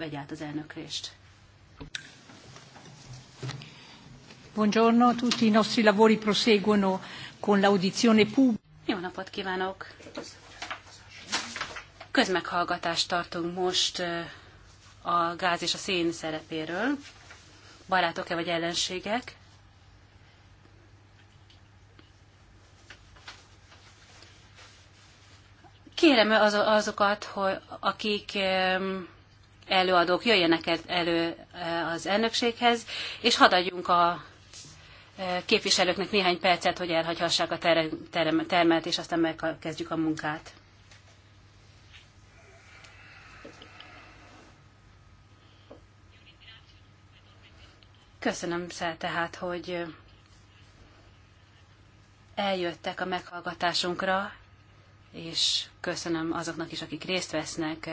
vegy át az elnökrést. Buongiorno, tutti i nostri lavori proseguono con l'audizione pubblica. Jó napot kívánok! Közmeghallgatást tartunk most a gáz és a szén szerepéről. Barátok-e vagy ellenségek? Kérem azokat, hogy akik előadók jöjjenek elő az elnökséghez, és hadd adjunk a képviselőknek néhány percet, hogy elhagyhassák a termet, és aztán megkezdjük a munkát. Köszönöm szépen tehát, hogy eljöttek a meghallgatásunkra, és köszönöm azoknak is, akik részt vesznek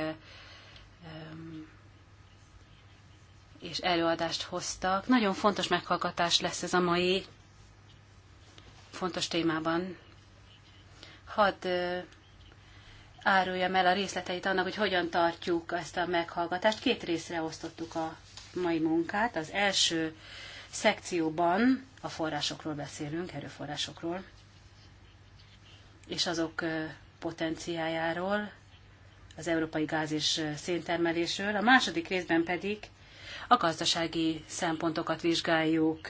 és előadást hoztak. Nagyon fontos meghallgatás lesz ez a mai fontos témában. Hadd áruljam el a részleteit annak, hogy hogyan tartjuk ezt a meghallgatást. Két részre osztottuk a mai munkát. Az első szekcióban a forrásokról beszélünk, erőforrásokról, és azok potenciájáról, az európai gáz és széntermelésről. A második részben pedig a gazdasági szempontokat vizsgáljuk,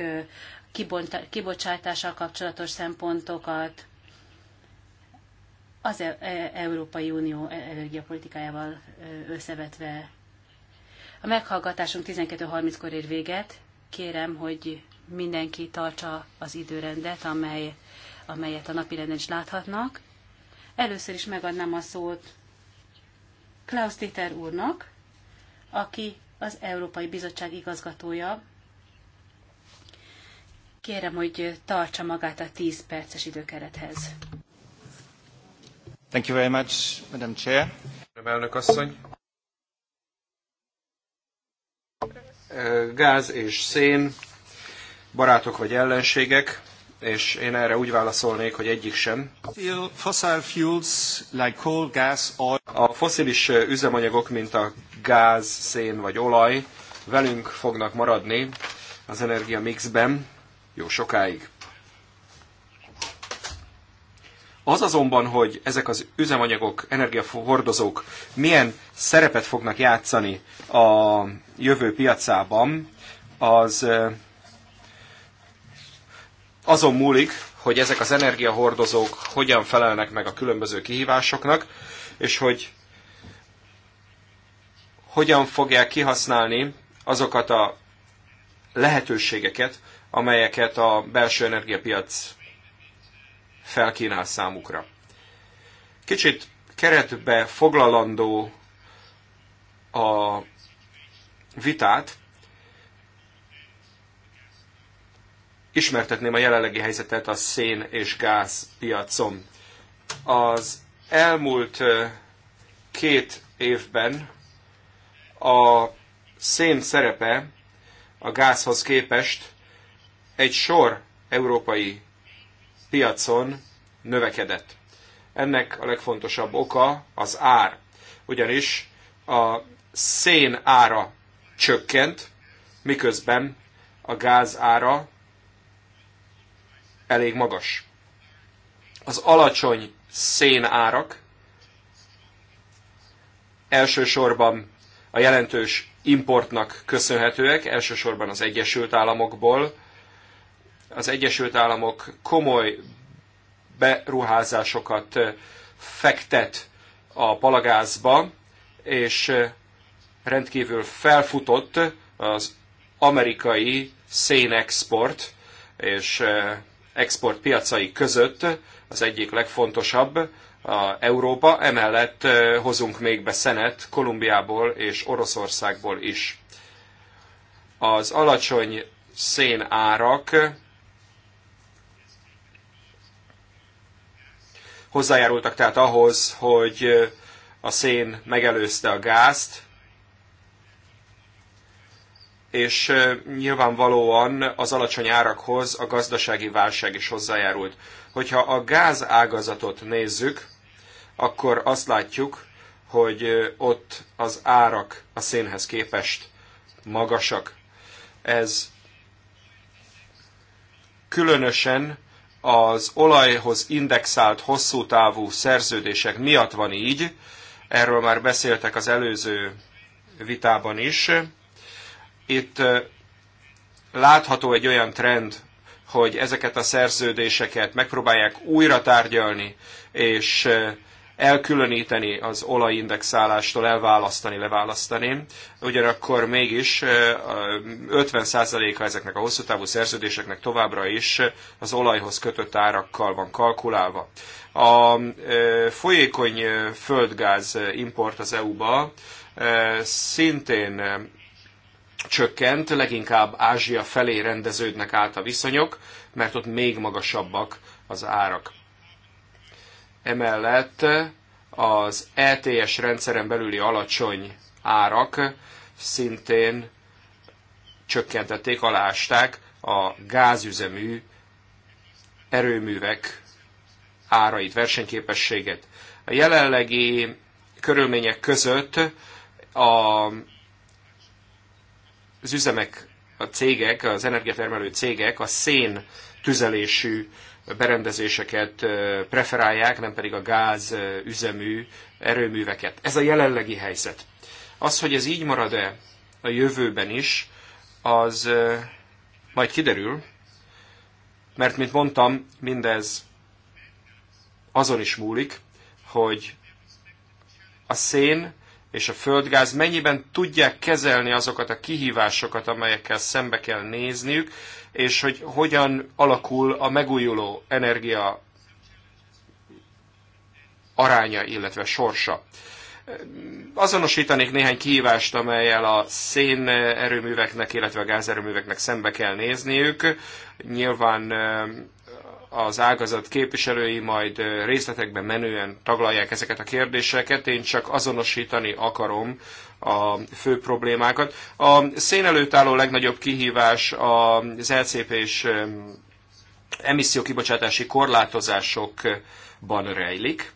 kibocsátással kapcsolatos szempontokat, az e-, e-, Európai Unió e-, energiapolitikájával összevetve. A meghallgatásunk 12.30-kor ér véget. Kérem, hogy mindenki tartsa az időrendet, amely, amelyet a napirenden is láthatnak. Először is megadnám a szót Klaus Dieter úrnak, aki az Európai Bizottság igazgatója. Kérem, hogy tartsa magát a 10 perces időkerethez. Thank you very much, Madam Chair. Elnök asszony. Gáz és szén, barátok vagy ellenségek, és én erre úgy válaszolnék, hogy egyik sem. A foszilis üzemanyagok, mint a gáz, szén vagy olaj velünk fognak maradni az energia mixben jó sokáig. Az azonban, hogy ezek az üzemanyagok, energiahordozók milyen szerepet fognak játszani a jövő piacában, az azon múlik, hogy ezek az energiahordozók hogyan felelnek meg a különböző kihívásoknak, és hogy hogyan fogják kihasználni azokat a lehetőségeket, amelyeket a belső energiapiac felkínál számukra. Kicsit keretbe foglalandó a vitát, ismertetném a jelenlegi helyzetet a szén és gáz piacon. Az elmúlt két évben a szén szerepe a gázhoz képest egy sor európai piacon növekedett. Ennek a legfontosabb oka az ár, ugyanis a szén ára csökkent, miközben a gáz ára elég magas. Az alacsony árak elsősorban a jelentős importnak köszönhetőek, elsősorban az Egyesült Államokból. Az Egyesült Államok komoly beruházásokat fektet a palagázba, és rendkívül felfutott az amerikai szénexport és exportpiacai között az egyik legfontosabb a Európa, emellett hozunk még be szenet Kolumbiából és Oroszországból is. Az alacsony szénárak hozzájárultak tehát ahhoz, hogy a szén megelőzte a gázt, és nyilvánvalóan az alacsony árakhoz a gazdasági válság is hozzájárult. Hogyha a gázágazatot nézzük, akkor azt látjuk, hogy ott az árak a szénhez képest magasak. Ez különösen az olajhoz indexált hosszú távú szerződések miatt van így, erről már beszéltek az előző vitában is. Itt látható egy olyan trend, hogy ezeket a szerződéseket megpróbálják újra tárgyalni, és elkülöníteni az olajindexálástól, elválasztani, leválasztani. Ugyanakkor mégis 50%-a ezeknek a hosszú távú szerződéseknek továbbra is az olajhoz kötött árakkal van kalkulálva. A folyékony földgáz import az EU-ba szintén csökkent, leginkább Ázsia felé rendeződnek át a viszonyok, mert ott még magasabbak az árak. Emellett az ETS rendszeren belüli alacsony árak szintén csökkentették, alásták a gázüzemű erőművek árait, versenyképességet. A jelenlegi körülmények között a, az üzemek, a cégek, az energiatermelő cégek a szén tüzelésű berendezéseket preferálják, nem pedig a gáz üzemű erőműveket. Ez a jelenlegi helyzet. Az, hogy ez így marad-e a jövőben is, az majd kiderül, mert, mint mondtam, mindez azon is múlik, hogy a szén és a földgáz mennyiben tudják kezelni azokat a kihívásokat, amelyekkel szembe kell nézniük, és hogy hogyan alakul a megújuló energia aránya, illetve sorsa. Azonosítanék néhány kihívást, amelyel a szén erőműveknek, illetve a gázerőműveknek szembe kell nézniük. Nyilván az ágazat képviselői majd részletekben menően taglalják ezeket a kérdéseket, én csak azonosítani akarom a fő problémákat. A szén előtt álló legnagyobb kihívás az LCP-s emissziókibocsátási korlátozásokban rejlik.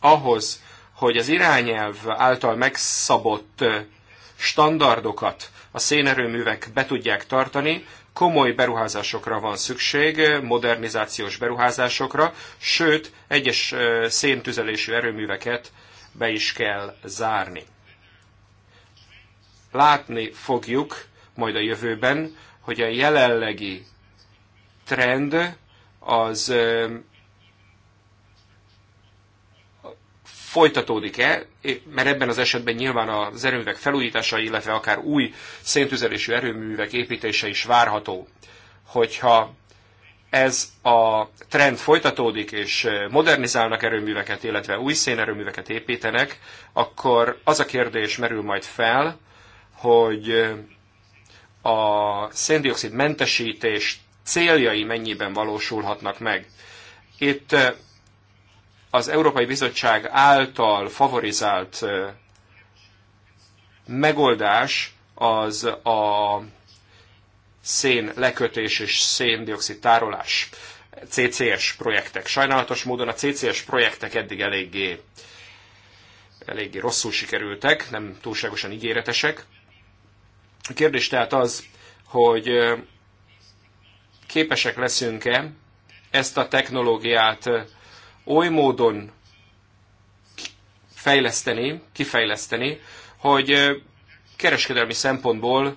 Ahhoz, hogy az irányelv által megszabott standardokat a szénerőművek be tudják tartani, komoly beruházásokra van szükség, modernizációs beruházásokra, sőt, egyes széntüzelésű erőműveket be is kell zárni. Látni fogjuk majd a jövőben, hogy a jelenlegi trend az folytatódik-e, mert ebben az esetben nyilván az erőművek felújítása, illetve akár új széntüzelésű erőművek építése is várható. Hogyha ez a trend folytatódik, és modernizálnak erőműveket, illetve új szénerőműveket építenek, akkor az a kérdés merül majd fel, hogy a széndiokszid mentesítés céljai mennyiben valósulhatnak meg. Itt az Európai Bizottság által favorizált megoldás az a szén lekötés és széndiokszid tárolás, CCS projektek. Sajnálatos módon a CCS projektek eddig eléggé, eléggé rosszul sikerültek, nem túlságosan ígéretesek. A kérdés tehát az, hogy képesek leszünk-e ezt a technológiát oly módon fejleszteni, kifejleszteni, hogy kereskedelmi szempontból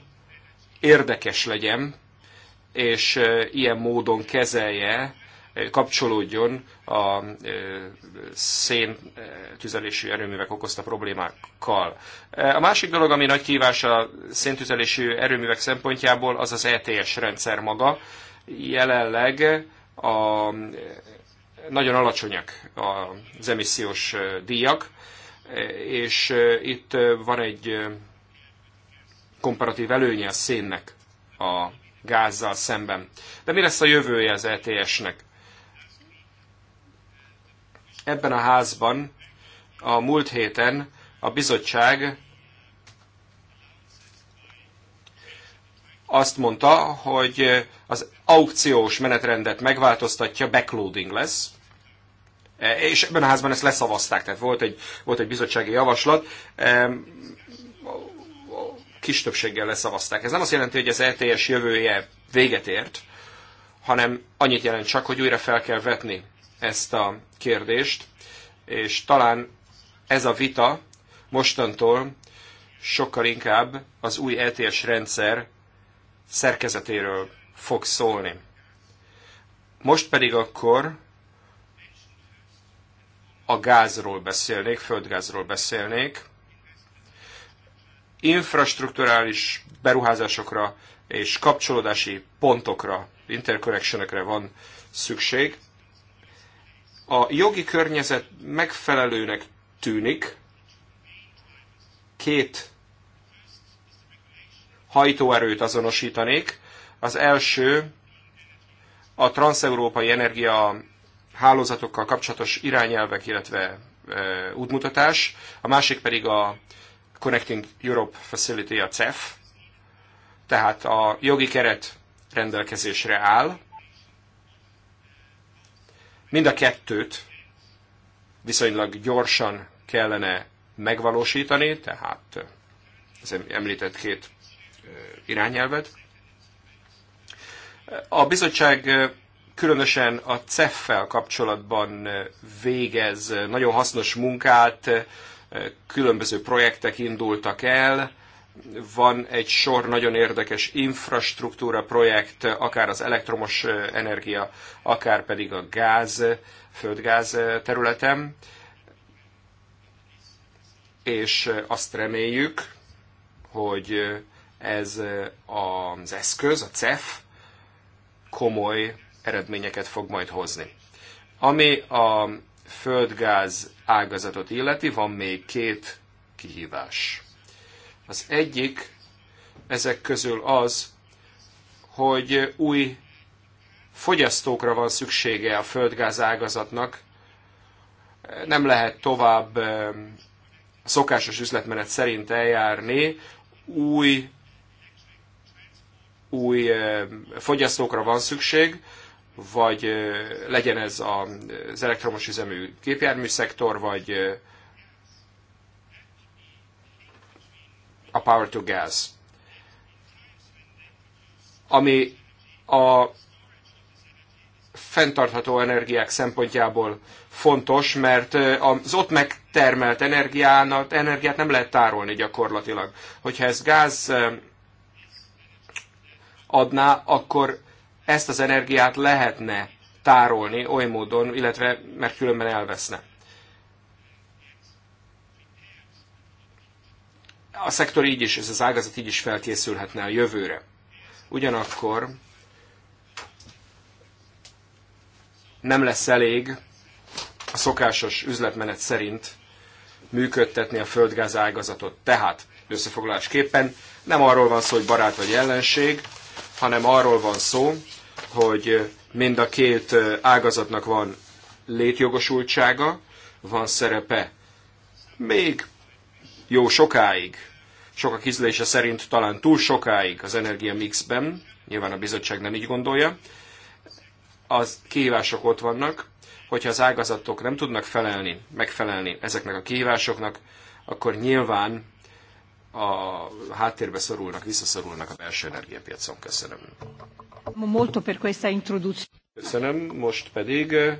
érdekes legyen, és ilyen módon kezelje, kapcsolódjon a szén tüzelésű erőművek okozta problémákkal. A másik dolog, ami nagy kívás a széntüzelésű erőművek szempontjából, az az ETS rendszer maga. Jelenleg a nagyon alacsonyak az emissziós díjak, és itt van egy komparatív előnye a szénnek a gázzal szemben. De mi lesz a jövője az ETS-nek? Ebben a házban a múlt héten a bizottság azt mondta, hogy az aukciós menetrendet megváltoztatja, backloading lesz, E, és ebben a házban ezt leszavazták, tehát volt egy, volt egy bizottsági javaslat, e, kis többséggel leszavazták. Ez nem azt jelenti, hogy az ETS jövője véget ért, hanem annyit jelent csak, hogy újra fel kell vetni ezt a kérdést, és talán ez a vita mostantól sokkal inkább az új ETS rendszer szerkezetéről fog szólni. Most pedig akkor a gázról beszélnék, földgázról beszélnék. Infrastruktúrális beruházásokra és kapcsolódási pontokra, interconnectionekre van szükség. A jogi környezet megfelelőnek tűnik. Két hajtóerőt azonosítanék. Az első a transeurópai energia hálózatokkal kapcsolatos irányelvek, illetve e, útmutatás, a másik pedig a Connecting Europe Facility, a CEF, tehát a jogi keret rendelkezésre áll. Mind a kettőt viszonylag gyorsan kellene megvalósítani, tehát az említett két e, irányelvet. A bizottság e, különösen a CEF-fel kapcsolatban eh, végez eh, nagyon hasznos munkát, eh, különböző projektek indultak el, van egy sor nagyon érdekes infrastruktúra projekt, akár az elektromos energia, akár pedig a gáz, földgáz területen, és azt reméljük, hogy ez az eszköz, a CEF komoly eredményeket fog majd hozni. Ami a földgáz ágazatot illeti, van még két kihívás. Az egyik ezek közül az, hogy új fogyasztókra van szüksége a földgáz ágazatnak. Nem lehet tovább a szokásos üzletmenet szerint eljárni, új, új fogyasztókra van szükség, vagy legyen ez az elektromos üzemű szektor, vagy a power to gas. Ami a fenntartható energiák szempontjából fontos, mert az ott megtermelt energiának, energiát nem lehet tárolni gyakorlatilag. Hogyha ez gáz adná, akkor ezt az energiát lehetne tárolni oly módon, illetve mert különben elveszne. A szektor így is, ez az ágazat így is felkészülhetne a jövőre. Ugyanakkor nem lesz elég a szokásos üzletmenet szerint működtetni a földgáz ágazatot. Tehát összefoglalásképpen nem arról van szó, hogy barát vagy ellenség, hanem arról van szó, hogy mind a két ágazatnak van létjogosultsága, van szerepe. Még jó sokáig, sokak ízlése szerint talán túl sokáig az energia mixben, nyilván a bizottság nem így gondolja, az kihívások ott vannak, hogyha az ágazatok nem tudnak felelni, megfelelni ezeknek a kihívásoknak, akkor nyilván a háttérbe szorulnak, visszaszorulnak a belső energiapiacon. Köszönöm. Molto per questa introduzione. Köszönöm, most pedig eh,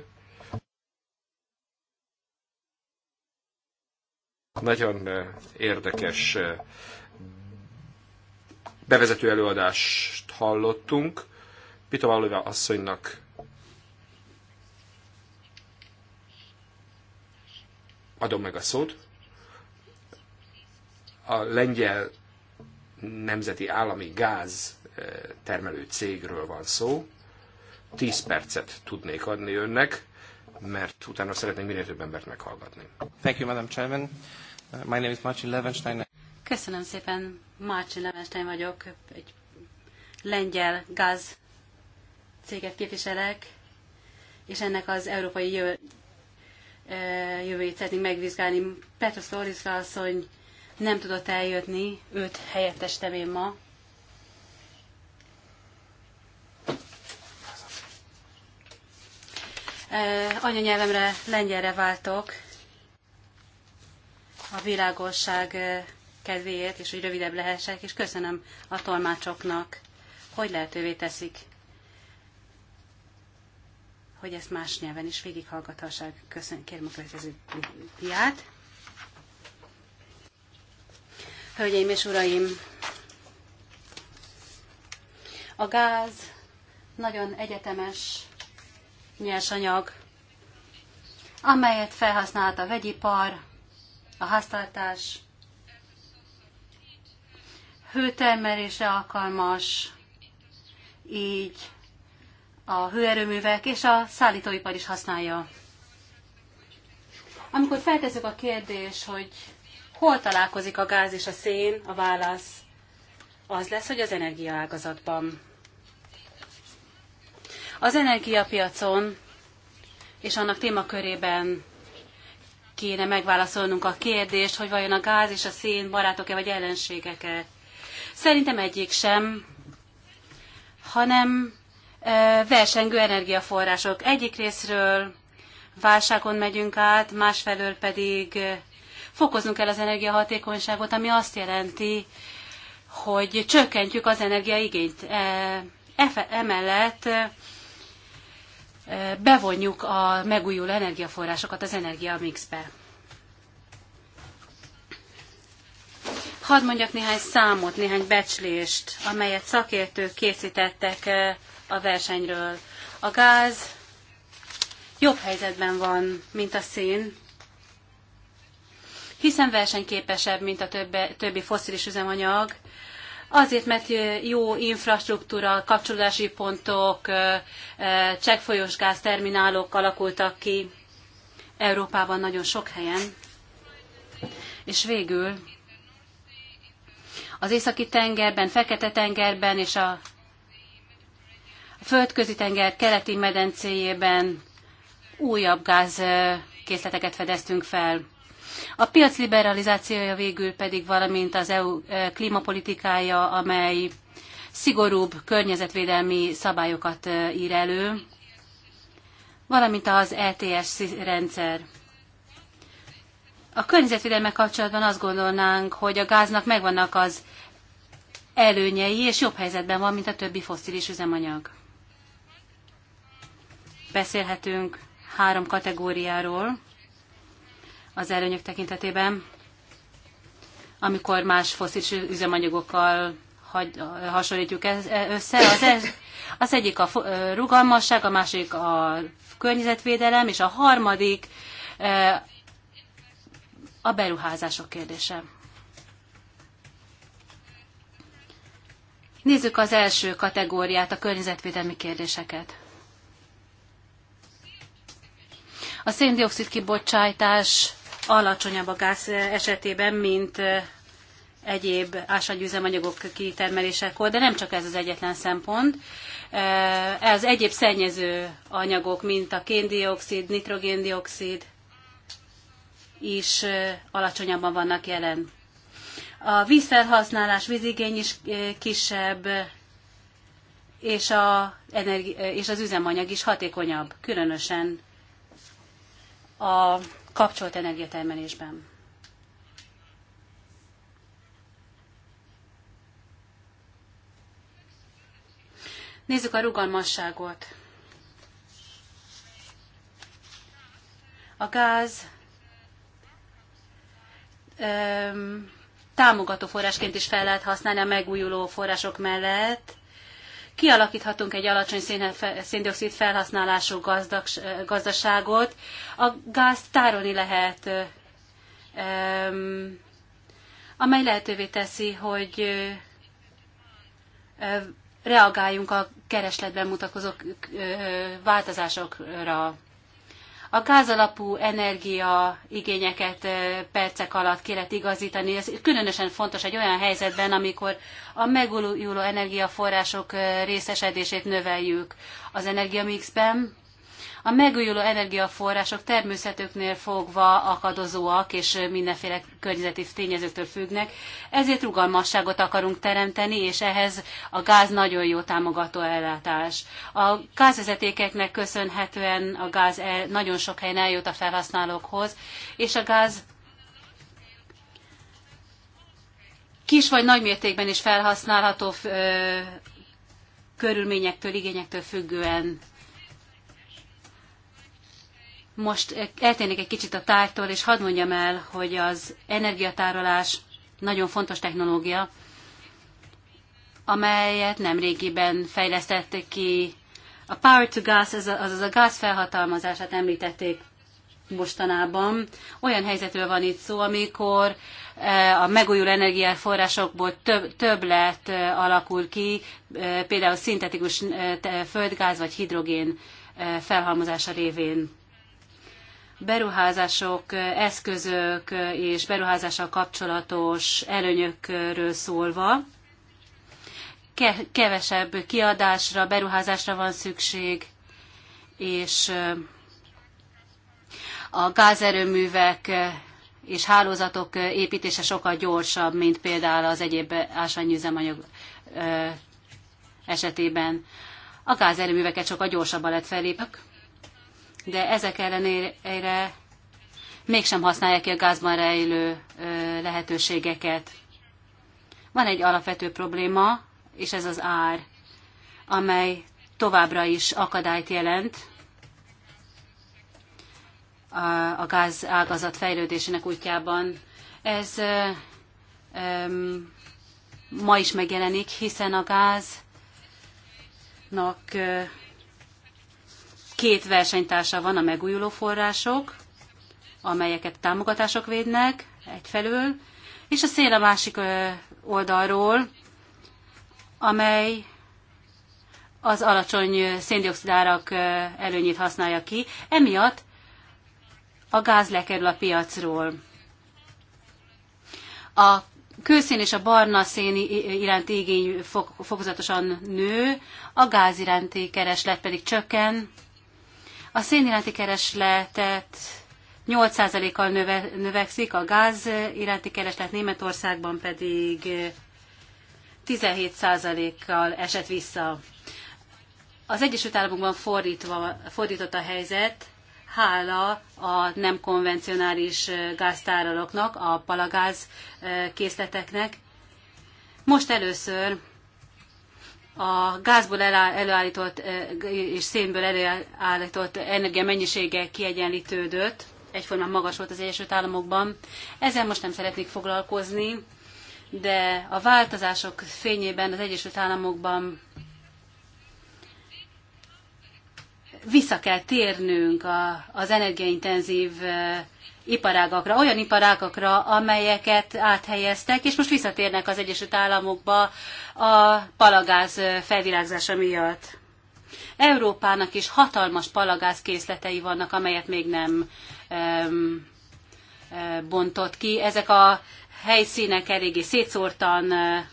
nagyon eh, érdekes eh, bevezető előadást hallottunk. Pita Valója asszonynak adom meg a szót a lengyel nemzeti állami gáz eh, termelő cégről van szó. 10 percet tudnék adni önnek, mert utána szeretnék minél több embert meghallgatni. Thank you, Madam Chairman. Uh, my name is Martin Levenstein. Köszönöm szépen, Martin Levenstein vagyok, egy lengyel gáz céget képviselek, és ennek az európai jövő, eh, jövőjét szeretnénk megvizsgálni. Petrus Lóriszka asszony nem tudott eljönni, őt helyettestem én ma. Anyanyelvemre lengyelre váltok a világosság kedvéért, és hogy rövidebb lehessek, és köszönöm a tolmácsoknak, hogy lehetővé teszik, hogy ezt más nyelven is végighallgathassák. Köszönöm, kérem a következő piát. Hölgyeim és uraim, a gáz nagyon egyetemes nyersanyag, amelyet felhasznált a vegyipar, a háztartás, hőtermelésre alkalmas, így a hőerőművek és a szállítóipar is használja. Amikor feltezzük a kérdés, hogy hol találkozik a gáz és a szén, a válasz az lesz, hogy az energiaágazatban. Az energiapiacon és annak témakörében kéne megválaszolnunk a kérdést, hogy vajon a gáz és a szén barátok-e vagy ellenségek-e. Szerintem egyik sem, hanem e, versengő energiaforrások. Egyik részről válságon megyünk át, másfelől pedig fokoznunk kell az energiahatékonyságot, ami azt jelenti, hogy csökkentjük az energiaigényt. E, e emellett e, bevonjuk a megújuló energiaforrásokat az energiamixbe. Hadd mondjak néhány számot, néhány becslést, amelyet szakértők készítettek a versenyről. A gáz jobb helyzetben van, mint a szén, hiszen versenyképesebb, mint a többe, többi foszilis üzemanyag, azért, mert jó infrastruktúra, kapcsolódási pontok, csekkfolyós gázterminálok alakultak ki Európában nagyon sok helyen. És végül az északi tengerben, fekete tengerben és a földközi tenger keleti medencéjében újabb gázkészleteket fedeztünk fel. A piac liberalizációja végül pedig, valamint az EU e, klímapolitikája, amely szigorúbb környezetvédelmi szabályokat e, ír elő, valamint az ETS rendszer. A környezetvédelme kapcsolatban azt gondolnánk, hogy a gáznak megvannak az előnyei, és jobb helyzetben van, mint a többi fosszilis üzemanyag. Beszélhetünk három kategóriáról, az előnyök tekintetében, amikor más foszilis üzemanyagokkal hasonlítjuk e, össze. Az, ez, az egyik a rugalmasság, a másik a környezetvédelem, és a harmadik a beruházások kérdése. Nézzük az első kategóriát, a környezetvédelmi kérdéseket. A széndiokszid kibocsátás alacsonyabb a gáz esetében, mint egyéb ásványüzemanyagok kitermelésekor, de nem csak ez az egyetlen szempont. Ez egyéb szennyező anyagok, mint a kéndioxid, nitrogéndioxid is alacsonyabban vannak jelen. A vízfelhasználás, vízigény is kisebb, és, a energi- és az üzemanyag is hatékonyabb, különösen a kapcsolt energiatermelésben. Nézzük a rugalmasságot. A gáz öm, támogató forrásként is fel lehet használni a megújuló források mellett, kialakíthatunk egy alacsony széndiokszid felhasználású gazdags, gazdaságot. A gázt tárolni lehet, amely lehetővé teszi, hogy reagáljunk a keresletben mutatkozó változásokra. A gázalapú energia igényeket eh, percek alatt ki lehet igazítani. Ez különösen fontos egy olyan helyzetben, amikor a megújuló energiaforrások eh, részesedését növeljük az energiamixben, a megújuló energiaforrások természetüknél fogva akadozóak és mindenféle környezeti tényezőktől függnek, ezért rugalmasságot akarunk teremteni, és ehhez a gáz nagyon jó támogató ellátás. A gázvezetékeknek köszönhetően a gáz el, nagyon sok helyen eljut a felhasználókhoz, és a gáz kis vagy nagy mértékben is felhasználható körülményektől, igényektől függően most eh, eltérnék egy kicsit a tárgytól, és hadd mondjam el, hogy az energiatárolás nagyon fontos technológia, amelyet nem régiben fejlesztettek ki. A power to gas, azaz a gáz felhatalmazását említették mostanában. Olyan helyzetről van itt szó, amikor eh, a megújuló energiaforrásokból több, többlet eh, alakul ki, például szintetikus földgáz vagy hidrogén felhalmozása révén beruházások, eszközök és beruházással kapcsolatos előnyökről szólva. Kevesebb kiadásra, beruházásra van szükség, és a gázerőművek és hálózatok építése sokkal gyorsabb, mint például az egyéb ásványüzemanyag esetében. A gázerőműveket sokkal gyorsabban lehet felépni de ezek ellenére mégsem használják ki a gázban rejlő lehetőségeket. Van egy alapvető probléma, és ez az ár, amely továbbra is akadályt jelent a gáz ágazat fejlődésének útjában. Ez ma is megjelenik, hiszen a gáznak két versenytársa van a megújuló források, amelyeket támogatások védnek egyfelől, és a szél a másik oldalról, amely az alacsony széndiokszidárak előnyét használja ki, emiatt a gáz lekerül a piacról. A kőszén és a barna szén iránti igény fokozatosan nő, a gáz iránti kereslet pedig csökken, a szén iránti keresletet 8%-kal növe, növekszik, a gáz iránti kereslet Németországban pedig 17%-kal esett vissza. Az Egyesült Államokban fordítva, fordított a helyzet, hála a nem konvencionális gáztárolóknak, a palagáz készleteknek. Most először a gázból előállított és szénből előállított energia mennyisége kiegyenlítődött, egyformán magas volt az Egyesült Államokban. Ezzel most nem szeretnék foglalkozni, de a változások fényében az Egyesült Államokban vissza kell térnünk a, az energiaintenzív iparágakra, olyan iparágakra, amelyeket áthelyeztek, és most visszatérnek az Egyesült Államokba a palagáz felvirágzása miatt. Európának is hatalmas palagáz készletei vannak, amelyet még nem um, bontott ki. Ezek a helyszínek eléggé szétszórtan eh,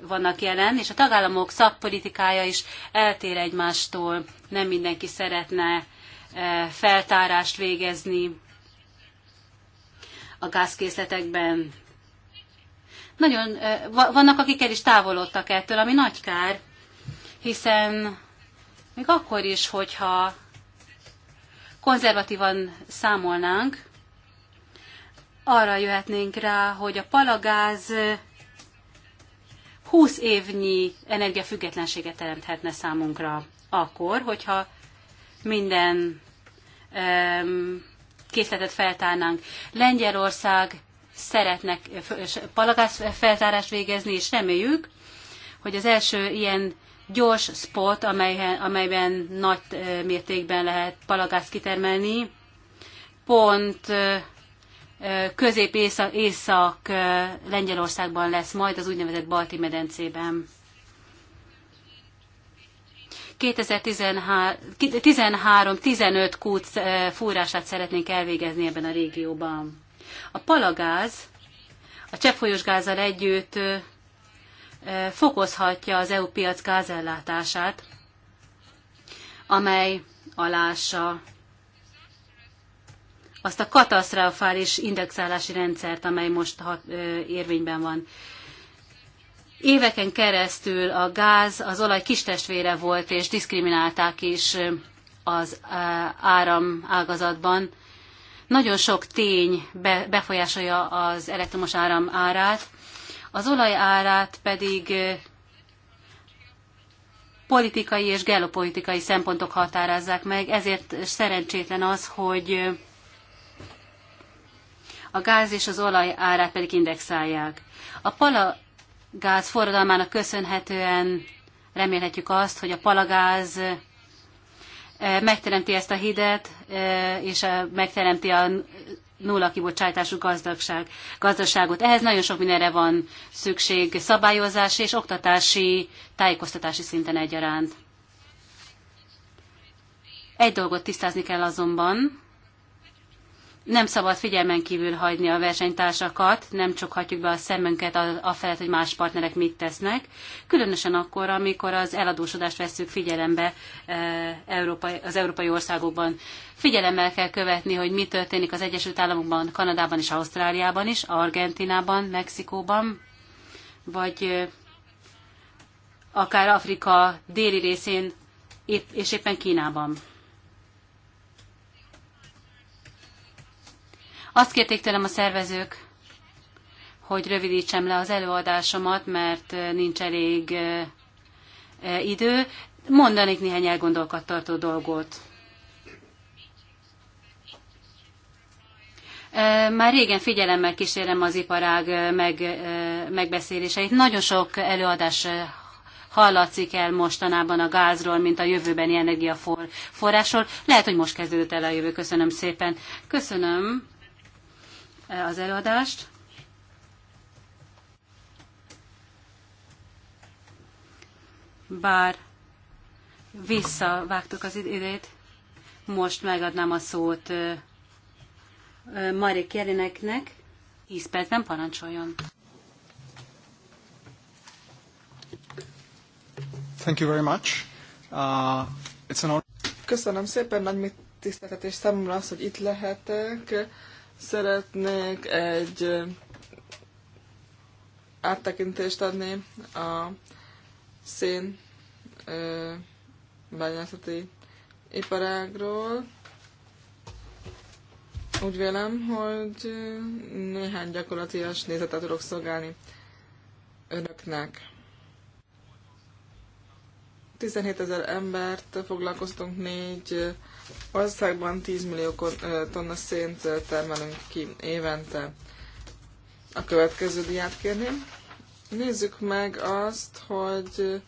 vannak jelen, és a tagállamok szakpolitikája is eltér egymástól. Nem mindenki szeretne eh, feltárást végezni a gázkészletekben. Nagyon, vannak, akik el is távolodtak ettől, ami nagy kár, hiszen még akkor is, hogyha konzervatívan számolnánk, arra jöhetnénk rá, hogy a palagáz 20 évnyi energiafüggetlenséget teremthetne számunkra akkor, hogyha minden um, készletet feltárnánk. Lengyelország szeretnek palagász feltárást végezni, és reméljük, hogy az első ilyen gyors spot, amelyben, amelyben nagy mértékben lehet palagász kitermelni, pont közép-észak Lengyelországban lesz majd az úgynevezett Balti medencében. 2013-15 kút eh, fúrását szeretnénk elvégezni ebben a régióban. A palagáz a cseppfolyós gázzal együtt eh, eh, fokozhatja az EU piac gázellátását, amely alássa azt a katasztrofális indexálási rendszert, amely most érvényben van. Éveken keresztül a gáz az olaj kistestvére volt, és diszkriminálták is az áram ágazatban. Nagyon sok tény befolyásolja az elektromos áram árát, az olaj árát pedig politikai és geopolitikai szempontok határozzák meg, ezért szerencsétlen az, hogy a gáz és az olaj árát pedig indexálják. A pala gáz forradalmának köszönhetően remélhetjük azt, hogy a palagáz eh, megteremti ezt a hidet, eh, és eh, megteremti a nulla kibocsátású gazdagság, gazdaságot. Ehhez nagyon sok mindenre van szükség szabályozási és oktatási, tájékoztatási szinten egyaránt. Egy dolgot tisztázni kell azonban, nem szabad figyelmen kívül hagyni a versenytársakat, nem csukhatjuk be a szemünket a felett, hogy más partnerek mit tesznek, különösen akkor, amikor az eladósodást vesszük figyelembe e, az európai országokban. Figyelemmel kell követni, hogy mi történik az Egyesült Államokban, Kanadában és Ausztráliában is, Argentinában, Mexikóban, vagy e, akár Afrika déli részén és éppen Kínában. Azt kérték tőlem a szervezők, hogy rövidítsem le az előadásomat, mert nincs elég idő. Mondanék néhány elgondolkodtartó dolgot. Már régen figyelemmel kísérem az iparág meg, megbeszéléseit. Nagyon sok előadás hallatszik el mostanában a gázról, mint a jövőbeni energiaforrásról. Lehet, hogy most kezdődött el a jövő. Köszönöm szépen. Köszönöm az előadást. Bár visszavágtuk az időt, most megadnám a szót Mari Kérineknek. 10 percben parancsoljon. Thank you very much. Uh, it's an... Köszönöm szépen, nagy tiszteletet és számomra az, hogy itt lehetek. Szeretnék egy áttekintést adni a szén bányászati iparágról. Úgy vélem, hogy néhány gyakorlatias nézetet tudok szolgálni önöknek. 17 ezer embert foglalkoztunk négy Országban 10 millió tonna szént termelünk ki évente. A következő diát kérném. Nézzük meg azt, hogy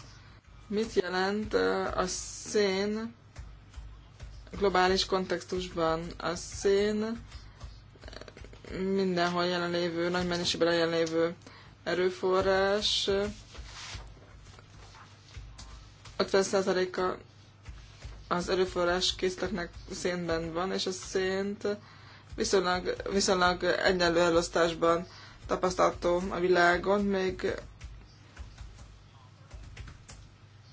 mit jelent a szén globális kontextusban. A szén mindenhol jelenlévő, nagy mennyiségben jelenlévő erőforrás. 50%-a az erőforrás készletnek szénben van, és a szént viszonylag, viszonylag egyenlő elosztásban tapasztalható a világon, még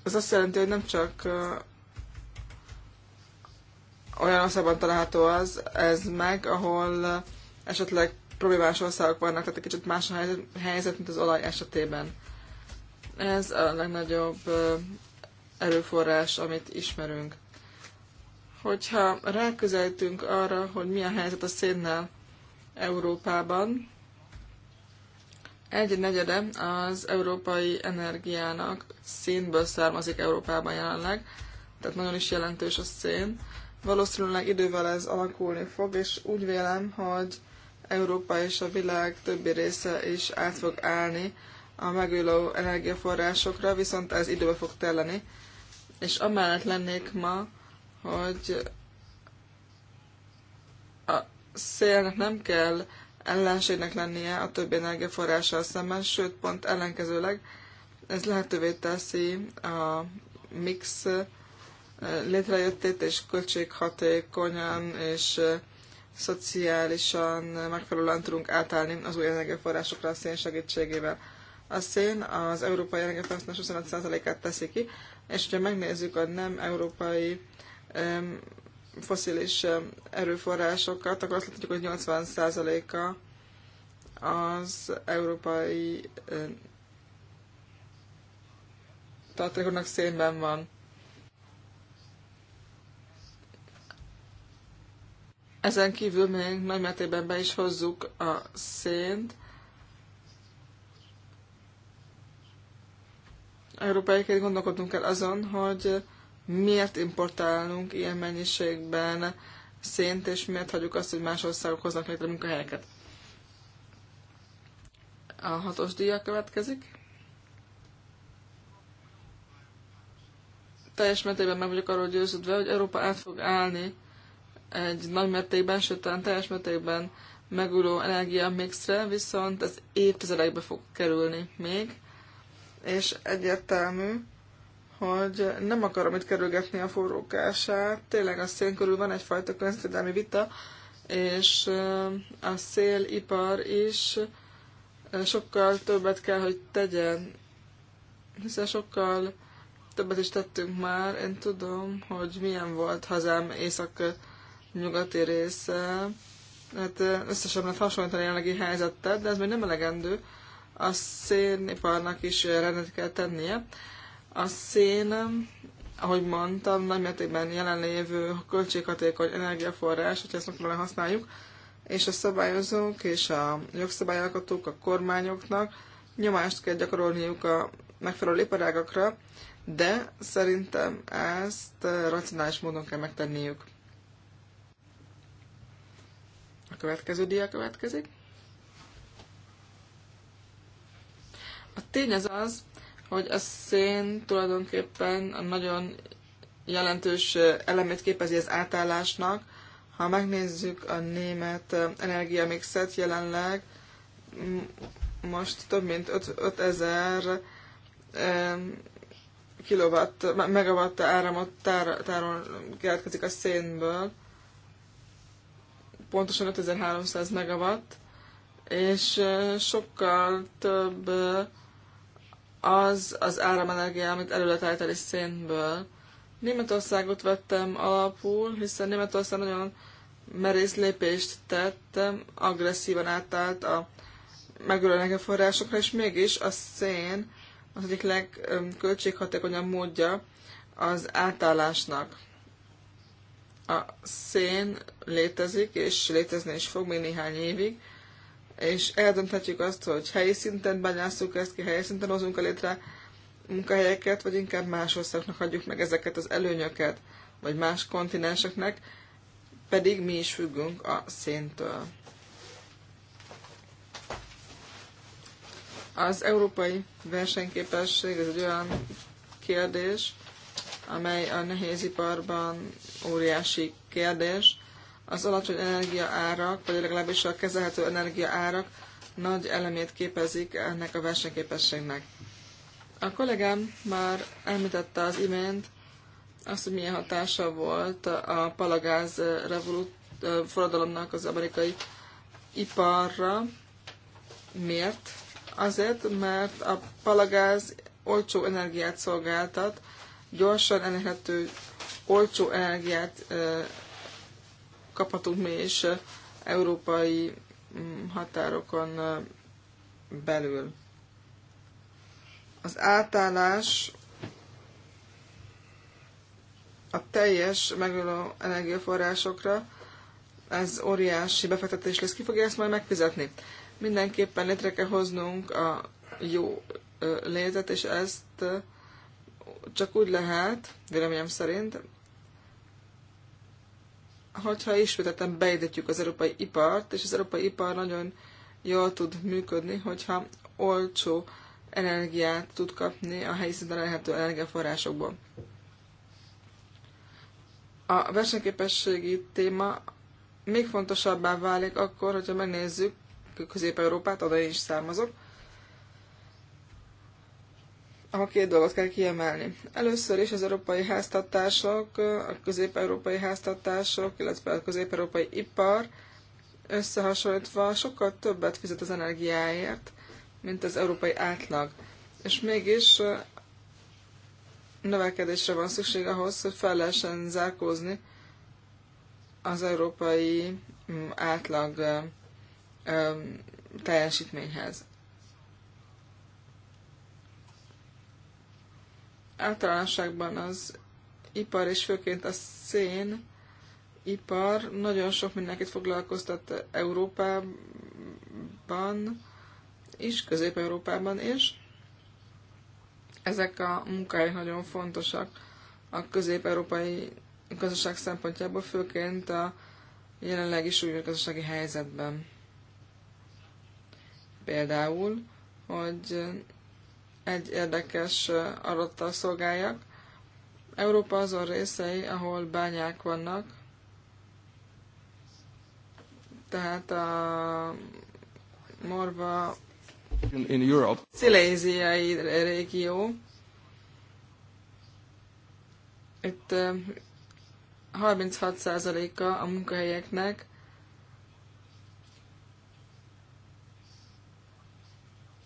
ez azt jelenti, hogy nem csak olyan országban található az, ez meg, ahol esetleg problémás országok vannak, tehát egy kicsit más a helyzet, mint az olaj esetében. Ez a legnagyobb erőforrás, amit ismerünk. Hogyha ráközeltünk arra, hogy mi a helyzet a szénnel Európában, egy negyede az európai energiának szénből származik Európában jelenleg, tehát nagyon is jelentős a szén. Valószínűleg idővel ez alakulni fog, és úgy vélem, hogy Európa és a világ többi része is át fog állni a megülő energiaforrásokra, viszont ez időbe fog telleni. És amellett lennék ma, hogy a szélnek nem kell ellenségnek lennie a többi energiaforrással szemben, sőt, pont ellenkezőleg ez lehetővé teszi a mix létrejöttét, és költséghatékonyan és szociálisan megfelelően tudunk átállni az új energiaforrásokra a szén segítségével. A szén az európai energiafelhasználás 25%-át teszi ki, és ha megnézzük a nem európai foszilis erőforrásokat, akkor azt látjuk, hogy 80%-a az európai tartalékoknak szénben van. Ezen kívül még nagy mértékben be is hozzuk a szént. Európaiként gondolkodnunk kell azon, hogy miért importálunk ilyen mennyiségben szént, és miért hagyjuk azt, hogy más országok hoznak létre munkahelyeket. A hatos díja következik. Teljes mértékben meg vagyok arról győződve, hogy Európa át fog állni egy nagy mértékben, sőt, talán teljes mértékben megújuló mixre, viszont ez évtizedekbe fog kerülni még, és egyértelmű, hogy nem akarom itt kerülgetni a forrókását. Tényleg a szén körül van egyfajta környezetvédelmi vita, és a szélipar is sokkal többet kell, hogy tegyen, hiszen sokkal többet is tettünk már. Én tudom, hogy milyen volt hazám észak-nyugati része. Hát összesen lehet hasonlítani a jelenlegi helyzetet, de ez még nem elegendő. A széniparnak is rendet kell tennie a szén, ahogy mondtam, nagy mértékben jelenlévő költséghatékony energiaforrás, hogyha ezt megfelelően használjuk, és a szabályozók és a jogszabályalkotók, a kormányoknak nyomást kell gyakorolniuk a megfelelő iparágakra, de szerintem ezt racionális módon kell megtenniük. A következő dia következik. A tény az az, hogy a szén tulajdonképpen a nagyon jelentős elemét képezi az átállásnak. Ha megnézzük a német energiamixet jelenleg, most több mint 5000 kilowatt, megawatt áramot tárol, keletkezik a szénből, pontosan 5300 megawatt, és sokkal több az az áramenergia, amit elő lehet állítani szénből. Németországot vettem alapul, hiszen Németország nagyon merész lépést tettem, agresszívan átállt a a forrásokra, és mégis a szén az egyik legköltséghatékonyabb módja az átállásnak. A szén létezik, és létezni is fog még néhány évig, és eldönthetjük azt, hogy helyi szinten bányásszuk ezt ki, helyi szinten hozunk létre munkahelyeket, vagy inkább más országnak hagyjuk meg ezeket az előnyöket, vagy más kontinenseknek, pedig mi is függünk a széntől. Az európai versenyképesség ez egy olyan kérdés, amely a nehéziparban óriási kérdés, az alacsony energiaárak, vagy legalábbis a kezelhető energiaárak nagy elemét képezik ennek a versenyképességnek. A kollégám már említette az imént azt, hogy milyen hatása volt a palagáz revolút, forradalomnak az amerikai iparra. Miért? Azért, mert a palagáz olcsó energiát szolgáltat, gyorsan elérhető olcsó energiát kaphatunk mi is európai mm, határokon belül. Az átállás a teljes megújuló energiaforrásokra, ez óriási befektetés lesz, ki fogja ezt majd megfizetni. Mindenképpen létre kell hoznunk a jó létet, és ezt csak úgy lehet, véleményem szerint, hogyha ismételten beindítjuk az európai ipart, és az európai ipar nagyon jól tud működni, hogyha olcsó energiát tud kapni a helyi szinten elérhető energiaforrásokból. A versenyképességi téma még fontosabbá válik akkor, hogyha megnézzük Közép-Európát, oda is származok, a két dolgot kell kiemelni. Először is az európai háztartások, a közép-európai háztartások, illetve a közép-európai ipar összehasonlítva sokkal többet fizet az energiáért, mint az európai átlag. És mégis növekedésre van szükség ahhoz, hogy fel lehessen zárkózni az európai mm, átlag teljesítményhez. Általánosságban az ipar, és főként a szén ipar nagyon sok mindenkit foglalkoztat Európában is, Közép-Európában is. Ezek a munkái nagyon fontosak a közép-európai gazdaság szempontjából, főként a jelenlegi új gazdasági helyzetben. Például, hogy egy érdekes adattal szolgáljak. Európa azon részei, ahol bányák vannak, tehát a morva in, in Europe. sziléziai régió. Itt 36%-a a munkahelyeknek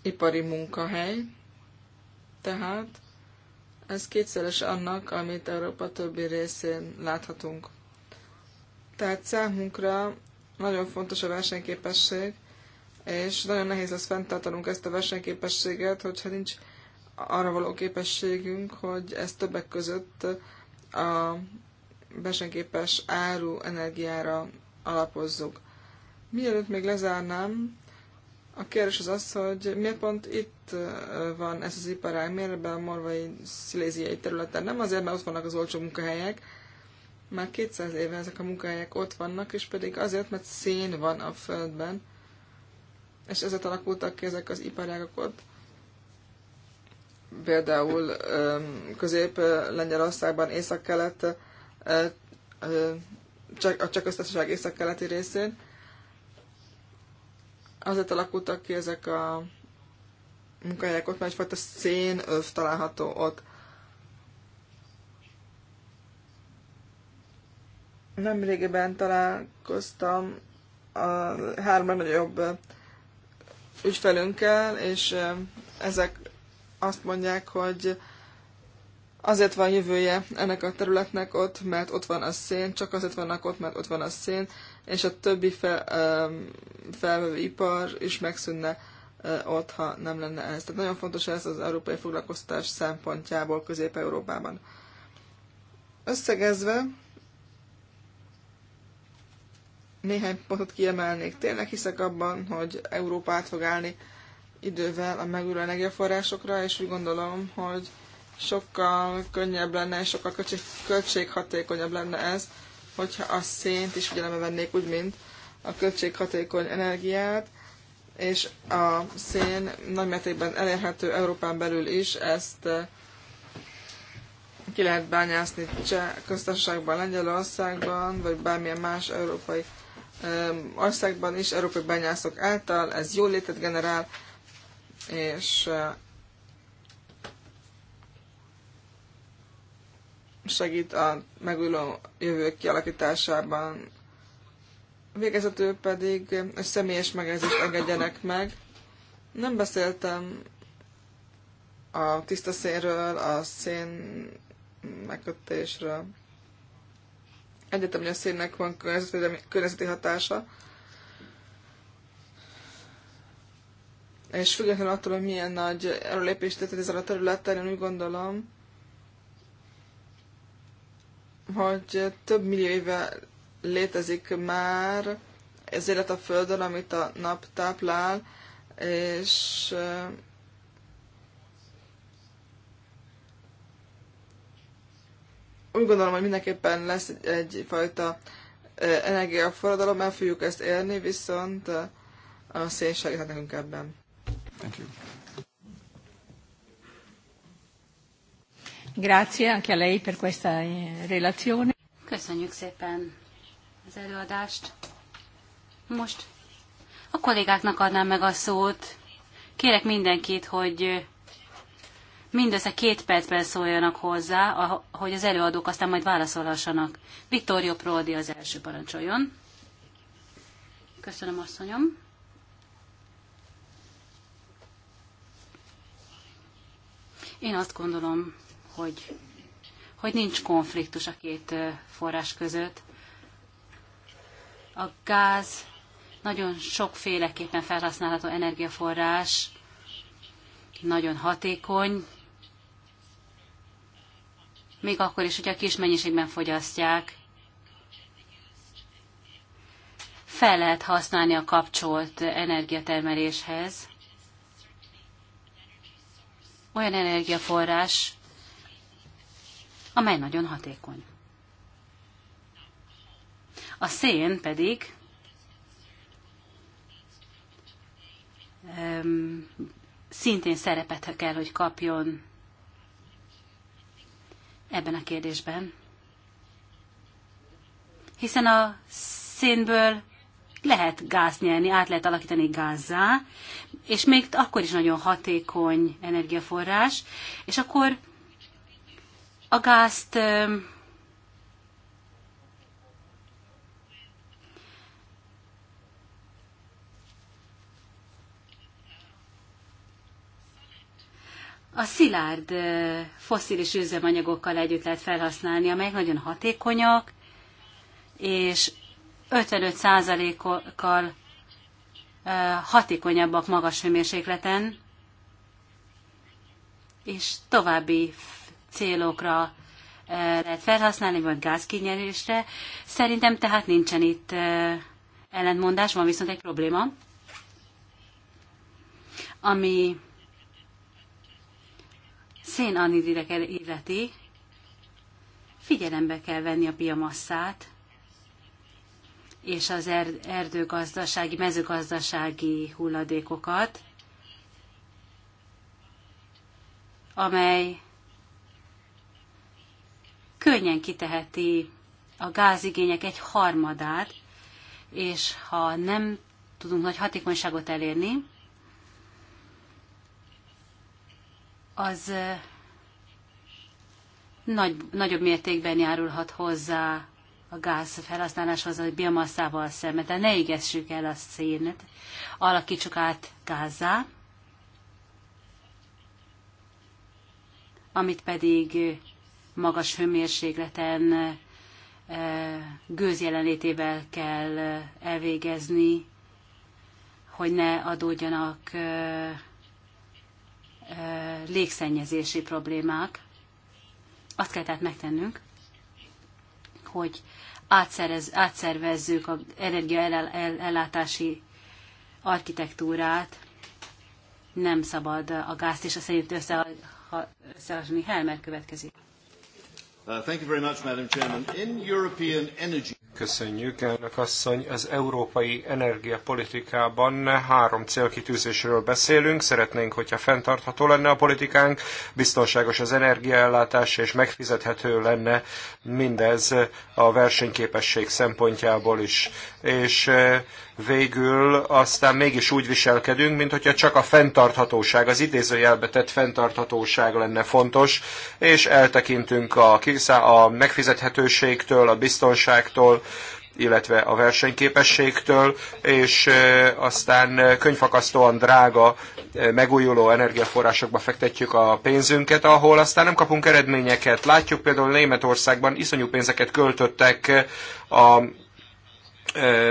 ipari munkahely. Tehát ez kétszeres annak, amit Európa többi részén láthatunk. Tehát számunkra nagyon fontos a versenyképesség, és nagyon nehéz lesz fenntartanunk ezt a versenyképességet, hogyha nincs arra való képességünk, hogy ez többek között a versenyképes áru energiára alapozzuk. Mielőtt még lezárnám, a kérdés az az, hogy miért pont itt van ez az iparág, miért ebben a morvai sziléziai területen? Nem azért, mert ott vannak az olcsó munkahelyek, már 200 éve ezek a munkahelyek ott vannak, és pedig azért, mert szén van a földben, és ezért alakultak ki ezek az iparágok ott. Például Közép-Lengyelországban, Észak-Kelet, a Csehköztársaság észak-keleti részén, azért alakultak ki ezek a munkahelyek ott, mert egyfajta öv található ott. Nemrégiben találkoztam a három nagyobb ügyfelünkkel, és ezek azt mondják, hogy azért van jövője ennek a területnek ott, mert ott van a szén, csak azért vannak ott, mert ott van a szén, és a többi fel, um, felvevő ipar is megszűnne uh, ott, ha nem lenne ez. Tehát nagyon fontos ez az európai foglalkoztatás szempontjából Közép-Európában. Összegezve néhány pontot kiemelnék. Tényleg hiszek abban, hogy Európa át fog állni idővel a megújuló energiaforrásokra, és úgy gondolom, hogy sokkal könnyebb lenne, és sokkal költség, költséghatékonyabb lenne ez, hogyha a szént is figyelembe vennék, úgy, mint a költséghatékony energiát, és a szén nagymértékben elérhető Európán belül is, ezt eh, ki lehet bányászni Cseh köztársaságban, Lengyelországban, vagy bármilyen más európai országban is, európai bányászok által, ez jó létet generál, és eh, segít a megújuló jövő kialakításában. Végezetül pedig egy személyes megjegyzést engedjenek meg. Nem beszéltem a tiszta szénről, a szén megkötésről. Egyetem, hogy a szénnek van környezeti hatása. És függetlenül attól, hogy milyen nagy erőlépést tett ezen a területen, én úgy gondolom, hogy több millió éve létezik már ez élet a Földön, amit a nap táplál, és eh, úgy gondolom, hogy mindenképpen lesz egy, egyfajta eh, energiaforradalom, el fogjuk ezt érni, viszont eh, a szén hát nekünk ebben. Thank you. Grazie anche a lei per questa eh, relazione. Köszönjük szépen az előadást. Most a kollégáknak adnám meg a szót. Kérek mindenkit, hogy eh, mindössze két percben szóljanak hozzá, hogy az előadók aztán majd válaszolhassanak. Vittorio Prodi az első parancsoljon. Köszönöm, asszonyom. Én azt gondolom, hogy, hogy nincs konfliktus a két forrás között. A gáz nagyon sokféleképpen felhasználható energiaforrás, nagyon hatékony, még akkor is, hogyha kis mennyiségben fogyasztják, fel lehet használni a kapcsolt energiatermeléshez. Olyan energiaforrás, amely nagyon hatékony. A szén pedig um, szintén szerepet kell, hogy kapjon ebben a kérdésben. Hiszen a szénből lehet gáz nyerni, át lehet alakítani gázzá, és még akkor is nagyon hatékony energiaforrás, és akkor a gázt a szilárd foszilis üzemanyagokkal együtt lehet felhasználni, amelyek nagyon hatékonyak, és 55%-kal hatékonyabbak magas hőmérsékleten, és további célokra eh, lehet felhasználni, vagy gázkinyerésre. Szerintem tehát nincsen itt eh, ellentmondás, van viszont egy probléma, ami kell illeti, figyelembe kell venni a biomasszát, és az er-, erdőgazdasági, mezőgazdasági hulladékokat, amely könnyen kiteheti a gázigények egy harmadát, és ha nem tudunk nagy hatékonyságot elérni, az nagy, nagyobb mértékben járulhat hozzá a gáz felhasználáshoz a biomasszával szemben, de ne égessük el a szénet, alakítsuk át gázzá, amit pedig magas hőmérsékleten gőzjelenlétével kell elvégezni, hogy ne adódjanak légszennyezési problémák. Azt kell tehát megtennünk, hogy átszerez, átszervezzük az energiaellátási architektúrát. Nem szabad a gázt és a szerint összehasonlítani. Helmer következik. Uh, Köszönjük, elnök asszony. Az európai energiapolitikában három célkitűzésről beszélünk. Szeretnénk, hogyha fenntartható lenne a politikánk, biztonságos az energiaellátás, és megfizethető lenne mindez a versenyképesség szempontjából is. És végül aztán mégis úgy viselkedünk, mint hogyha csak a fenntarthatóság, az idézőjelbe tett fenntarthatóság lenne fontos, és eltekintünk a, a megfizethetőségtől, a biztonságtól, illetve a versenyképességtől, és aztán könyvfakasztóan drága megújuló energiaforrásokba fektetjük a pénzünket, ahol aztán nem kapunk eredményeket. Látjuk például Németországban iszonyú pénzeket költöttek a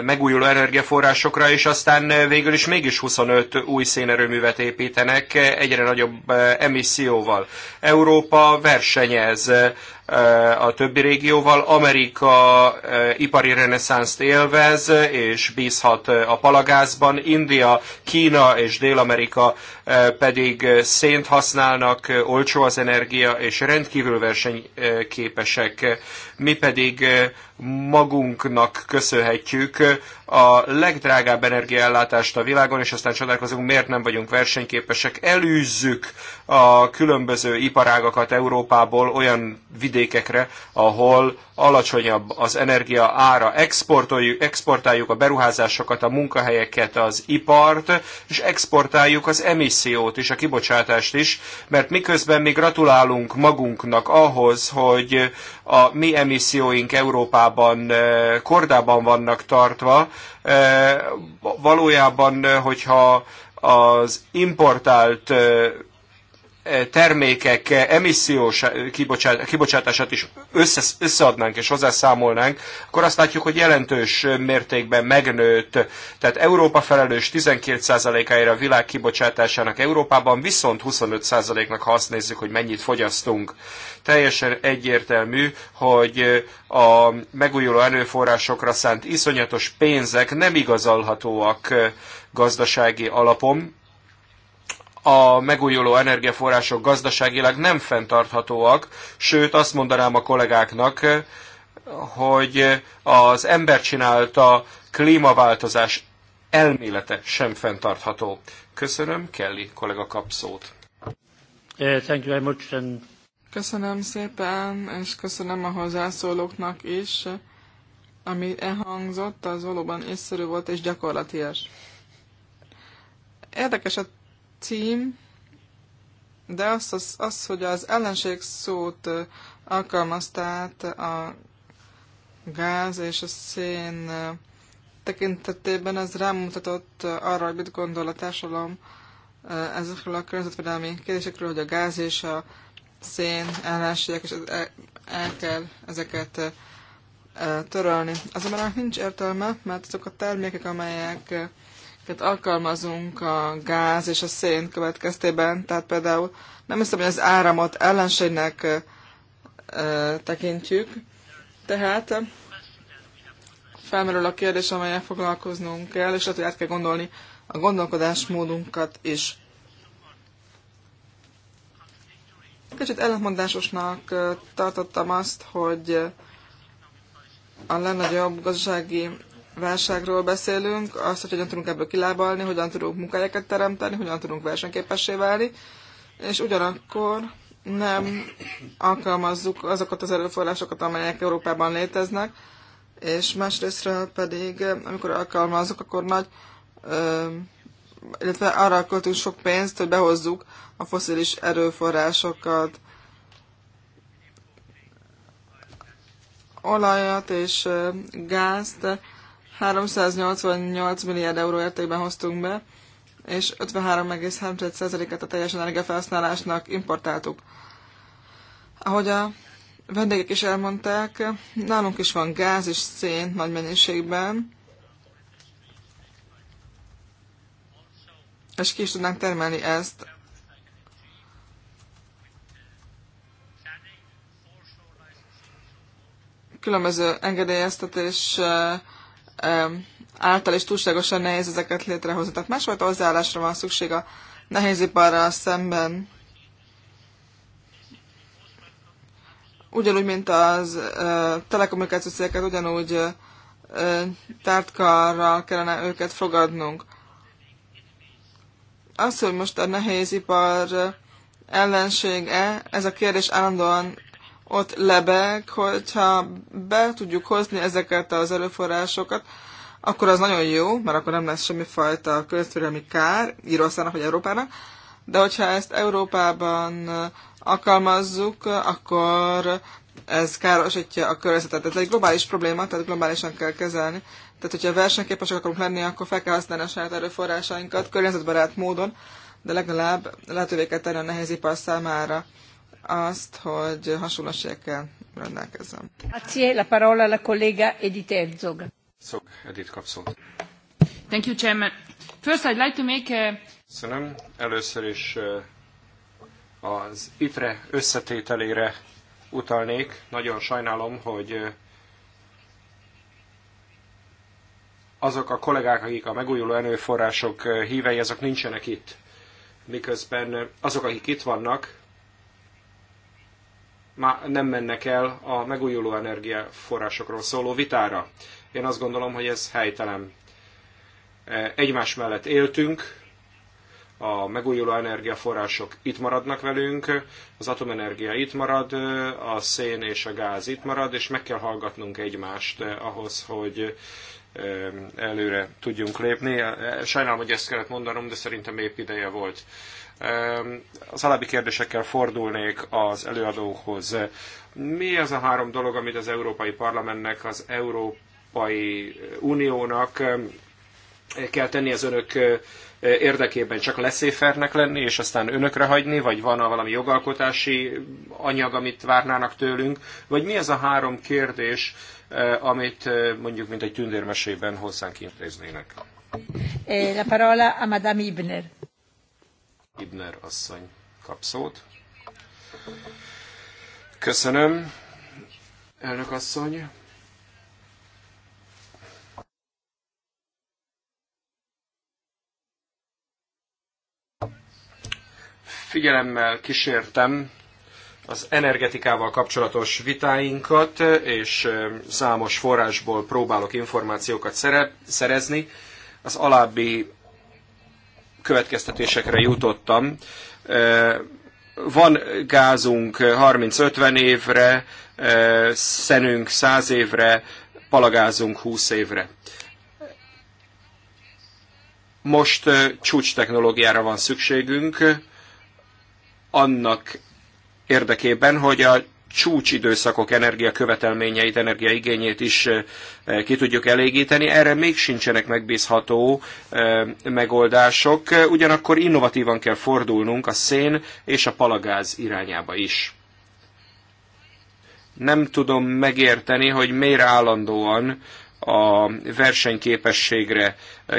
megújuló energiaforrásokra, és aztán végül is mégis 25 új szénerőművet építenek egyre nagyobb emisszióval. Európa versenyez a többi régióval. Amerika eh, ipari reneszánszt élvez, és bízhat eh, a palagázban. India, Kína és Dél-Amerika eh, pedig szént használnak, olcsó az energia, és rendkívül versenyképesek. Mi pedig magunknak köszönhetjük a legdrágább energiaellátást a világon, és aztán csodálkozunk, miért nem vagyunk versenyképesek. Elűzzük a különböző iparágakat Európából olyan vidékekre, ahol alacsonyabb az energia ára. Exportoljuk, exportáljuk a beruházásokat, a munkahelyeket, az ipart, és exportáljuk az emissziót is, a kibocsátást is, mert miközben mi gratulálunk magunknak ahhoz, hogy a mi emisszióink Európában kordában vannak tartva. Valójában, hogyha az importált termékek emissziós kibocsátását is össze, összeadnánk és hozzászámolnánk, akkor azt látjuk, hogy jelentős mértékben megnőtt. Tehát Európa felelős 12%-ára a világ kibocsátásának Európában, viszont 25%-nak, ha azt nézzük, hogy mennyit fogyasztunk. Teljesen egyértelmű, hogy a megújuló erőforrásokra szánt iszonyatos pénzek nem igazolhatóak gazdasági alapon, a megújuló energiaforrások gazdaságilag nem fenntarthatóak, sőt azt mondanám a kollégáknak, hogy az ember csinálta klímaváltozás elmélete sem fenntartható. Köszönöm, Kelly kollega kap szót. Uh, thank you very much. Köszönöm szépen, és köszönöm a hozzászólóknak is. Ami elhangzott, az valóban észszerű volt és gyakorlatias. Érdekes a cím, de az, az, az hogy az ellenség szót alkalmaztát a gáz és a szén tekintetében, ez rámutatott arra, hogy mit gondol a társadalom ezekről a környezetvédelmi kérdésekről, hogy a gáz és a szén ellenségek, és e, el kell ezeket törölni. Azonban nincs értelme, mert azok a termékek, amelyek amiket alkalmazunk a gáz és a szén következtében, tehát például nem hiszem, hogy az áramot ellenségnek tekintjük, tehát felmerül a kérdés, amelyen foglalkoznunk kell, és lehet, hogy át kell gondolni a gondolkodásmódunkat is. Kicsit ellentmondásosnak tartottam azt, hogy a legnagyobb gazdasági válságról beszélünk, azt, hogy hogyan tudunk ebből kilábalni, hogyan tudunk munkahelyeket teremteni, hogyan tudunk versenyképessé válni, és ugyanakkor nem alkalmazzuk azokat az erőforrásokat, amelyek Európában léteznek, és másrésztről pedig, amikor alkalmazzuk, akkor nagy, ö, illetve arra költünk sok pénzt, hogy behozzuk a foszilis erőforrásokat, olajat és gázt, 388 milliárd euró értékben hoztunk be, és 53,3%-et a teljes energiafelhasználásnak importáltuk. Ahogy a vendégek is elmondták, nálunk is van gáz és szén nagy mennyiségben, és ki is tudnánk termelni ezt különböző engedélyeztetés által is túlságosan nehéz ezeket létrehozni. Tehát másfajta hozzáállásra van szükség a nehéziparral szemben. Ugyanúgy, mint az telekommunikációs cégeket, ugyanúgy tártkarral kellene őket fogadnunk. Az, hogy most a nehézipar ellensége, ez a kérdés állandóan ott lebeg, hogyha be tudjuk hozni ezeket az erőforrásokat, akkor az nagyon jó, mert akkor nem lesz semmifajta közvélemény kár Írországnak vagy Európának, de hogyha ezt Európában alkalmazzuk, akkor ez károsítja a környezetet. Ez egy globális probléma, tehát globálisan kell kezelni. Tehát, hogyha versenyképesek akarunk lenni, akkor fel kell használni a saját erőforrásainkat környezetbarát módon, de legalább lehetővé kell tenni a nehéz ipar számára azt, hogy hasonlóségekkel rendelkezem. Grazie, la parola alla collega Edith Herzog. Szok, Edith kapszol. Thank you, Chairman. First, I'd like to make a... Köszönöm. Először is eh, az ITRE összetételére utalnék. Nagyon sajnálom, hogy eh, azok a kollégák, akik a megújuló erőforrások eh, hívei, azok nincsenek itt. Miközben azok, akik itt vannak, nem mennek el a megújuló energiaforrásokról szóló vitára. Én azt gondolom, hogy ez helytelen. E, egymás mellett éltünk, a megújuló energiaforrások itt maradnak velünk, az atomenergia itt marad, a szén és a gáz itt marad, és meg kell hallgatnunk egymást ahhoz, hogy előre tudjunk lépni. Sajnálom, hogy ezt kellett mondanom, de szerintem épp ideje volt. Az alábbi kérdésekkel fordulnék az előadóhoz. Mi az a három dolog, amit az Európai Parlamentnek, az Európai Uniónak kell tenni az önök érdekében csak leszéfernek lenni, és aztán önökre hagyni, vagy van valami jogalkotási anyag, amit várnának tőlünk, vagy mi az a három kérdés, amit mondjuk, mint egy tündérmesében hozzánk intéznének? Eh, la parola a Madame Ibner. Ibner asszony kap szót. Köszönöm, elnök asszony. figyelemmel kísértem az energetikával kapcsolatos vitáinkat, és számos forrásból próbálok információkat szerezni. Az alábbi következtetésekre jutottam. Van gázunk 30-50 évre, szenünk 100 évre, palagázunk 20 évre. Most csúcs technológiára van szükségünk, annak érdekében, hogy a csúcsidőszakok energiakövetelményeit, energiaigényét is ki tudjuk elégíteni. Erre még sincsenek megbízható megoldások, ugyanakkor innovatívan kell fordulnunk a szén és a palagáz irányába is. Nem tudom megérteni, hogy miért állandóan a versenyképességre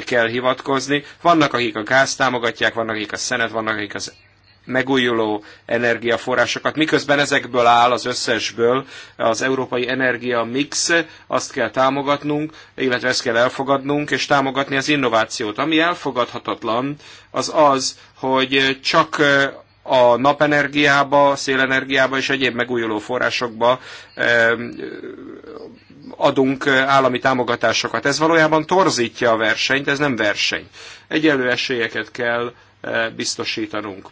kell hivatkozni. Vannak, akik a gáz támogatják, vannak, akik a szenet, vannak, akik az megújuló energiaforrásokat, miközben ezekből áll az összesből az európai energia mix, azt kell támogatnunk, illetve ezt kell elfogadnunk, és támogatni az innovációt. Ami elfogadhatatlan, az az, hogy csak a napenergiába, szélenergiába és egyéb megújuló forrásokba adunk állami támogatásokat. Ez valójában torzítja a versenyt, ez nem verseny. Egyelő esélyeket kell biztosítanunk.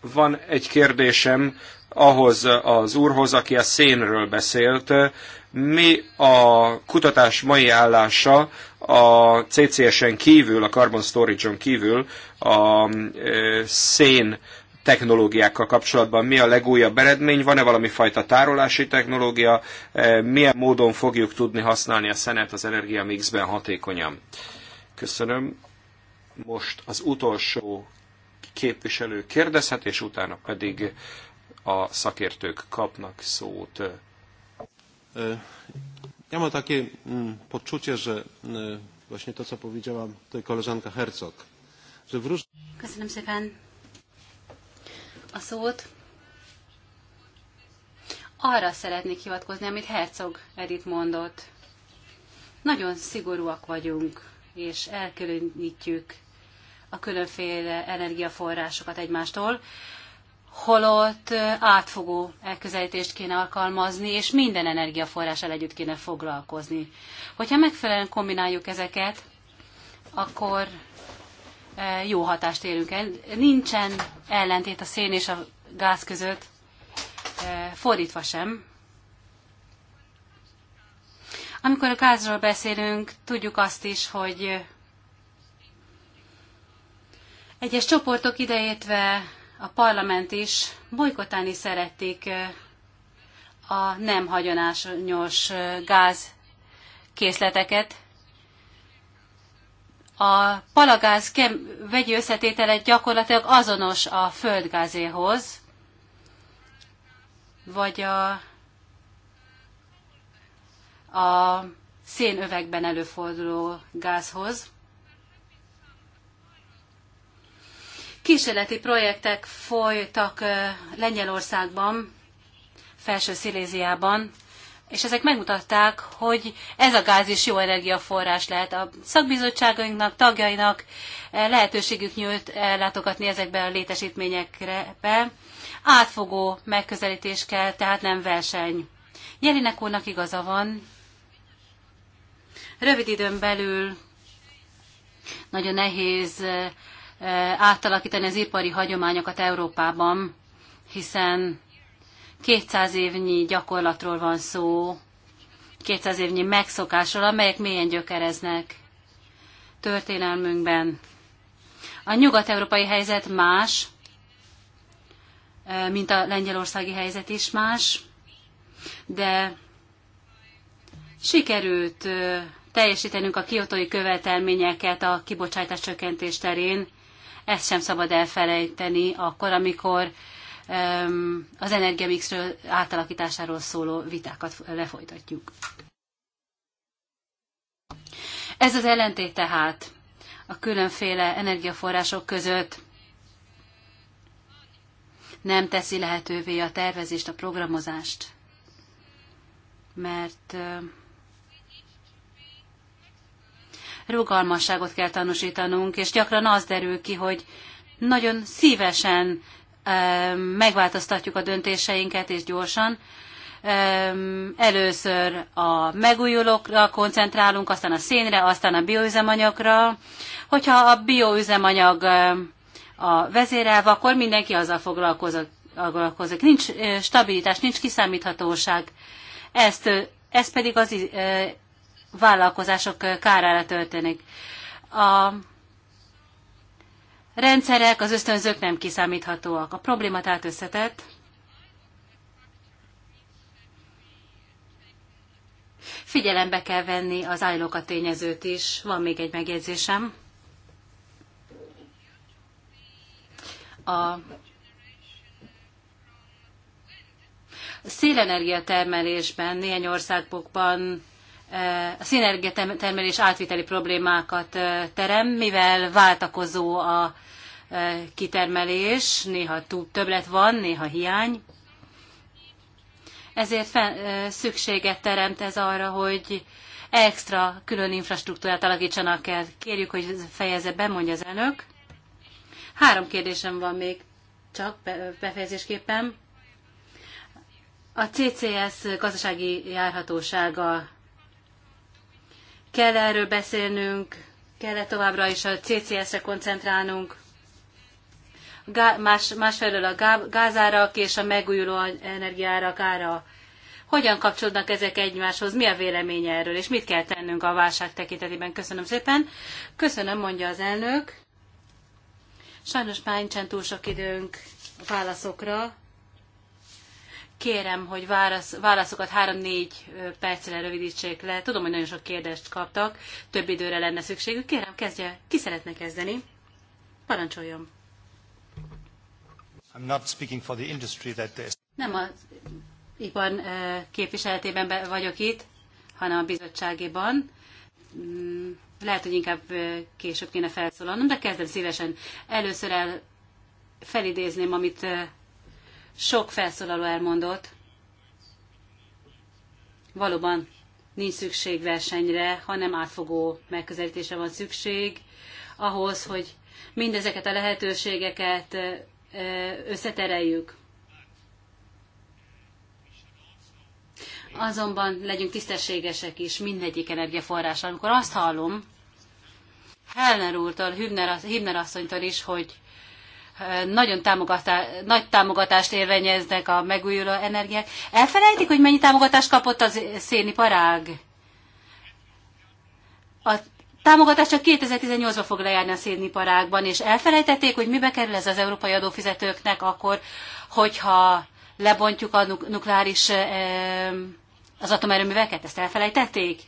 Van egy kérdésem ahhoz az úrhoz, aki a szénről beszélt. Mi a kutatás mai állása a CCS-en kívül, a Carbon Storage-on kívül a szén technológiákkal kapcsolatban mi a legújabb eredmény, van-e valami fajta tárolási technológia, milyen módon fogjuk tudni használni a szenet az energia mixben hatékonyan. Köszönöm. Most az utolsó képviselő kérdezhet, és utána pedig a szakértők kapnak szót. Ja mam takie mm, poczucie, że mm, właśnie to, co powiedziała tutaj koleżanka Herzog, że w róż... szépen a szót. Arra szeretnék hivatkozni, amit Herzog Edith mondott. Nagyon szigorúak vagyunk, és elkülönítjük a különféle energiaforrásokat egymástól, holott átfogó elközelítést kéne alkalmazni, és minden energiaforrással együtt kéne foglalkozni. Hogyha megfelelően kombináljuk ezeket, akkor jó hatást érünk el. Nincsen ellentét a szén és a gáz között, fordítva sem. Amikor a gázról beszélünk, tudjuk azt is, hogy egyes csoportok ideértve a parlament is bolykotálni szerették a nem hagyományos gázkészleteket. A palagáz kem, vegyi összetétele gyakorlatilag azonos a földgázéhoz, vagy a, a szénövekben előforduló gázhoz. kísérleti projektek folytak Lengyelországban, Felső Sziléziában, és ezek megmutatták, hogy ez a gáz is jó energiaforrás lehet. A szakbizottságainknak, tagjainak lehetőségük nyújt látogatni ezekbe a létesítményekre. Be. Átfogó megközelítés kell, tehát nem verseny. Jelinek úrnak igaza van. Rövid időn belül nagyon nehéz Eh, átalakítani az ipari hagyományokat Európában, hiszen 200 évnyi gyakorlatról van szó, 200 évnyi megszokásról, amelyek mélyen gyökereznek történelmünkben. A nyugat-európai helyzet más, eh, mint a lengyelországi helyzet is más, de sikerült eh, teljesítenünk a kiotói követelményeket a kibocsátás csökkentés terén, ezt sem szabad elfelejteni akkor, amikor az energiamixről átalakításáról szóló vitákat lefolytatjuk. Ez az ellentét tehát a különféle energiaforrások között nem teszi lehetővé a tervezést, a programozást, mert rugalmasságot kell tanúsítanunk, és gyakran az derül ki, hogy nagyon szívesen megváltoztatjuk a döntéseinket, és gyorsan. Először a megújulókra koncentrálunk, aztán a szénre, aztán a bioüzemanyagra. Hogyha a bioüzemanyag a vezérelve, akkor mindenki azzal foglalkozik. Nincs stabilitás, nincs kiszámíthatóság. Ezt, ez pedig az vállalkozások kárára történik. A rendszerek, az ösztönzők nem kiszámíthatóak. A probléma tehát összetett. Figyelembe kell venni az ájlóka tényezőt is. Van még egy megjegyzésem. A szélenergia termelésben néhány országokban a szinergiatermelés átviteli problémákat terem, mivel váltakozó a kitermelés, néha többlet van, néha hiány. Ezért szükséget teremt ez arra, hogy extra külön infrastruktúrát alakítsanak el. Kérjük, hogy fejezze be, mondja az elnök. Három kérdésem van még, csak befejezésképpen. A CCS gazdasági járhatósága Kell erről beszélnünk, kell-e továbbra is a CCS-re koncentrálnunk, más, másfelől a gázárak és a megújuló energiárak ára. Hogyan kapcsolódnak ezek egymáshoz? Mi a véleménye erről, és mit kell tennünk a válság tekintetében? Köszönöm szépen. Köszönöm, mondja az elnök. Sajnos már nincsen túl sok időnk a válaszokra, Kérem, hogy válasz, válaszokat 3-4 percre rövidítsék le. Tudom, hogy nagyon sok kérdést kaptak, több időre lenne szükségük. Kérem, kezdje, ki szeretne kezdeni? Parancsoljon. I'm not speaking for the industry that is. Nem az ipar képviseletében vagyok itt, hanem a bizottságiban. Mm, lehet, hogy inkább később kéne felszólalnom, de kezdem szívesen. Először el felidézném, amit sok felszólaló elmondott, valóban nincs szükség versenyre, hanem átfogó megközelítésre van szükség ahhoz, hogy mindezeket a lehetőségeket összetereljük. Azonban legyünk tisztességesek is mindegyik energiaforrásra. Amikor azt hallom, Hellner úrtól, Hübner, Hübner asszonytól is, hogy nagyon támogatá, nagy támogatást érvényeznek a megújuló energiák. Elfelejtik, hogy mennyi támogatást kapott a széniparág? A támogatás csak 2018-ban fog lejárni a széniparágban, és elfelejtették, hogy mibe kerül ez az európai adófizetőknek akkor, hogyha lebontjuk a nukleáris az atomerőműveket, ezt elfelejtették?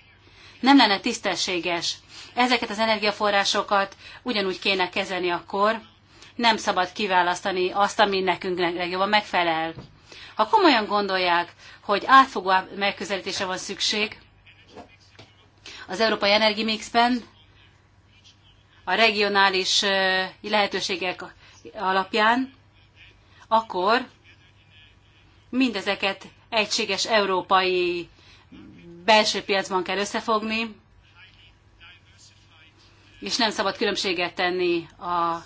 Nem lenne tisztességes. Ezeket az energiaforrásokat ugyanúgy kéne kezelni akkor, nem szabad kiválasztani azt, ami nekünk legjobban megfelel. Ha komolyan gondolják, hogy átfogó megközelítése van szükség az európai energimixben, a regionális lehetőségek alapján, akkor mindezeket egységes európai belső piacban kell összefogni, és nem szabad különbséget tenni a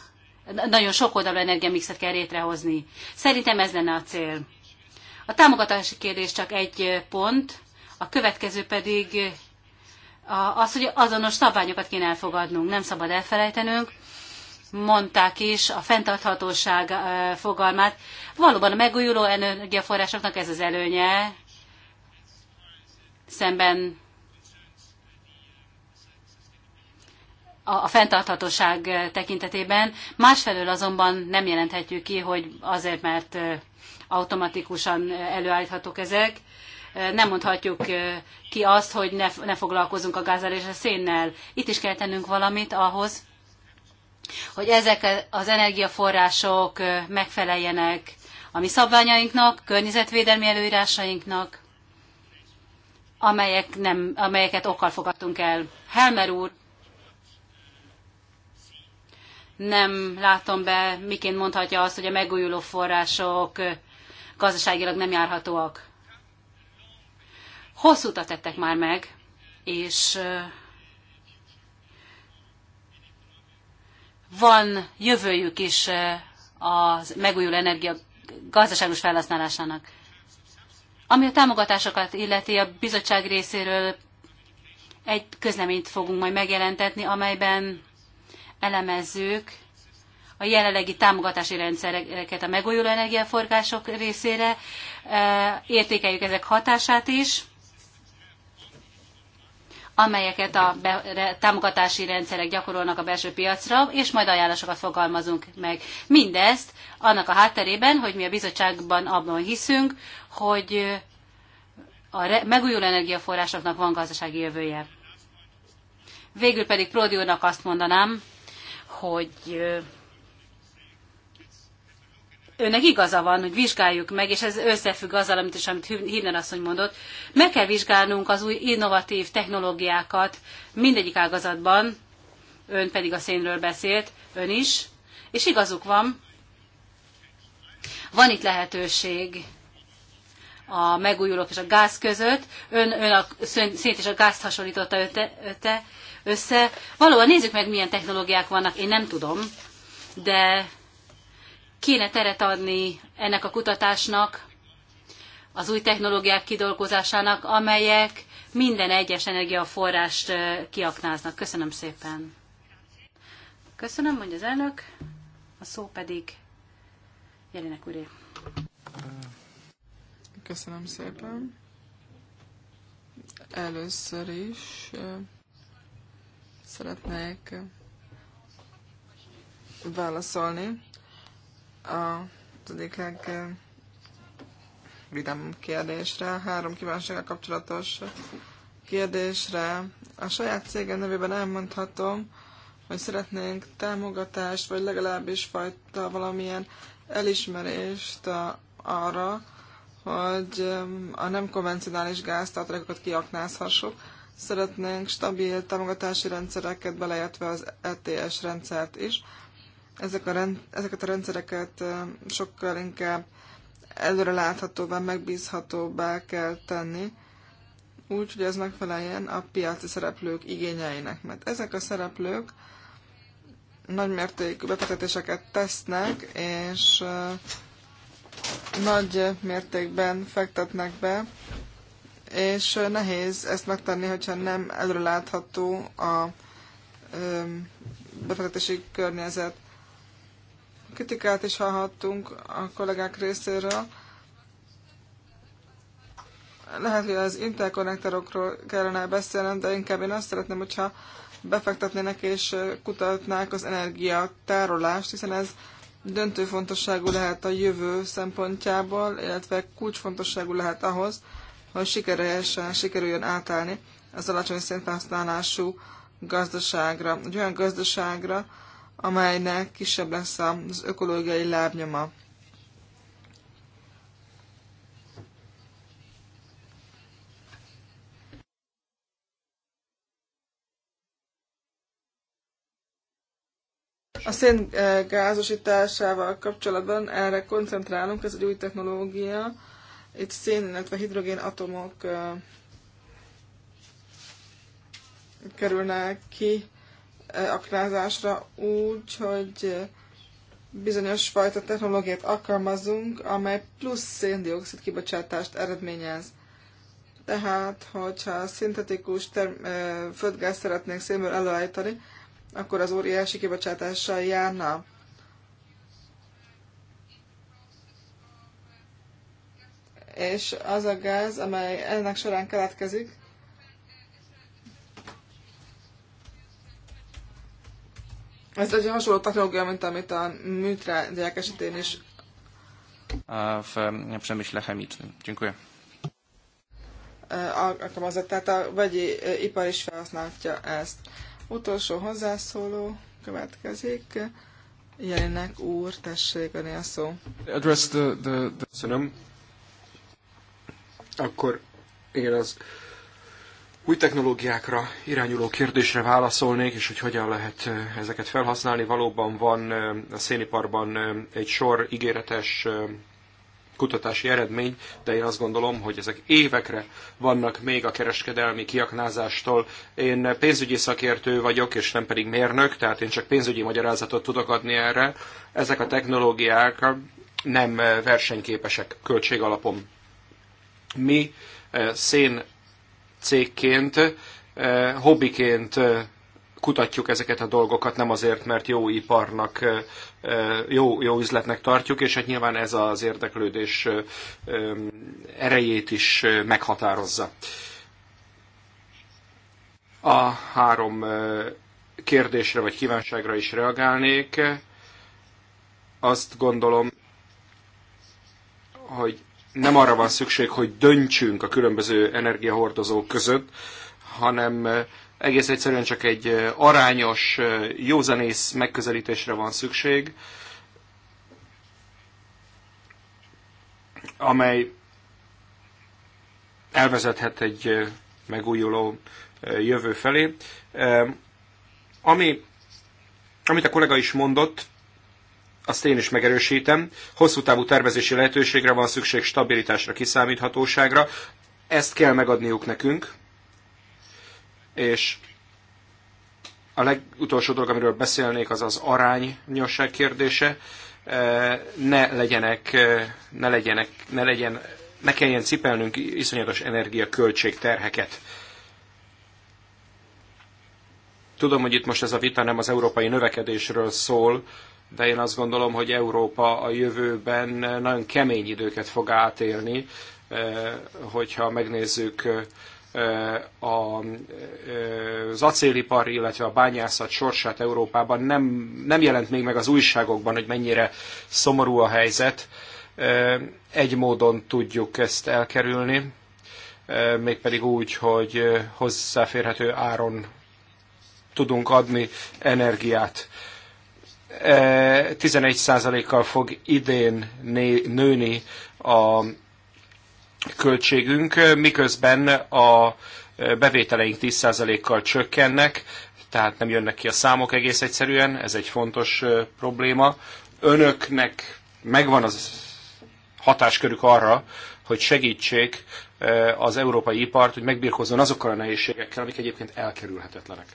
nagyon sok oldalú energiamixet kell létrehozni. Szerintem ez lenne a cél. A támogatási kérdés csak egy eh, pont, a következő pedig az, hogy azonos szabványokat kéne elfogadnunk, nem szabad elfelejtenünk. Mondták is a fenntarthatóság eh, fogalmát. Valóban a megújuló energiaforrásoknak ez az előnye, szemben a, fenntarthatóság tekintetében. Másfelől azonban nem jelenthetjük ki, hogy azért, mert automatikusan előállíthatók ezek, nem mondhatjuk ki azt, hogy ne, ne foglalkozunk a gázzal és a szénnel. Itt is kell tennünk valamit ahhoz, hogy ezek az energiaforrások megfeleljenek a mi szabványainknak, környezetvédelmi előírásainknak, amelyek nem, amelyeket okkal fogadtunk el. Helmer úr nem látom be, miként mondhatja azt, hogy a megújuló források gazdaságilag nem járhatóak. Hosszú utat tettek már meg, és van jövőjük is a megújuló energia gazdaságos felhasználásának. Ami a támogatásokat illeti, a bizottság részéről egy közleményt fogunk majd megjelentetni, amelyben elemezzük a jelenlegi támogatási rendszereket a megújuló energiaforgások részére, e, értékeljük ezek hatását is, amelyeket a támogatási rendszerek gyakorolnak a belső piacra, és majd ajánlásokat fogalmazunk meg. Mindezt annak a hátterében, hogy mi a bizottságban abban hiszünk, hogy a megújuló energiaforrásoknak van gazdasági jövője. Végül pedig Prodi úrnak azt mondanám, hogy önnek igaza van, hogy vizsgáljuk meg, és ez összefügg azzal, amit is, amit Hübner asszony mondott, meg kell vizsgálnunk az új innovatív technológiákat mindegyik ágazatban, ön pedig a szénről beszélt, ön is, és igazuk van, van itt lehetőség a megújulók és a gáz között, ön, ön a szént és a gázt hasonlította öte, öte össze. Valóban nézzük meg, milyen technológiák vannak, én nem tudom, de kéne teret adni ennek a kutatásnak, az új technológiák kidolgozásának, amelyek minden egyes energiaforrást kiaknáznak. Köszönöm szépen. Köszönöm, mondja az elnök. A szó pedig Jelinek úré. Köszönöm szépen. Először is szeretnék válaszolni a tudik eh, vidám kérdésre, három kívánsággal kapcsolatos kérdésre. A saját cégem nevében elmondhatom, hogy szeretnénk támogatást, vagy legalábbis fajta valamilyen elismerést arra, hogy eh, a nem konvencionális gáztartalékokat kiaknázhassuk, szeretnénk stabil támogatási rendszereket, beleértve az ETS rendszert is. Ezek a rend, ezeket a rendszereket sokkal inkább előre láthatóvá, megbízhatóbbá kell tenni, úgy, hogy ez megfeleljen a piaci szereplők igényeinek. Mert ezek a szereplők nagymértékű befektetéseket tesznek, és nagy mértékben fektetnek be és nehéz ezt megtenni, hogyha nem előre látható a befektetési környezet. Kritikát is hallhattunk a kollégák részéről. Lehet, hogy az interkonnektorokról kellene beszélnem, de inkább én azt szeretném, hogyha befektetnének és kutatnák az energiatárolást, hiszen ez döntő fontosságú lehet a jövő szempontjából, illetve kulcsfontosságú lehet ahhoz, hogy sikeresen sikerüljön átállni az alacsony szénfelhasználású gazdaságra, egy olyan gazdaságra, amelynek kisebb lesz az ökológiai lábnyoma. A szén gázosításával kapcsolatban erre koncentrálunk, ez egy új technológia, itt szén, illetve hidrogén atomok kerülnek ki aknázásra úgy, hogy bizonyos fajta technológiát alkalmazunk, amely plusz széndiokszid kibocsátást eredményez. Tehát, hogyha szintetikus term- földgáz szeretnénk szénből előállítani, akkor az óriási kibocsátással járna. és az a gáz, amely ennek során keletkezik, ez egy hasonló technológia, mint amit a műtrágyák esetén is. A przemyśle chemicznym. Dziękuję. Alkalmazott, tehát a vegyi ipar is felhasználhatja ezt. Utolsó hozzászóló következik. Jelinek úr, tessék, a szó. Address the, the, the... Köszönöm akkor én az új technológiákra irányuló kérdésre válaszolnék, és hogy hogyan lehet ezeket felhasználni. Valóban van a széniparban egy sor ígéretes kutatási eredmény, de én azt gondolom, hogy ezek évekre vannak még a kereskedelmi kiaknázástól. Én pénzügyi szakértő vagyok, és nem pedig mérnök, tehát én csak pénzügyi magyarázatot tudok adni erre. Ezek a technológiák nem versenyképesek költségalapon. Mi eh, szén cégként, eh, hobbiként eh, kutatjuk ezeket a dolgokat, nem azért, mert jó iparnak, jó, jó üzletnek tartjuk, és hát nyilván ez az érdeklődés erejét is meghatározza. A három kérdésre vagy kívánságra is reagálnék. Azt gondolom, hogy nem arra van szükség, hogy döntsünk a különböző energiahordozók között, hanem eh, egész egyszerűen csak egy eh, arányos, eh, józanész megközelítésre van szükség, amely elvezethet egy megújuló jövő felé. Ami, amit a kollega is mondott, azt én is megerősítem, hosszú távú tervezési lehetőségre van szükség, stabilitásra, kiszámíthatóságra, ezt kell megadniuk nekünk, és a legutolsó dolog, amiről beszélnék, az az arányosság kérdése. E, ne legyenek, e, ne legyenek, ne legyen, ne kelljen cipelnünk iszonyatos energiaköltség terheket. Tudom, hogy itt most ez a vita nem az európai növekedésről szól, de én azt gondolom, hogy Európa a jövőben nagyon kemény időket fog átélni, eh, hogyha megnézzük eh, eh, az acélipar, illetve a bányászat sorsát Európában nem, nem jelent még meg az újságokban, hogy mennyire szomorú a helyzet. Egy módon tudjuk ezt elkerülni, mégpedig úgy, hogy hozzáférhető áron tudunk adni energiát 11%-kal fog idén nőni a költségünk, miközben a bevételeink 10%-kal csökkennek, tehát nem jönnek ki a számok egész egyszerűen, ez egy fontos probléma. Önöknek megvan az hatáskörük arra, hogy segítsék az európai ipart, hogy megbírkozzon azokkal a nehézségekkel, amik egyébként elkerülhetetlenek.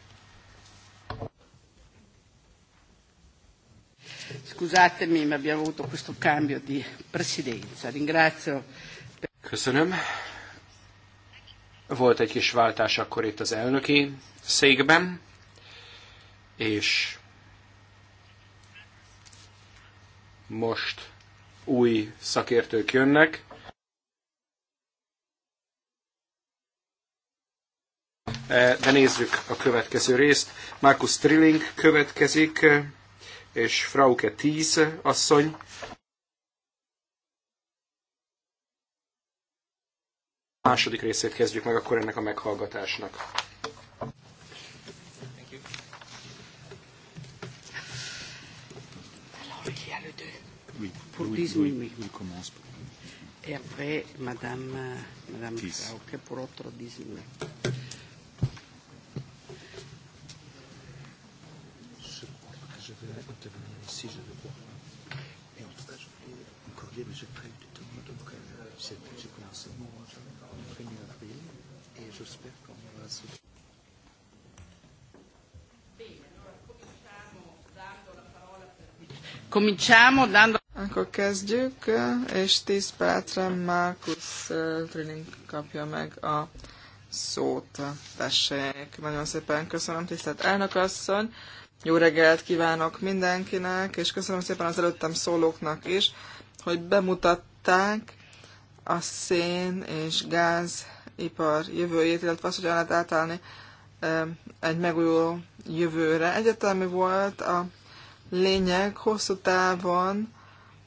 Scusatemi, ma abbiamo avuto questo cambio di presidenza. Ringrazio. Köszönöm. Volt egy kis váltás akkor itt az elnöki székben, és most új szakértők jönnek. Eh, de nézzük a következő részt. Markus Trilling következik és Frauke 10 asszony. A második részét kezdjük meg akkor ennek a meghallgatásnak. Et après, Madame, euh, Madame Frauke pour autre 10 minutes. Cominciamo dando... Akkor kezdjük, és 10 percre Markus eh, Trilling kapja meg a szót. Tessék, nagyon szépen köszönöm, tisztelt elnökasszony. Jó reggelt kívánok mindenkinek, és köszönöm szépen az előttem szólóknak is, hogy bemutatták a szén és gázipar jövőjét, illetve azt, hogyan lehet átállni eh, egy megújuló jövőre. Egyetemi volt a lényeg hosszú távon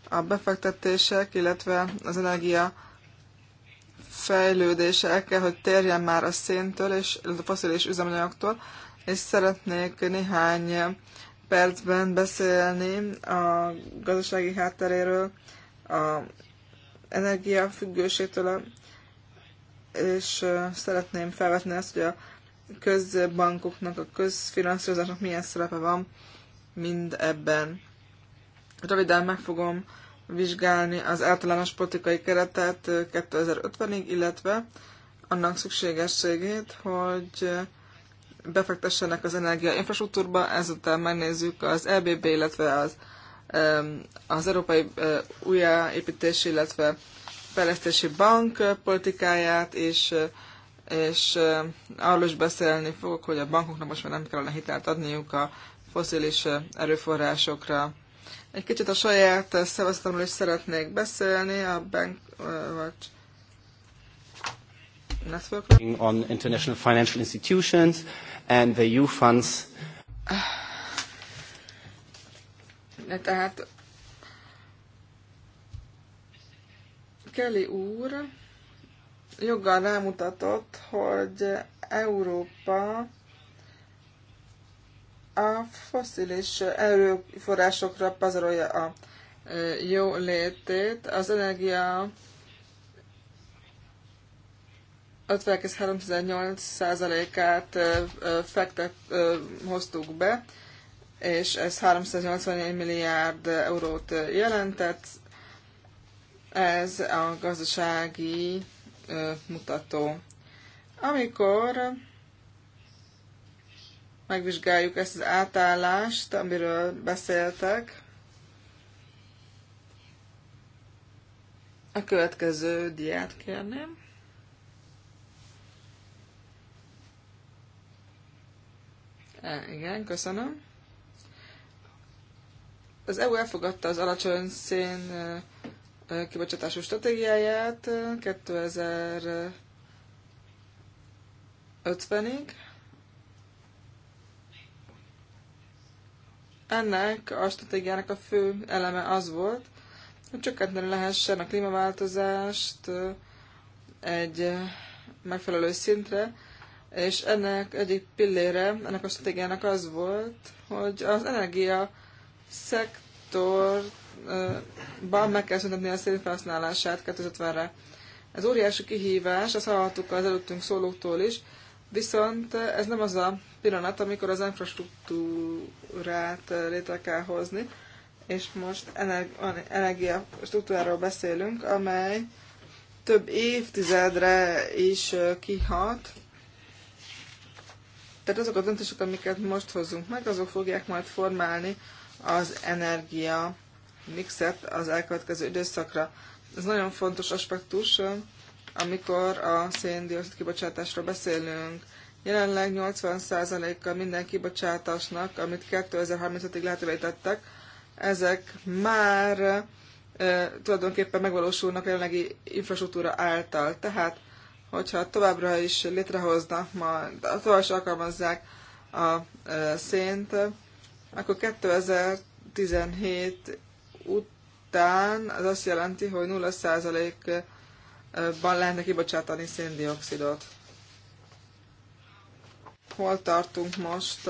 a befektetések, illetve az energia fejlődése el kell, hogy térjen már a széntől és a foszilis üzemanyagoktól, és szeretnék néhány percben beszélni a gazdasági hátteréről, a energiafüggőségtől, és szeretném felvetni azt, hogy a közbankoknak, a közfinanszírozásnak milyen szerepe van mind ebben. Röviden meg fogom vizsgálni az általános politikai keretet 2050-ig, illetve annak szükségességét, hogy befektessenek az energia infrastruktúrba, ezután megnézzük az EBB, illetve az, az Európai Újjáépítési, illetve Fejlesztési Bank politikáját, és, és arról is beszélni fogok, hogy a bankoknak most már nem kellene hitelt adniuk a foszilis erőforrásokra. Egy kicsit a saját szavazatomról is szeretnék beszélni, a bank, vagy networkről. On international financial institutions and the EU funds. Tehát Kelly úr joggal rámutatott, hogy Európa a foszilis erőforrásokra pazarolja a jó létét. Az energia 538 át fektet, hoztuk be, és ez 384 milliárd eurót jelentett. Ez a gazdasági mutató. Amikor megvizsgáljuk ezt az átállást, amiről beszéltek. A következő diát kérném. E, igen, köszönöm. Az EU elfogadta az alacsony szén kibocsátású stratégiáját 2050-ig. Ennek a stratégiának a fő eleme az volt, hogy csökkenteni lehessen a klímaváltozást egy megfelelő szintre, és ennek egyik pillére, ennek a stratégiának az volt, hogy az energia szektorban meg kell szüntetni a szénfelhasználását 2050-re. Ez óriási kihívás, azt hallhattuk az előttünk szólóktól is, Viszont ez nem az a pillanat, amikor az infrastruktúrát eh, létre kell hozni, és most energia struktúráról beszélünk, amely több évtizedre is eh, kihat. Tehát azok a döntések, amiket most hozzunk meg, azok fogják majd formálni az energia mixet az elkövetkező időszakra. Ez nagyon fontos aspektus, eh, amikor a széndiokszid kibocsátásról beszélünk. Jelenleg 80%-a minden kibocsátásnak, amit 2035-ig lehetővé tettek, ezek már e, tulajdonképpen megvalósulnak a jelenlegi infrastruktúra által. Tehát, hogyha továbbra is létrehoznak, majd, tovább is alkalmazzák a e, szént, akkor 2017 után az azt jelenti, hogy 0% ban lehetne kibocsátani széndiokszidot. Hol tartunk most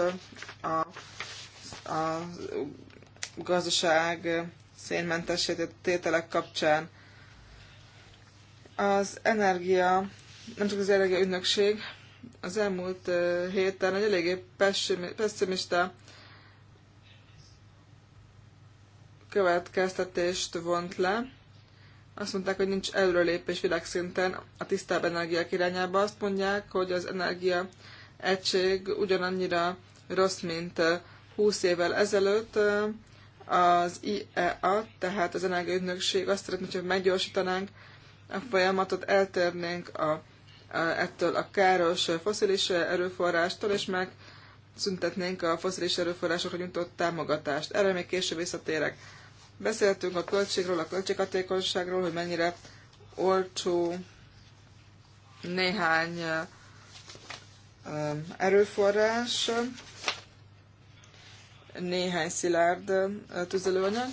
a, a gazdaság szénmentesítő tételek kapcsán? Az energia, nem csak az ügynökség, az elmúlt héten egy eléggé pessimista következtetést vont le, azt mondták, hogy nincs előrelépés világszinten a tisztább energiák irányába. Azt mondják, hogy az energia egység ugyanannyira rossz, mint 20 évvel ezelőtt. Az IEA, tehát az energiaügynökség azt szeretné, hogy meggyorsítanánk a folyamatot, eltérnénk a, a, ettől a káros foszilis erőforrástól, és meg szüntetnénk a foszilis erőforrásokra nyújtott támogatást. Erre még később visszatérek. Beszéltünk a költségről, a költséghatékonyságról, hogy mennyire olcsó néhány erőforrás, néhány szilárd tüzelőanyag.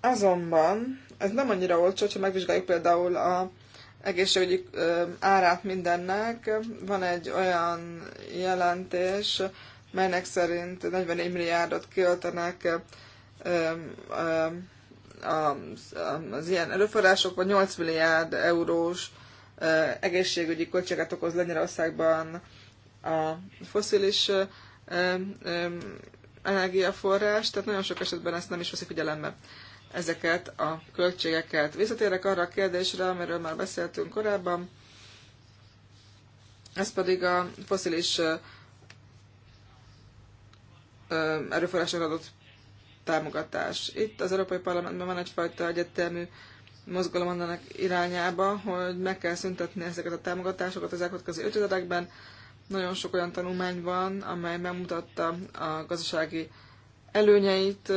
Azonban ez nem annyira olcsó, ha megvizsgáljuk például a egészségügyi árát mindennek. Van egy olyan jelentés, melynek szerint 44 milliárdot költenek az ilyen előforrásokban, 8 milliárd eurós egészségügyi költséget okoz Lengyelországban a foszilis energiaforrás, tehát nagyon sok esetben ezt nem is veszik figyelembe ezeket a költségeket. Visszatérek arra a kérdésre, amiről már beszéltünk korábban, ez pedig a foszilis erőforrásra adott támogatás. Itt az Európai Parlamentben van egyfajta egyetemű mozgalom annak irányába, hogy meg kell szüntetni ezeket a támogatásokat az elkövetkező ötödekben. Nagyon sok olyan tanulmány van, amely bemutatta a gazdasági előnyeit,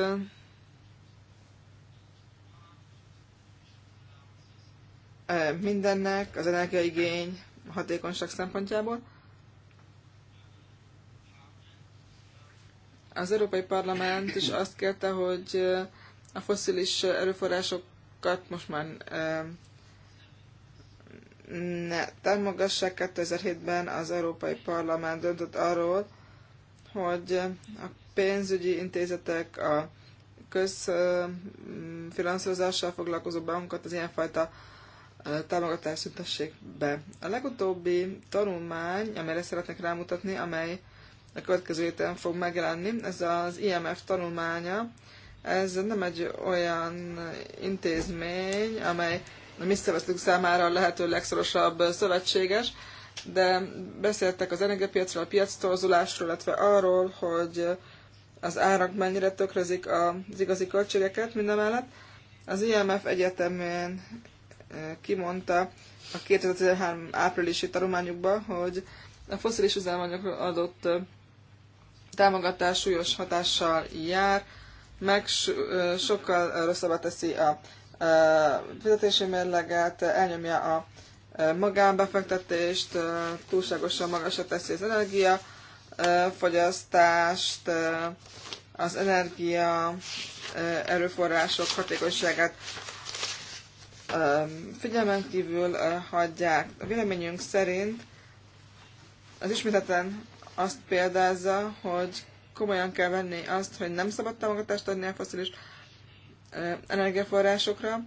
mindennek, az energiaigény hatékonyság szempontjából. Az Európai Parlament is azt kérte, hogy a foszilis erőforrásokat most már ne támogassák. 2007-ben az Európai Parlament döntött arról, hogy a pénzügyi intézetek, a közfinanszírozással foglalkozó bankokat az ilyenfajta támogatást szüntessék be. A legutóbbi tanulmány, amelyre szeretnék rámutatni, amely a következő héten fog megjelenni. Ez az IMF tanulmánya. Ez nem egy olyan intézmény, amely a mi szervezetünk számára a lehető legszorosabb szövetséges, de beszéltek az energiapiacról, a piac torzulásról, illetve arról, hogy az árak mennyire tökrezik az igazi költségeket mindemellett. Az IMF egyetemén eh, kimondta a 2013 áprilisi tanulmányukban, hogy a foszilis üzemanyag adott eh, támogatás súlyos hatással jár, meg sokkal rosszabbá teszi a fizetési mérleget, elnyomja a magánbefektetést, túlságosan magasra teszi az energia fogyasztást, az energia erőforrások hatékonyságát figyelmen kívül hagyják. A véleményünk szerint az ismételten azt példázza, hogy komolyan kell venni azt, hogy nem szabad támogatást adni a foszilis energiaforrásokra.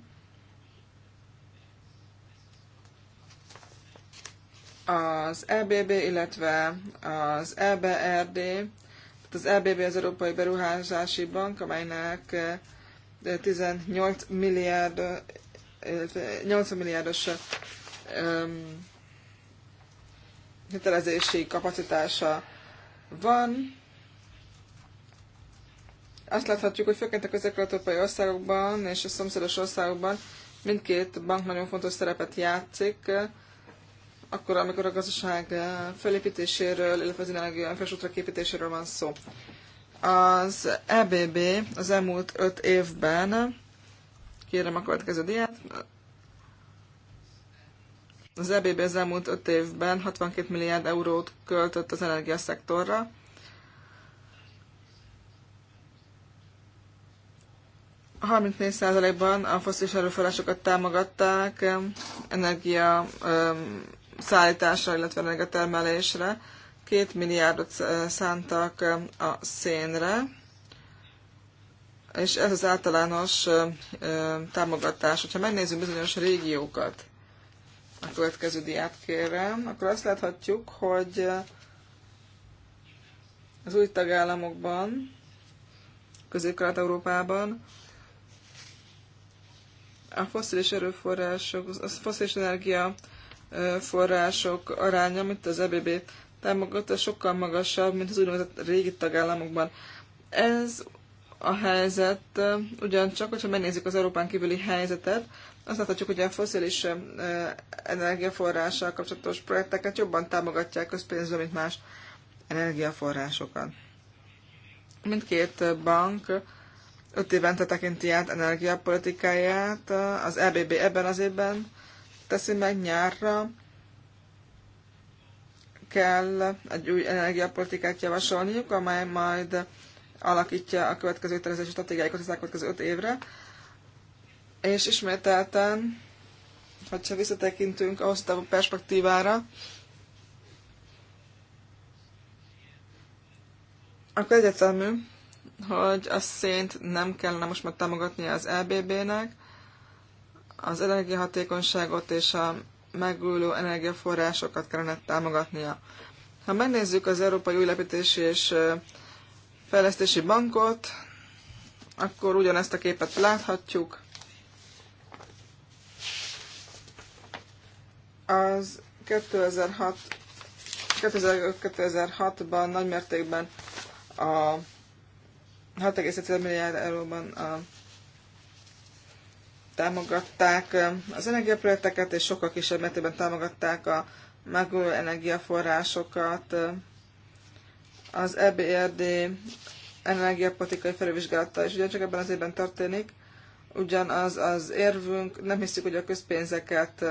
Az EBB, illetve az EBRD, tehát az EBB az Európai Beruházási Bank, amelynek 18 milliárd, 80 milliárdos hitelezési kapacitása van. Azt láthatjuk, hogy főként a közép-európai országokban és a szomszédos országokban mindkét bank nagyon fontos szerepet játszik, akkor, amikor a gazdaság felépítéséről, illetve az energia infrastruktúra képítéséről van szó. Az EBB az elmúlt öt évben, kérem a következő diát, az EBB az elmúlt 5 évben 62 milliárd eurót költött az energiaszektorra. A 34%-ban a foszilis erőforrásokat támogatták energia szállításra, illetve energiatermelésre. 2 milliárdot eh, szántak a szénre és ez az általános támogatás. Ha megnézzük bizonyos régiókat, a következő diát kérem, akkor azt láthatjuk, hogy az új tagállamokban, közép európában a foszilis erőforrások, a foszilis energia források aránya, mint az EBB támogatta, sokkal magasabb, mint az úgynevezett régi tagállamokban. Ez a helyzet ugyancsak, hogyha megnézzük az Európán kívüli helyzetet, azt láthatjuk, hogy a foszilis energiaforrással kapcsolatos projekteket jobban támogatják közpénzből, mint más energiaforrásokat. Mindkét bank öt évente tekinti át energiapolitikáját, az EBB ebben az évben teszi meg nyárra, kell egy új energiapolitikát javasolniuk, amely majd alakítja a következő tervezési stratégiáikat az elkövetkező öt évre. És ismételten, hogyha visszatekintünk a hosszú perspektívára, akkor egyetemű, hogy a szént nem kellene most már támogatnia az EBB-nek, az energiahatékonyságot és a megújuló energiaforrásokat kellene támogatnia. Ha megnézzük az Európai Újlepítési és Fejlesztési Bankot, akkor ugyanezt a képet láthatjuk. Az 2006, 2006-ban nagymértékben a 6,1 milliárd euróban a, támogatták az energiaprojekteket, és sokkal kisebb mértékben támogatták a megújuló energiaforrásokat. Az EBRD energiapolitikai felülvizsgálata is ugyancsak ebben az évben történik, ugyanaz az érvünk, nem hiszük, hogy a közpénzeket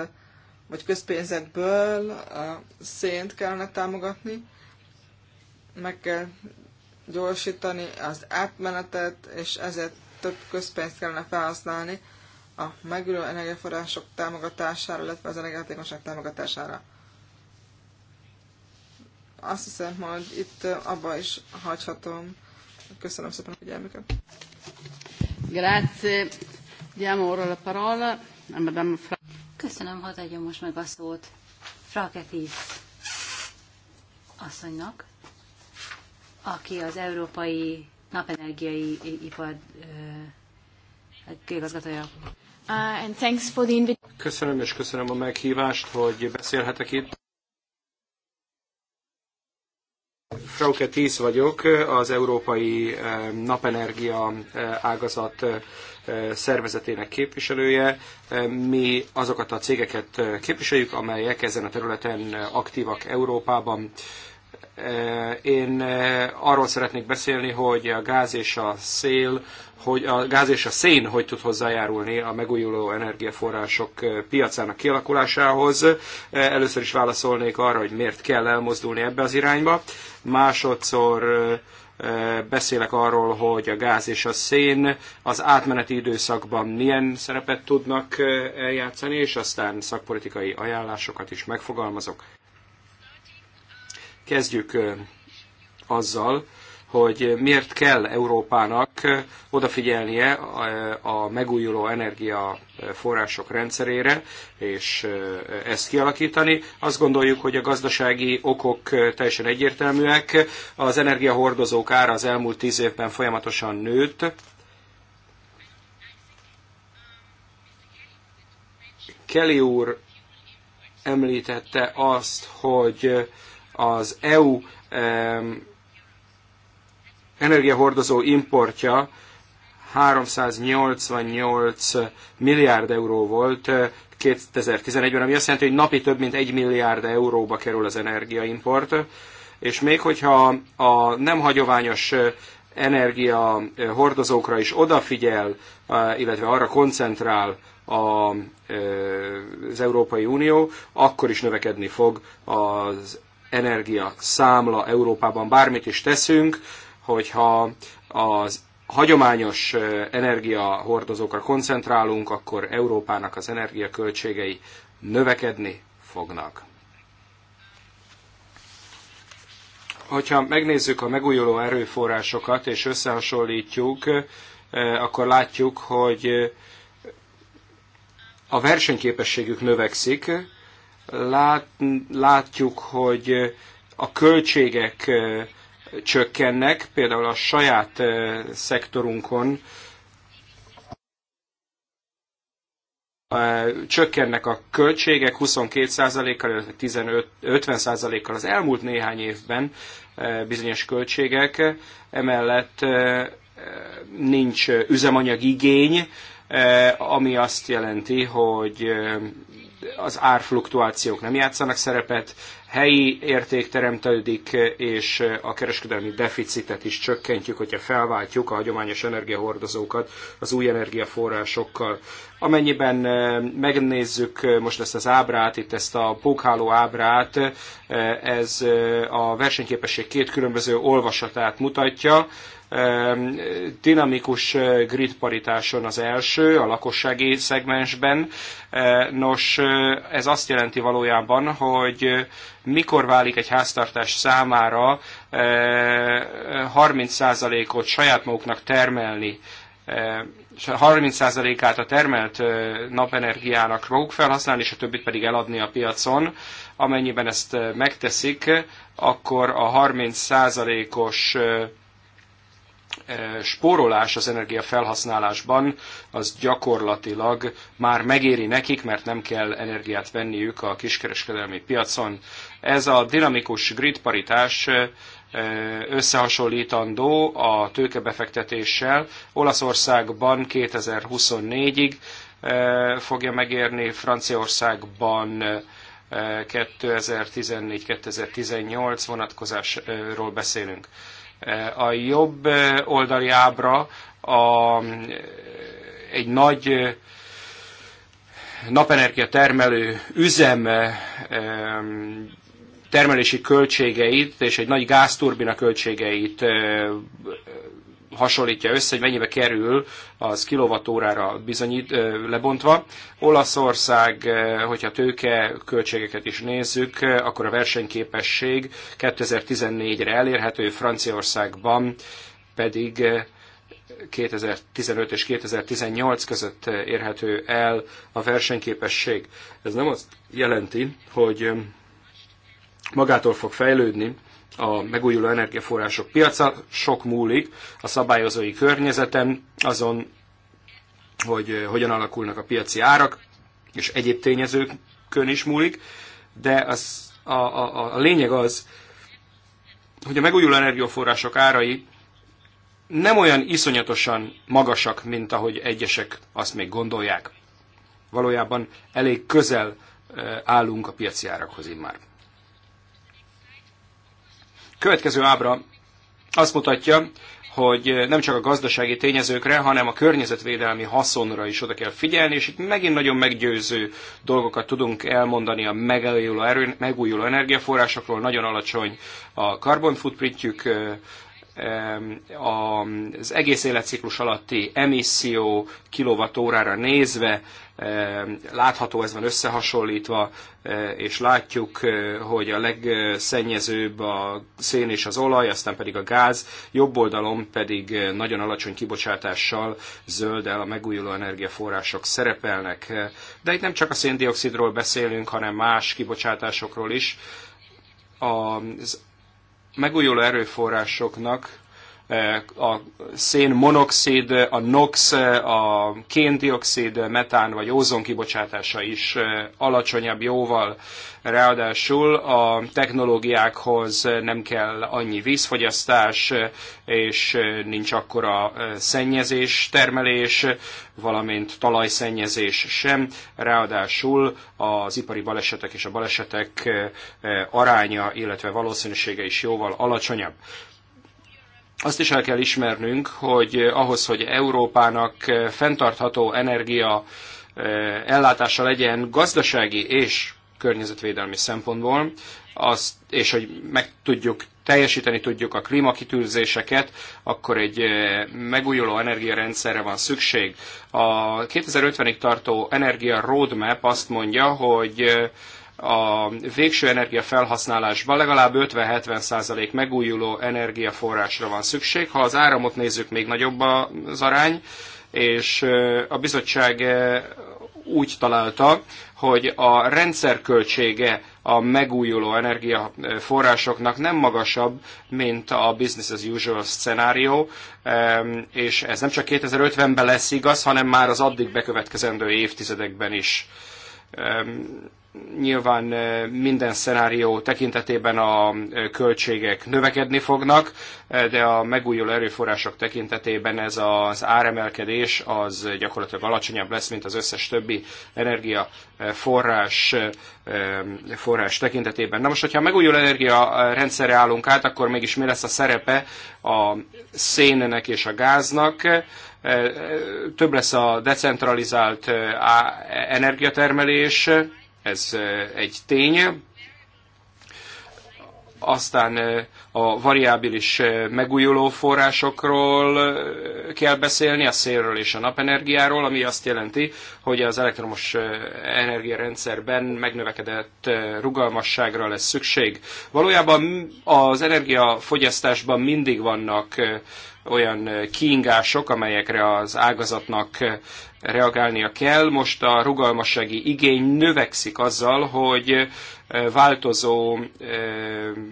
vagy közpénzekből a szént kellene támogatni, meg kell gyorsítani az átmenetet, és ezért több közpénzt kellene felhasználni a megülő energiaforrások támogatására, illetve az energiahatékonyság támogatására. Azt hiszem, hogy itt abba is hagyhatom. Köszönöm szépen a figyelmüket. Grazie. Diamo ora la parola a Madame Fra Köszönöm, hadd adjam most meg a szót Fraketis asszonynak, aki az Európai Napenergiai Ipar igazgatója. Uh, köszönöm, és köszönöm a meghívást, hogy beszélhetek itt. Frauke Tisz vagyok, az Európai Napenergia Ágazat szervezetének képviselője. Mi azokat a cégeket képviseljük, amelyek ezen a területen aktívak Európában. Én arról szeretnék beszélni, hogy a gáz és a szél, hogy a gáz és a szén hogy tud hozzájárulni a megújuló energiaforrások piacának kialakulásához. Először is válaszolnék arra, hogy miért kell elmozdulni ebbe az irányba. Másodszor Beszélek arról, hogy a gáz és a szén az átmeneti időszakban milyen szerepet tudnak eh, eljátszani, és aztán szakpolitikai ajánlásokat is megfogalmazok. Kezdjük eh, azzal, hogy miért kell Európának odafigyelnie eh, a megújuló energiaforrások rendszerére, és eh, ezt kialakítani. Azt gondoljuk, hogy a gazdasági okok eh, teljesen egyértelműek. Az energiahordozók ára az elmúlt tíz évben folyamatosan nőtt, Kelly úr említette azt, hogy az EU energiahordozó importja 388 milliárd euró volt 2011-ben, eh, ami azt jelenti, hogy napi több mint 1 milliárd euróba kerül az energiaimport, és még hogyha a nem hagyományos eh, energia eh, hordozókra is odafigyel, illetve arra koncentrál a, az Európai Unió, akkor is növekedni fog az energia számla Európában. Bármit is teszünk, hogyha az hagyományos energiahordozókra koncentrálunk, akkor Európának az energiaköltségei növekedni fognak. Hogyha megnézzük a megújuló erőforrásokat és összehasonlítjuk, akkor látjuk, hogy a versenyképességük növekszik, lát, látjuk, hogy a költségek csökkennek, például a saját szektorunkon csökkennek a költségek 22%-kal, 50%-kal az elmúlt néhány évben bizonyos költségek, emellett nincs üzemanyagigény, ami azt jelenti, hogy az árfluktuációk nem játszanak szerepet, helyi érték teremtődik, és a kereskedelmi deficitet is csökkentjük, hogyha felváltjuk a hagyományos energiahordozókat az új energiaforrásokkal. Amennyiben megnézzük most ezt az ábrát, itt ezt a pókháló ábrát, ez a versenyképesség két különböző olvasatát mutatja dinamikus eh, grid paritáson az első, a lakossági szegmensben. Eh, nos, eh, ez azt jelenti valójában, hogy mikor válik egy háztartás számára 30%-ot saját maguknak termelni 30%-át a termelt napenergiának maguk felhasználni, és a többit pedig eladni a piacon. Amennyiben ezt megteszik, akkor a 30%-os spórolás az energiafelhasználásban az gyakorlatilag már megéri nekik, mert nem kell energiát venniük a kiskereskedelmi piacon. Ez a dinamikus grid paritás összehasonlítandó a tőkebefektetéssel. Olaszországban 2024-ig fogja megérni, Franciaországban 2014-2018 vonatkozásról beszélünk. A jobb eh, oldali ábra a, egy nagy eh, napenergia termelő üzem eh, termelési költségeit és egy nagy gázturbina költségeit hasonlítja össze, hogy mennyibe kerül az kilovatórára bizonyít, lebontva. Olaszország, hogyha tőke költségeket is nézzük, akkor a versenyképesség 2014-re elérhető, Franciaországban pedig 2015 és 2018 között érhető el a versenyképesség. Ez nem azt jelenti, hogy magától fog fejlődni a megújuló energiaforrások piaca, sok múlik a szabályozói környezetem azon, hogy eh, hogyan alakulnak a piaci árak, és egyéb tényezőkön is múlik, de az, a, a, a lényeg az, hogy a megújuló energiaforrások árai nem olyan iszonyatosan magasak, mint ahogy egyesek azt még gondolják. Valójában elég közel eh, állunk a piaci árakhoz immár. már. Következő ábra azt mutatja, hogy nem csak a gazdasági tényezőkre, hanem a környezetvédelmi haszonra is oda kell figyelni, és itt megint nagyon meggyőző dolgokat tudunk elmondani a megújuló, erő, megújuló energiaforrásokról, nagyon alacsony a carbon footprintjük, eh, az egész életciklus alatti emisszió kilovatórára nézve Látható ez van összehasonlítva, és látjuk, hogy a legszennyezőbb a szén és az olaj, aztán pedig a gáz, jobb oldalon pedig nagyon alacsony kibocsátással zöld el a megújuló energiaforrások szerepelnek. De itt nem csak a széndiokszidról beszélünk, hanem más kibocsátásokról is. a megújuló erőforrásoknak a szén monoxid, a NOx, a kéndioxid, metán vagy ózon kibocsátása is alacsonyabb jóval. Ráadásul a technológiákhoz nem kell annyi vízfogyasztás, és nincs akkora szennyezés, termelés, valamint talajszennyezés sem. Ráadásul az ipari balesetek és a balesetek aránya, illetve valószínűsége is jóval alacsonyabb azt is el kell ismernünk, hogy eh, ahhoz, hogy Európának eh, fenntartható energia eh, ellátása legyen gazdasági és környezetvédelmi szempontból, azt, és hogy meg tudjuk teljesíteni tudjuk a klímakitűzéseket, akkor egy megújuló energiarendszerre van szükség. A 2050-ig tartó energia roadmap azt mondja, hogy a végső energiafelhasználásban legalább 50-70% megújuló energiaforrásra van szükség. Ha az áramot nézzük, még nagyobb az arány, és a bizottság úgy találta, hogy a rendszerköltsége a megújuló energiaforrásoknak nem magasabb, mint a business as usual szenárió, és ez nem csak 2050-ben lesz igaz, hanem már az addig bekövetkezendő évtizedekben is nyilván minden szenárió tekintetében a költségek növekedni fognak, de a megújuló erőforrások tekintetében ez az áremelkedés az gyakorlatilag alacsonyabb lesz, mint az összes többi energiaforrás forrás tekintetében. Na most, hogyha a megújuló energia rendszerre állunk át, akkor mégis mi lesz a szerepe a szénnek és a gáznak? Több lesz a decentralizált energiatermelés, ez egy tény. Aztán a variábilis megújuló forrásokról kell beszélni, a szélről és a napenergiáról, ami azt jelenti, hogy az elektromos energiarendszerben megnövekedett rugalmasságra lesz szükség. Valójában az energiafogyasztásban mindig vannak olyan kiingások, amelyekre az ágazatnak reagálnia kell. Most a rugalmassági igény növekszik azzal, hogy eh, változó eh,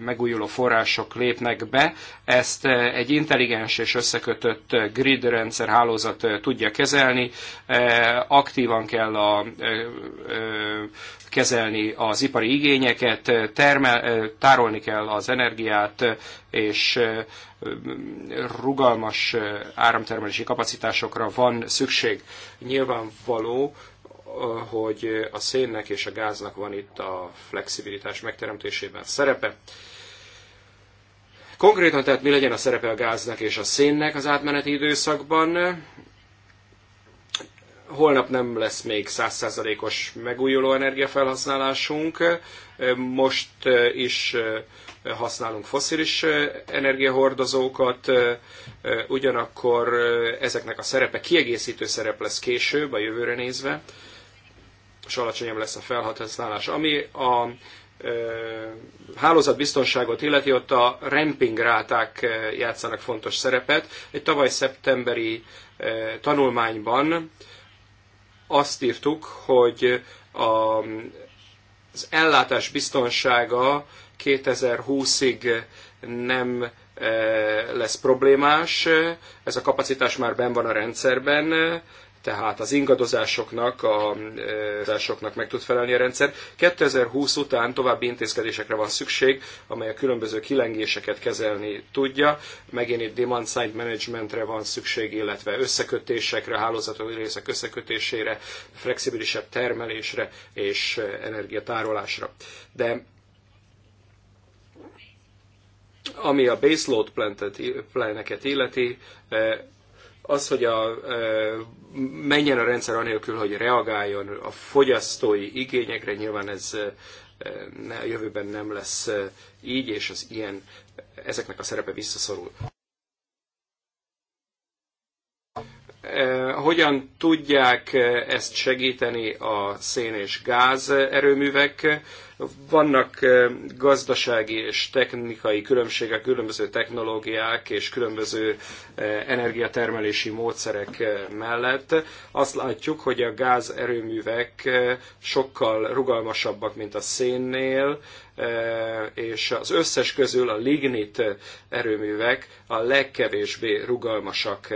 megújuló források lépnek be. Ezt eh, egy intelligens és összekötött grid rendszer hálózat tudja kezelni. Aktívan kell a, kezelni az ipari igényeket, termel, tárolni kell az energiát, és rugalmas áramtermelési kapacitásokra van szükség. Nyilvánvaló, hogy a szénnek és a gáznak van itt a flexibilitás megteremtésében szerepe. Konkrétan tehát mi legyen a szerepe a gáznak és a szénnek az átmeneti időszakban? holnap nem lesz még százszázalékos megújuló energiafelhasználásunk. Most is használunk foszilis energiahordozókat, ugyanakkor ezeknek a szerepe kiegészítő szerep lesz később, a jövőre nézve, és alacsonyabb lesz a felhasználás. Ami a hálózatbiztonságot illeti, ott a ramping ráták játszanak fontos szerepet. Egy tavaly szeptemberi tanulmányban azt írtuk, hogy a, az ellátás biztonsága 2020-ig nem eh, lesz problémás, ez a kapacitás már ben van a rendszerben, tehát az ingadozásoknak, a, ingadozásoknak eh, meg tud felelni a rendszer. 2020 után további intézkedésekre van szükség, amely a különböző kilengéseket kezelni tudja. Megint itt demand side managementre van szükség, illetve összekötésekre, hálózatok részek összekötésére, flexibilisebb termelésre és eh, energiatárolásra. De ami a baseload plantet, planeket illeti, eh, az, hogy a, menjen a rendszer anélkül, hogy reagáljon a fogyasztói igényekre, nyilván ez ne, a jövőben nem lesz így, és az ilyen, ezeknek a szerepe visszaszorul. Hogyan tudják ezt segíteni a szén és gáz erőművek? Vannak eh, gazdasági és technikai különbségek, különböző technológiák és különböző eh, energiatermelési módszerek eh, mellett. Azt látjuk, hogy a gázerőművek sokkal rugalmasabbak, mint a szénnél, és az összes közül a lignit erőművek a legkevésbé rugalmasak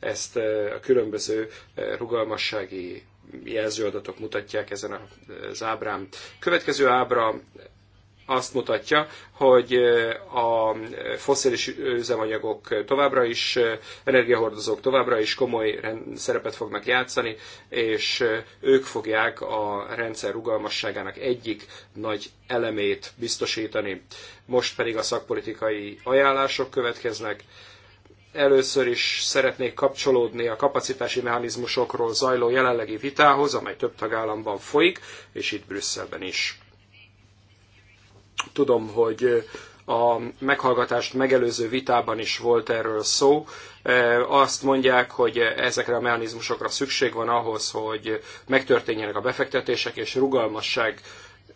ezt a különböző rugalmassági jelzőadatok mutatják ezen az ábrán. Következő ábra azt mutatja, hogy a foszilis üzemanyagok továbbra is, energiahordozók továbbra is komoly szerepet fognak játszani, és ők fogják a rendszer rugalmasságának egyik nagy elemét biztosítani. Most pedig a szakpolitikai ajánlások következnek Először is szeretnék kapcsolódni a kapacitási mechanizmusokról zajló jelenlegi vitához, amely több tagállamban folyik, és itt Brüsszelben is. Tudom, hogy eh, a meghallgatást megelőző vitában is volt erről szó. Eh, azt mondják, hogy ezekre a mechanizmusokra szükség van ahhoz, hogy megtörténjenek a befektetések, és rugalmasság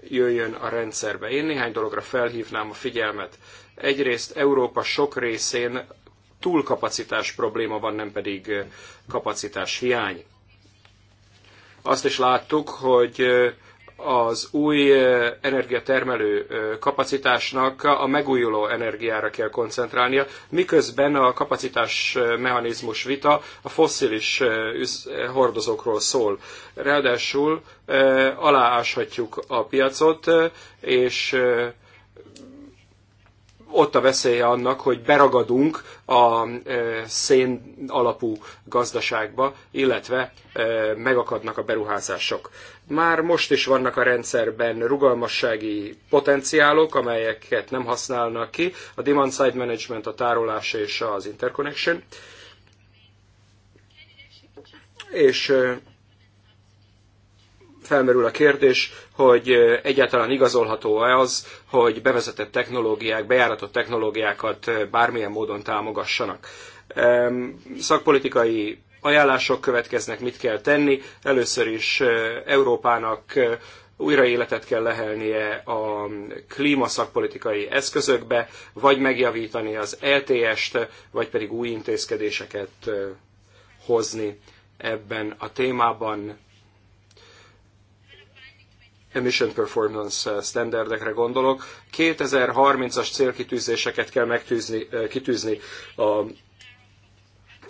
jöjjön a rendszerbe. Én néhány dologra felhívnám a figyelmet. Egyrészt Európa sok részén túlkapacitás probléma van, nem pedig kapacitás hiány. Azt is láttuk, hogy az új energiatermelő kapacitásnak a megújuló energiára kell koncentrálnia, miközben a kapacitás mechanizmus vita a fosszilis hordozókról szól. Ráadásul alááshatjuk a piacot, és ott a veszélye annak, hogy beragadunk a szén alapú gazdaságba, illetve megakadnak a beruházások. Már most is vannak a rendszerben rugalmassági potenciálok, amelyeket nem használnak ki, a demand side management, a tárolás és az interconnection. És felmerül a kérdés, hogy egyáltalán igazolható-e az, hogy bevezetett technológiák, bejáratott technológiákat bármilyen módon támogassanak. Szakpolitikai ajánlások következnek, mit kell tenni. Először is Európának újra életet kell lehelnie a klímaszakpolitikai eszközökbe, vagy megjavítani az lts e t vagy pedig új intézkedéseket hozni ebben a témában emission performance eh, standardekre gondolok. 2030-as célkitűzéseket kell megtűzni, eh, kitűzni a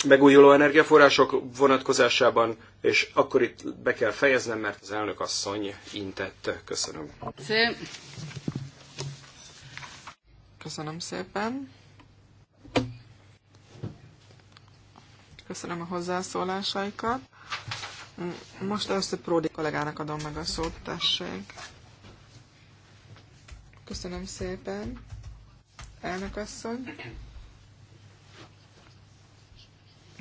megújuló energiaforrások vonatkozásában, és akkor itt be kell fejeznem, mert az elnök asszony intett. Köszönöm. Szép. Köszönöm szépen. Köszönöm a hozzászólásaikat. Most először Pródi kollégának adom meg a szót, tessék. Köszönöm szépen. Elnök asszony.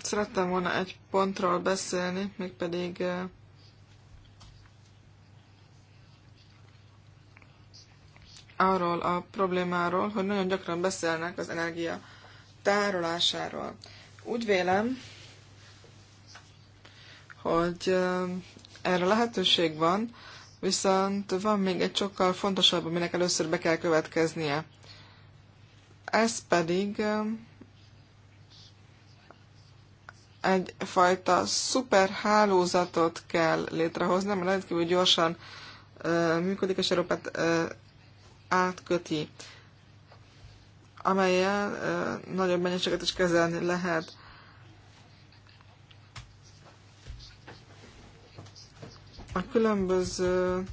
Szerettem volna egy pontról beszélni, mégpedig arról a problémáról, hogy nagyon gyakran beszélnek az energia tárolásáról. Úgy vélem, hogy erre lehetőség van, viszont van még egy sokkal fontosabb, aminek először be kell következnie. Ez pedig egyfajta szuperhálózatot kell létrehozni, mert rendkívül gyorsan működik, és Európát átköti, amelyen nagyobb mennyiséget is kezelni lehet. A különböző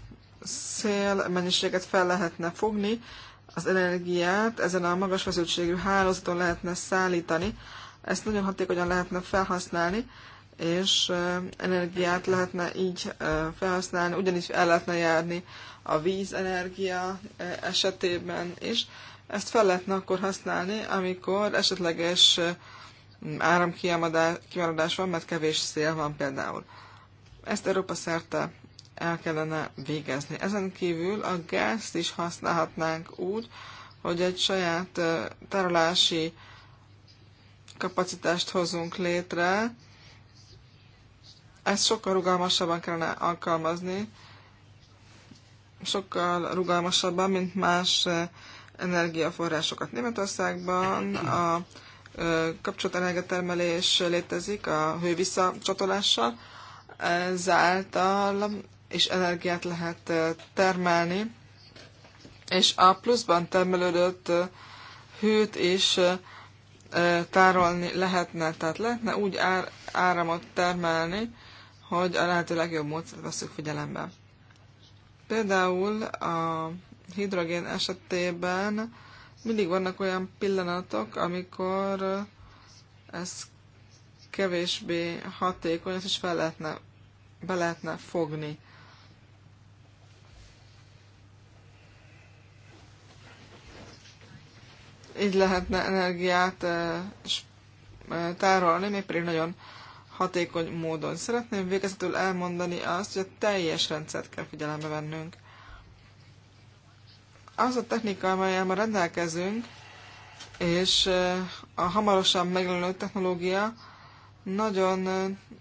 szél mennyiséget fel lehetne fogni, az energiát ezen a magas feszültségű hálózaton lehetne szállítani, ezt nagyon hatékonyan lehetne felhasználni, és energiát lehetne így felhasználni, ugyanis el lehetne járni a vízenergia esetében is. Ezt fel lehetne akkor használni, amikor esetleges áramkiamadás van, mert kevés szél van például. Ezt Európa szerte el kellene végezni. Ezen kívül a gázt is használhatnánk úgy, hogy egy saját tárolási kapacitást hozunk létre. Ezt sokkal rugalmasabban kellene alkalmazni, sokkal rugalmasabban, mint más energiaforrásokat. Németországban a kapcsolt energiatermelés létezik a hővisszacsatolással, ezáltal és energiát lehet termelni, és a pluszban termelődött hőt is tárolni lehetne, tehát lehetne úgy áramot termelni, hogy a lehető legjobb módszert veszük figyelembe. Például a hidrogén esetében mindig vannak olyan pillanatok, amikor ez kevésbé hatékony, azt is fel lehetne, be lehetne fogni. Így lehetne energiát eh, eh, tárolni, mégpedig nagyon hatékony módon. Szeretném végezetül elmondani azt, hogy a teljes rendszert kell figyelembe vennünk. Az a technika, amelyel ma rendelkezünk, és eh, a hamarosan megjelenő technológia nagyon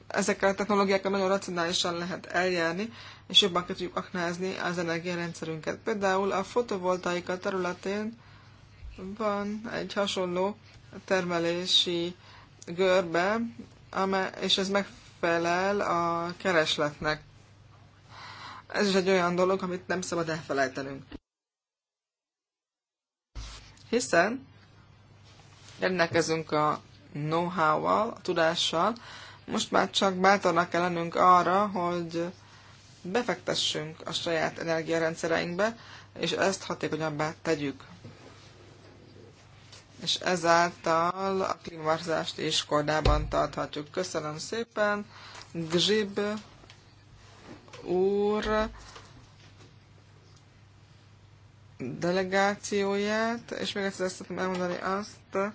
ezekkel a technológiákkal nagyon racionálisan lehet eljárni, és jobban ki tudjuk aknázni az energiarendszerünket. Például a fotovoltaika területén van egy hasonló termelési görbe, és ez megfelel a keresletnek. Ez is egy olyan dolog, amit nem szabad elfelejtenünk. Hiszen rendelkezünk a know-how-val, tudással. Most már csak bátornak kell lennünk arra, hogy befektessünk a saját energiarendszereinkbe, és ezt hatékonyabbá tegyük. És ezáltal a klímaváltozást is kordában tarthatjuk. Köszönöm szépen, Gzsib úr delegációját, és még egyszer szeretném elmondani azt,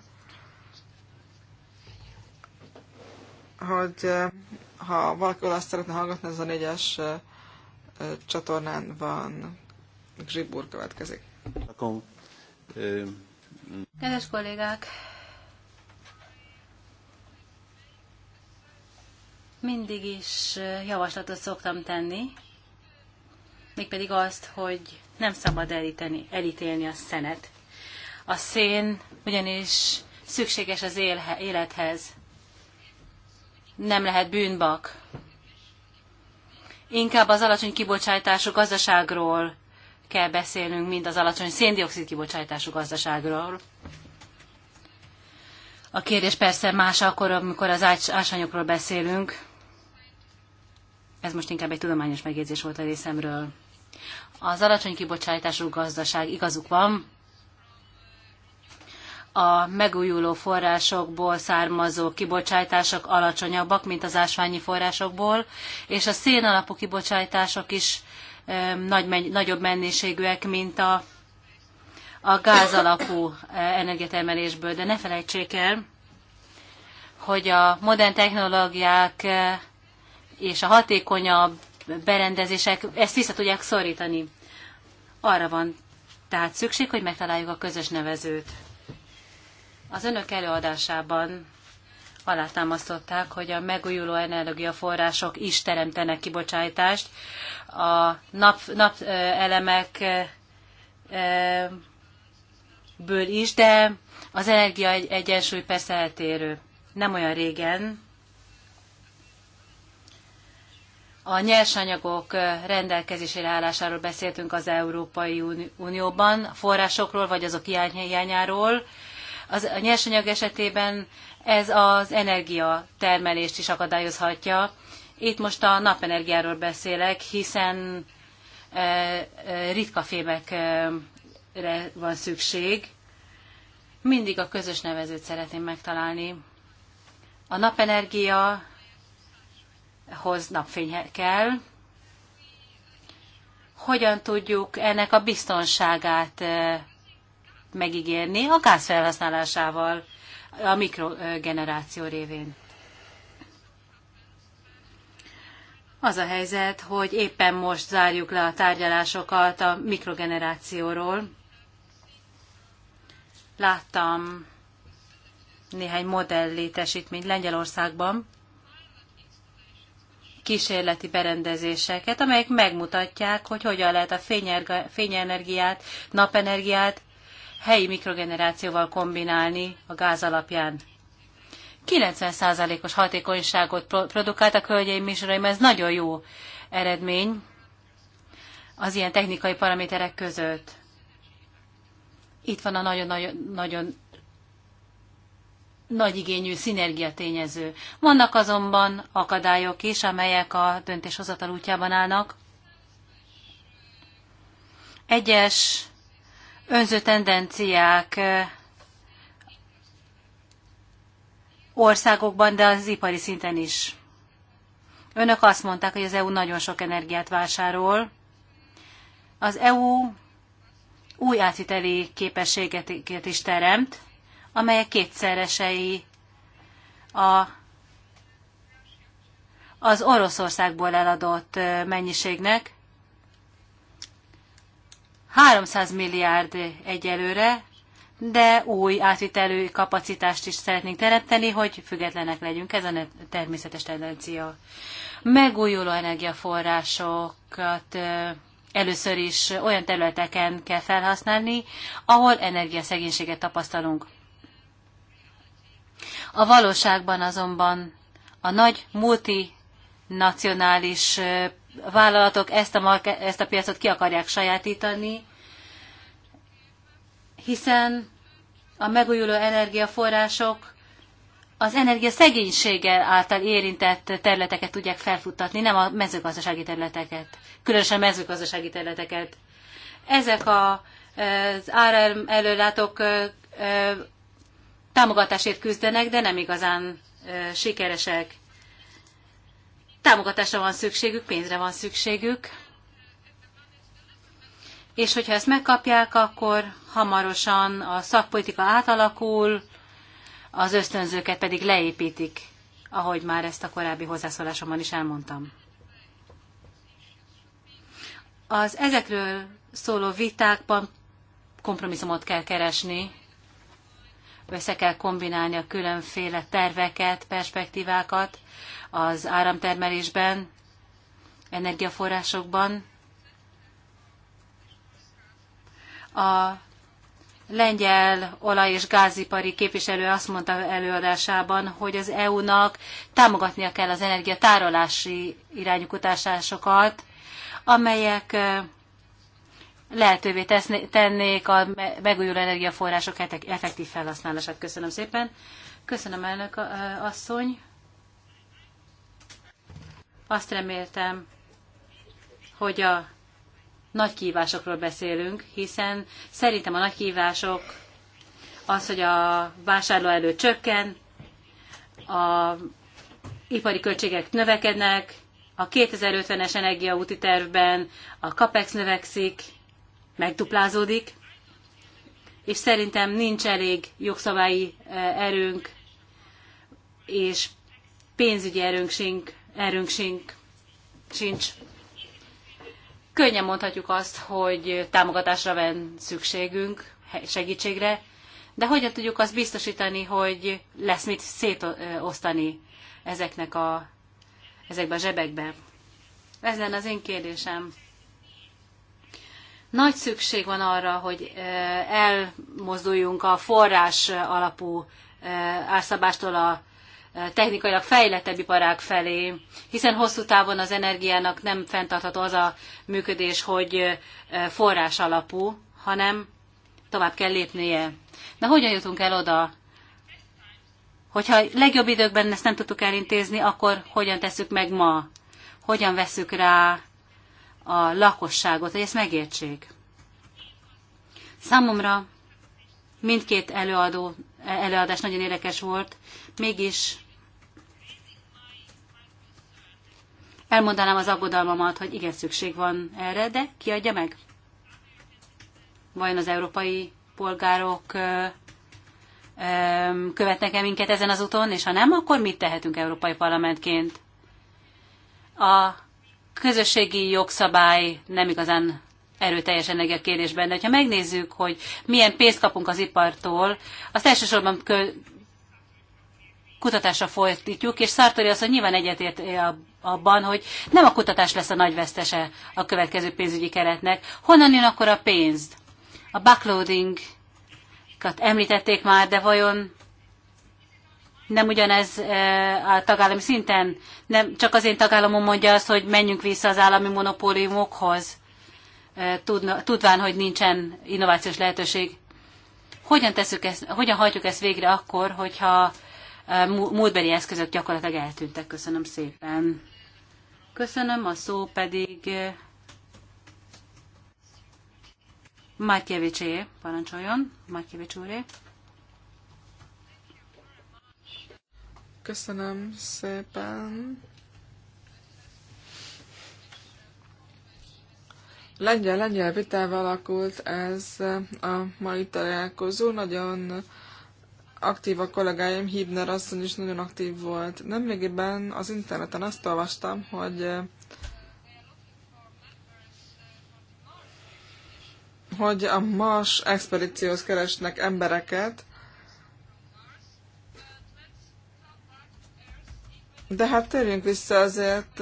hogy ha valaki azt szeretne hallgatni, ez a négyes csatornán van. Zsibur következik. Kedves kollégák! Mindig is javaslatot szoktam tenni, mégpedig azt, hogy nem szabad elíteni, elítélni a szenet. A szén ugyanis szükséges az élhe, élethez nem lehet bűnbak. Inkább az alacsony kibocsátású gazdaságról kell beszélnünk, mint az alacsony széndiokszid kibocsátású gazdaságról. A kérdés persze más akkor, amikor az ásanyokról beszélünk. Ez most inkább egy tudományos megjegyzés volt a részemről. Az alacsony kibocsátású gazdaság igazuk van, a megújuló forrásokból származó kibocsátások alacsonyabbak, mint az ásványi forrásokból, és a szén alapú kibocsátások is nagy, nagyobb mennyiségűek, mint a, a gáz alapú energiatermelésből. De ne felejtsék el, hogy a modern technológiák és a hatékonyabb berendezések ezt vissza tudják szorítani. Arra van tehát szükség, hogy megtaláljuk a közös nevezőt. Az önök előadásában alátámasztották, hogy a megújuló energiaforrások is teremtenek kibocsátást. A nap, napelemek ből is, de az energia egyensúly persze eltérő. Nem olyan régen a nyersanyagok rendelkezésére állásáról beszéltünk az Európai Unióban, forrásokról vagy azok hiányáról, az, a nyersanyag esetében ez az energiatermelést is akadályozhatja. Itt most a napenergiáról beszélek, hiszen e, e, ritka fémekre van szükség. Mindig a közös nevezőt szeretném megtalálni. A napenergia hoz napfény kell. Hogyan tudjuk ennek a biztonságát e, megígérni a gáz felhasználásával a mikrogeneráció révén. Az a helyzet, hogy éppen most zárjuk le a tárgyalásokat a mikrogenerációról. Láttam néhány modell létesítményt Lengyelországban, kísérleti berendezéseket, amelyek megmutatják, hogy hogyan lehet a fényenergiát, napenergiát helyi mikrogenerációval kombinálni a gáz alapján. 90%-os hatékonyságot produkáltak, kölgyeim és uraim, ez nagyon jó eredmény az ilyen technikai paraméterek között. Itt van a nagyon-nagyon nagy igényű szinergia tényező. Vannak azonban akadályok is, amelyek a döntéshozatal útjában állnak. Egyes önző tendenciák országokban, de az ipari szinten is. Önök azt mondták, hogy az EU nagyon sok energiát vásárol. Az EU új átviteli képességet is teremt, amelyek kétszeresei a, az Oroszországból eladott mennyiségnek, 300 milliárd egyelőre, de új átvitelő kapacitást is szeretnénk teremteni, hogy függetlenek legyünk. Ez a természetes tendencia. Megújuló energiaforrásokat először is olyan területeken kell felhasználni, ahol energiaszegénységet tapasztalunk. A valóságban azonban a nagy multinacionális vállalatok ezt a, ezt a piacot ki akarják sajátítani, hiszen a megújuló energiaforrások az energia energiaszegénységgel által érintett területeket tudják felfuttatni, nem a mezőgazdasági területeket, különösen mezőgazdasági területeket. Ezek a, az áram előlátok támogatásért küzdenek, de nem igazán sikeresek támogatásra van szükségük, pénzre van szükségük, és hogyha ezt megkapják, akkor hamarosan a szakpolitika átalakul, az ösztönzőket pedig leépítik, ahogy már ezt a korábbi hozzászólásomban is elmondtam. Az ezekről szóló vitákban kompromisszumot kell keresni, össze kell kombinálni a különféle terveket, perspektívákat, az áramtermelésben, energiaforrásokban. A lengyel olaj- és gázipari képviselő azt mondta előadásában, hogy az EU-nak támogatnia kell az energiatárolási irányú kutatásokat, amelyek lehetővé tennék a megújuló energiaforrások effektív felhasználását. Köszönöm szépen. Köszönöm, elnök asszony. Azt reméltem, hogy a nagy kívásokról beszélünk, hiszen szerintem a nagy kívások az, hogy a elő csökken, a ipari költségek növekednek, a 2050-es energiaúti tervben a CAPEX növekszik, megduplázódik, és szerintem nincs elég jogszabályi eh, erőnk és pénzügyi erőnk sincs erőnk sincs. Könnyen mondhatjuk azt, hogy támogatásra van szükségünk, segítségre, de hogyan tudjuk azt biztosítani, hogy lesz mit szétosztani ezeknek a, ezekbe a zsebekbe? Ez lenne az én kérdésem. Nagy szükség van arra, hogy elmozduljunk a forrás alapú árszabástól a technikailag fejlettebb iparág felé, hiszen hosszú távon az energiának nem fenntartható az a működés, hogy forrás alapú, hanem tovább kell lépnie. Na hogyan jutunk el oda? Hogyha legjobb időkben ezt nem tudtuk elintézni, akkor hogyan tesszük meg ma? Hogyan veszük rá a lakosságot, hogy ezt megértsék? Számomra mindkét előadó, előadás nagyon érdekes volt, mégis elmondanám az aggodalmamat, hogy igen, szükség van erre, de adja meg? Vajon az európai polgárok követnek-e minket ezen az úton, és ha nem, akkor mit tehetünk Európai Parlamentként? A közösségi jogszabály nem igazán erőteljes a kérdésben, de ha megnézzük, hogy milyen pénzt kapunk az ipartól, azt elsősorban kutatásra fordítjuk, és szartori azt, hogy nyilván egyetért a abban, hogy nem a kutatás lesz a nagy vesztese a következő pénzügyi keretnek. Honnan jön akkor a pénzt? A backloading, említették már, de vajon nem ugyanez e, a tagállami szinten? Nem, csak az én tagállamom mondja azt, hogy menjünk vissza az állami monopóliumokhoz, e, tudván, hogy nincsen innovációs lehetőség. Hogyan, tesszük ezt, hogyan hajtjuk ezt végre akkor, hogyha e, múltbeli eszközök gyakorlatilag eltűntek? Köszönöm szépen. Köszönöm, a szó pedig eh, Matyevicsé, parancsoljon, Matyevics úré. Köszönöm szépen. Lengyel-lengyel vitával alakult ez a mai találkozó. Nagyon aktív a kollégáim, Hibner asszony is nagyon aktív volt. Nemrégiben az interneten azt olvastam, hogy hogy a Mars expedícióhoz keresnek embereket, de hát térjünk vissza azért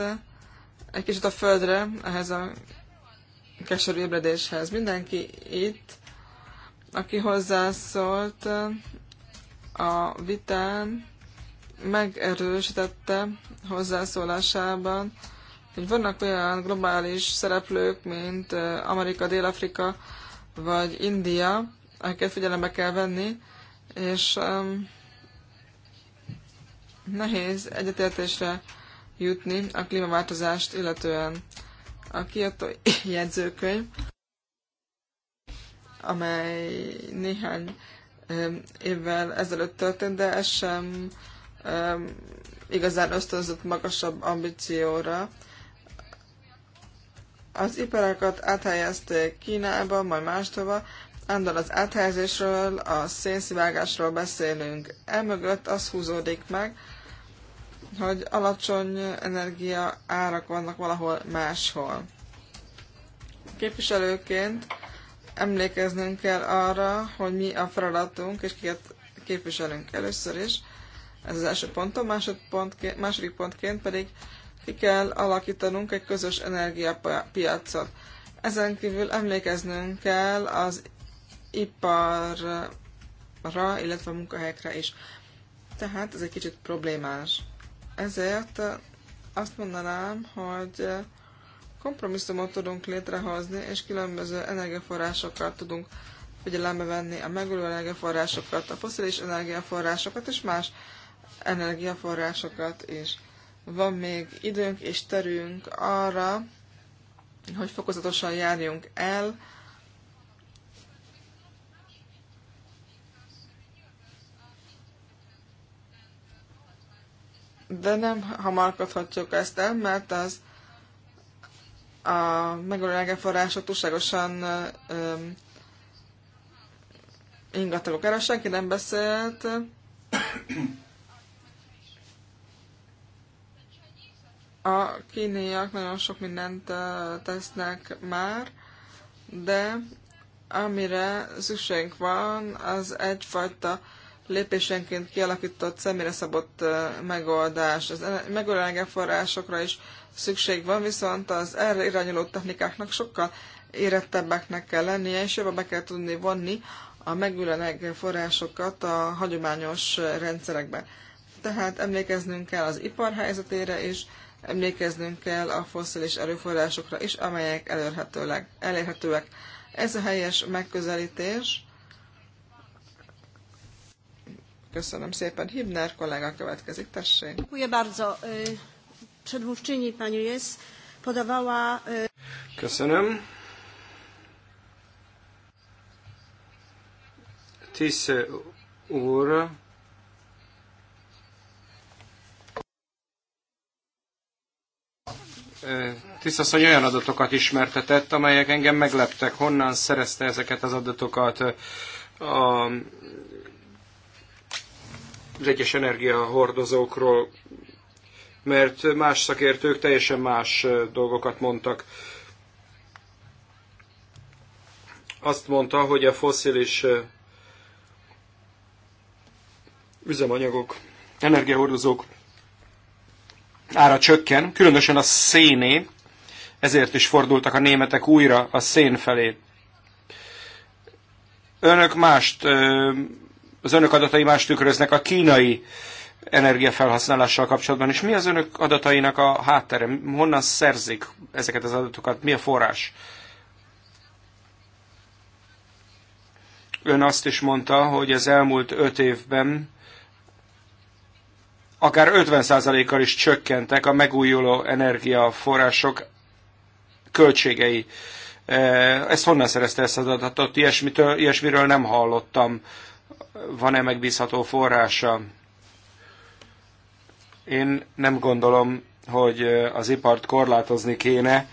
egy kicsit a földre, ehhez a keserű ébredéshez. Mindenki itt, aki hozzászólt, a vitán megerősítette hozzászólásában, hogy vannak olyan globális szereplők, mint Amerika, Dél-Afrika vagy India, akiket figyelembe kell venni, és um, nehéz egyetértésre jutni a klímaváltozást illetően. A Kyoto jegyzőkönyv, amely néhány évvel ezelőtt történt, de ez sem igazán ösztönzött magasabb ambícióra. Az iparákat áthelyezték Kínába, majd mástova. Andal az áthelyezésről, a szénszivágásról beszélünk. Emögött az húzódik meg, hogy alacsony energia árak vannak valahol máshol. Képviselőként emlékeznünk kell arra, hogy mi a feladatunk, és kiket képviselünk először is. Ez az első pontom. Másodpontként, második pontként pedig ki kell alakítanunk egy közös energiapiacot. Ezen kívül emlékeznünk kell az iparra, illetve a munkahelyekre is. Tehát ez egy kicsit problémás. Ezért azt mondanám, hogy kompromisszumot tudunk létrehozni, és különböző energiaforrásokat tudunk figyelembe venni, a megújuló energiaforrásokat, a foszilis energiaforrásokat és más energiaforrásokat is. Van még időnk és terünk arra, hogy fokozatosan járjunk el, de nem hamarkodhatjuk ezt el, mert az a megújuló források túlságosan ingatagok. Erről senki nem beszélt. A kínaiak nagyon sok mindent tesznek már, de amire szükségünk van, az egyfajta lépésenként kialakított személyre szabott megoldás. Az megújuló forrásokra is szükség van, viszont az erre irányuló technikáknak sokkal érettebbeknek kell lennie, és jobban be kell tudni vonni a megújuló forrásokat a hagyományos rendszerekbe. Tehát emlékeznünk kell az ipar helyzetére is, emlékeznünk kell a fosszilis erőforrásokra is, amelyek elérhetőleg, elérhetőek. Ez a helyes megközelítés Köszönöm szépen. Hibner kollega következik, tessék. Köszönöm. Tisze úr, Tisztasz, hogy olyan adatokat ismertetett, amelyek engem megleptek. Honnan szerezte ezeket az adatokat? A az egyes energiahordozókról, mert más szakértők teljesen más dolgokat mondtak. Azt mondta, hogy a foszilis üzemanyagok, energiahordozók ára csökken, különösen a széné, ezért is fordultak a németek újra a szén felé. Önök mást az önök adatai más tükröznek a kínai energiafelhasználással kapcsolatban, és mi az önök adatainak a háttere? Honnan szerzik ezeket az adatokat? Mi a forrás? Ön azt is mondta, hogy az elmúlt öt évben akár 50%-kal is csökkentek a megújuló energiaforrások költségei. Ezt honnan szerezte ezt az adatot? Ilyesmitől, ilyesmiről nem hallottam van-e megbízható forrása. Én nem gondolom, hogy az ipart korlátozni kéne,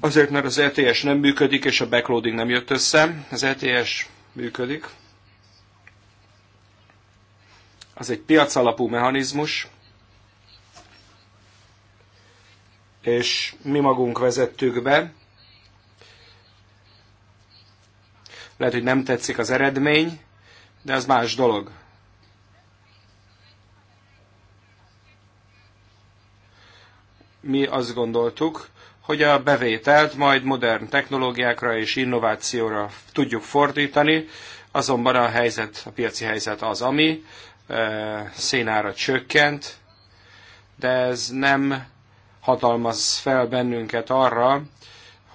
Azért, mert az ETS nem működik, és a backloading nem jött össze. Az ETS működik. Az egy piacalapú mechanizmus, és mi magunk vezettük be. Lehet, hogy nem tetszik az eredmény, de az más dolog. Mi azt gondoltuk, hogy a bevételt majd modern technológiákra és innovációra tudjuk fordítani, azonban a helyzet, a piaci helyzet az, ami szénára csökkent, de ez nem hatalmaz fel bennünket arra,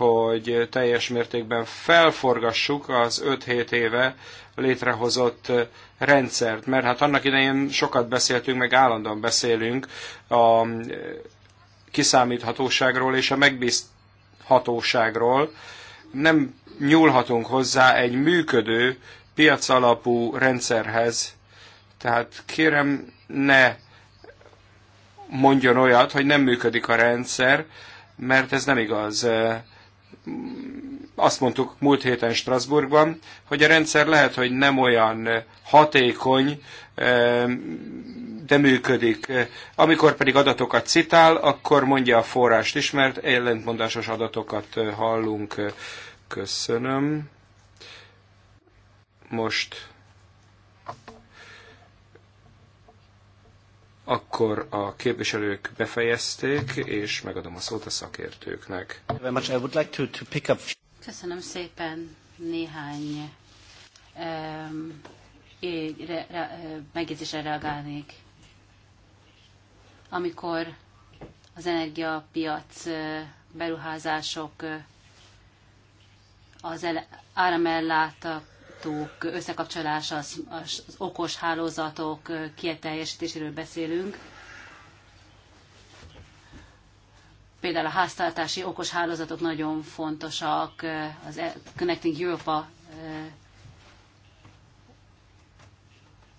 hogy teljes mértékben felforgassuk az 5-7 éve létrehozott rendszert, mert hát annak idején sokat beszéltünk, meg állandóan beszélünk a kiszámíthatóságról és a megbízhatóságról. Nem nyúlhatunk hozzá egy működő piacalapú rendszerhez. Tehát kérem, ne mondjon olyat, hogy nem működik a rendszer, mert ez nem igaz azt mondtuk múlt héten Strasbourgban, hogy a rendszer lehet, hogy nem olyan hatékony, de működik. Amikor pedig adatokat citál, akkor mondja a forrást is, mert ellentmondásos adatokat hallunk. Köszönöm. Most akkor a képviselők befejezték, és megadom a szót a szakértőknek. Köszönöm szépen néhány um, re, re, megjegyzésre reagálnék. Amikor az energiapiac beruházások az áramellátak hálózatok összekapcsolása, az okos hálózatok kieteljesítéséről beszélünk. Például a háztartási okos hálózatok nagyon fontosak, az e- Connecting Europe e-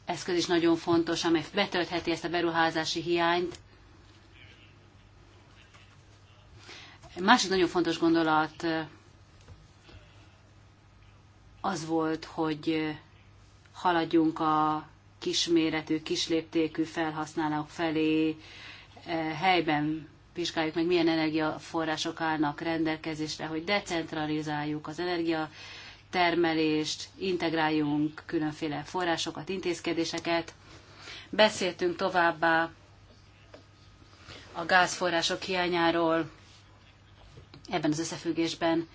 eszköz is nagyon fontos, amely betöltheti ezt a beruházási hiányt. Másik nagyon fontos gondolat az volt, hogy haladjunk a kisméretű, kisléptékű felhasználók felé, eh, helyben vizsgáljuk meg, milyen energiaforrások állnak rendelkezésre, hogy decentralizáljuk az energiatermelést, integráljunk különféle forrásokat, intézkedéseket. Beszéltünk továbbá a gázforrások hiányáról ebben az összefüggésben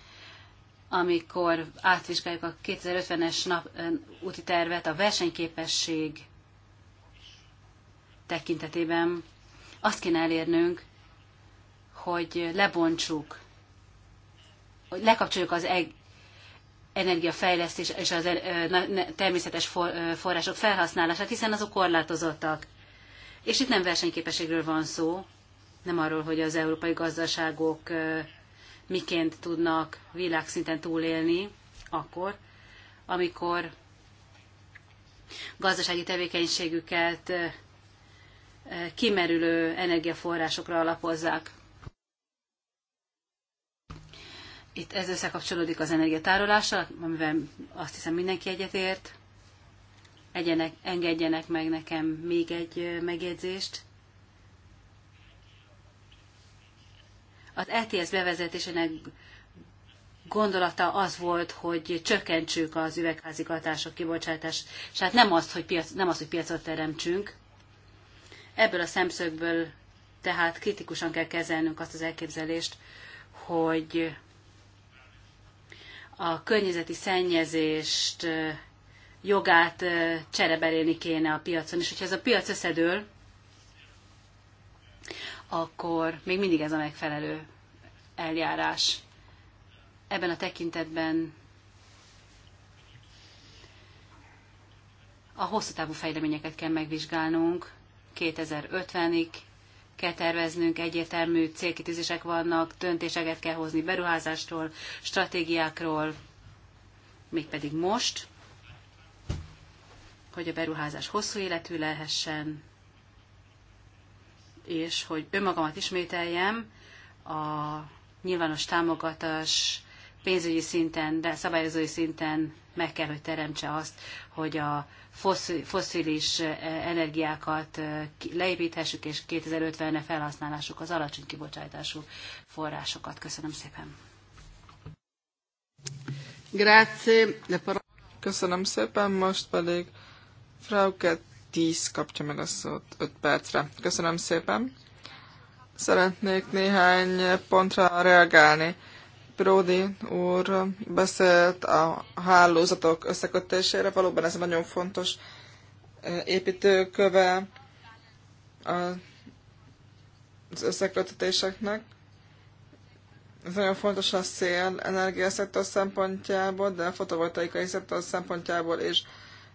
amikor átvizsgáljuk a 2050-es nap, úti tervet a versenyképesség tekintetében, azt kéne elérnünk, hogy lebontsuk, hogy lekapcsoljuk az eg- energiafejlesztés és az természetes források felhasználását, hiszen azok korlátozottak. És itt nem versenyképességről van szó, nem arról, hogy az európai gazdaságok miként tudnak világszinten túlélni akkor, amikor gazdasági tevékenységüket kimerülő energiaforrásokra alapozzák. Itt ez összekapcsolódik az energiatárolással, amivel azt hiszem mindenki egyetért. Egyenek, engedjenek meg nekem még egy megjegyzést. Az ETS bevezetésének gondolata az volt, hogy csökkentsük az üvegházi hatások kibocsátását, nem azt, hogy, piac, nem azt, hogy piacot teremtsünk. Ebből a szemszögből tehát kritikusan kell kezelnünk azt az elképzelést, hogy a környezeti szennyezést jogát csereberélni kéne a piacon, és hogyha ez a piac összedől, akkor még mindig ez a megfelelő eljárás. Ebben a tekintetben a hosszú távú fejleményeket kell megvizsgálnunk. 2050-ig kell terveznünk, egyértelmű célkitűzések vannak, döntéseket kell hozni beruházástól, stratégiákról, mégpedig most, hogy a beruházás hosszú életű lehessen, és hogy önmagamat ismételjem, a nyilvános támogatás pénzügyi szinten, de szabályozói szinten meg kell, hogy teremtse azt, hogy a foszilis e, energiákat e, leépíthessük, és 2050-re felhasználásuk az alacsony kibocsátású forrásokat. Köszönöm szépen. Grazie. Köszönöm szépen, most pedig Frauket 10 kapja meg 5 percre. Köszönöm szépen. Szeretnék néhány pontra reagálni. Brody úr beszélt a hálózatok összekötésére, valóban ez nagyon fontos eh, építőköve az összekötetéseknek. Ez nagyon fontos a szél energiaszektor szempontjából, de a fotovoltaikai szektor szempontjából is. És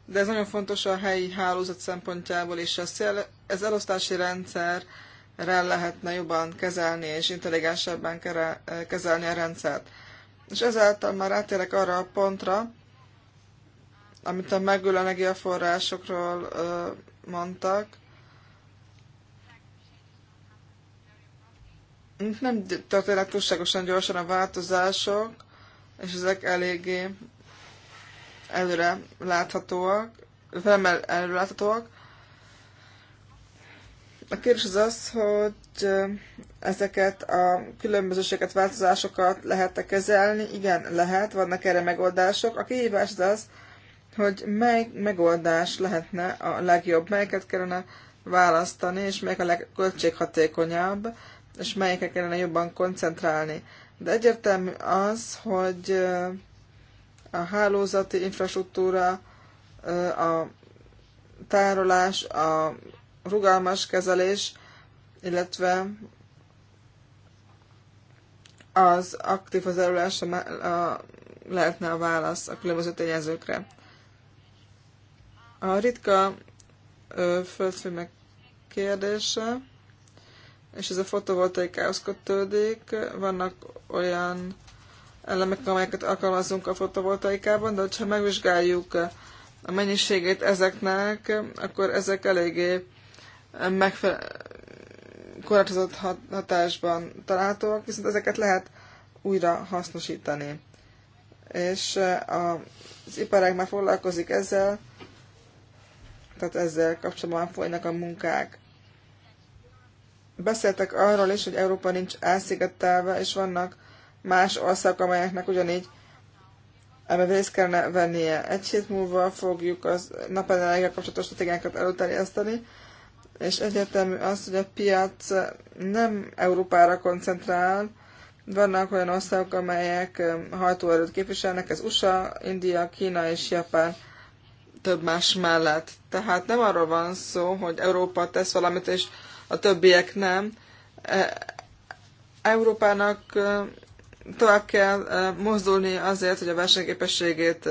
de ez nagyon fontos a helyi hálózat szempontjából és Ez elosztási rendszer lehetne jobban kezelni és intelligensebben kezelni a rendszert. És ezáltal már átérek arra a pontra, amit a megül energiaforrásokról mondtak. Nem történnek túlságosan gyorsan a változások, és ezek eléggé előre láthatóak, felemmel előre láthatóak. A kérdés az az, hogy ezeket a különbözőséget, változásokat lehet-e kezelni? Igen, lehet, vannak erre megoldások. A kihívás az az, hogy mely megoldás lehetne a legjobb, melyeket kellene választani, és melyik a legköltséghatékonyabb, és melyikre kellene jobban koncentrálni. De egyértelmű az, hogy a hálózati infrastruktúra, a tárolás, a rugalmas kezelés, illetve az aktív hozzájárulás lehetne a válasz a különböző tényezőkre. A ritka földfémek kérdése, és ez a fotovoltaikához kötődik, vannak olyan elemek, amelyeket alkalmazunk a fotovoltaikában, de ha megvizsgáljuk a mennyiségét ezeknek, akkor ezek eléggé megfelelő korlátozott hatásban találhatóak, viszont ezeket lehet újra hasznosítani. És e, az iparág már foglalkozik ezzel, tehát ezzel kapcsolatban folynak a munkák. Beszéltek arról is, hogy Európa nincs elszigetelve, és vannak más országok, amelyeknek ugyanígy ebben részt kellene vennie. Egy hét múlva fogjuk az napenergia kapcsolatos stratégiákat előterjeszteni, és egyetemű az, hogy a piac nem Európára koncentrál, vannak olyan országok, amelyek hajtóerőt képviselnek, ez USA, India, Kína és Japán több más mellett. Tehát nem arról van szó, hogy Európa tesz valamit, és a többiek nem. E, Európának tovább kell mozdulni azért, hogy a versenyképességét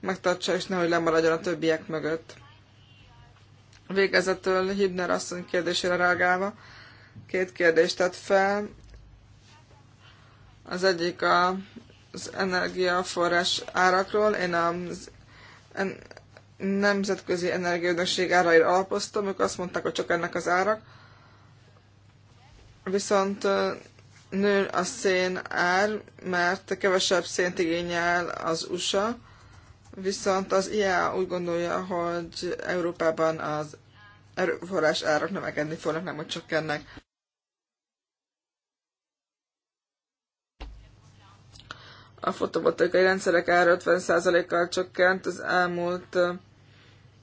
megtartsa, és nehogy lemaradjon a többiek mögött. Végezetül Hibner asszony kérdésére reagálva két kérdést tett fel. Az egyik a, az energiaforrás árakról. Én a en, nemzetközi energiaügynökség áraira alapoztam, ők azt mondták, hogy csak ennek az árak. Viszont nő a szén ár, mert kevesebb szént igényel az USA, viszont az IA úgy gondolja, hogy Európában az erőforrás árak növekedni fognak, nem hogy csökkennek. A fotovoltaikai rendszerek ára 50%-kal csökkent az elmúlt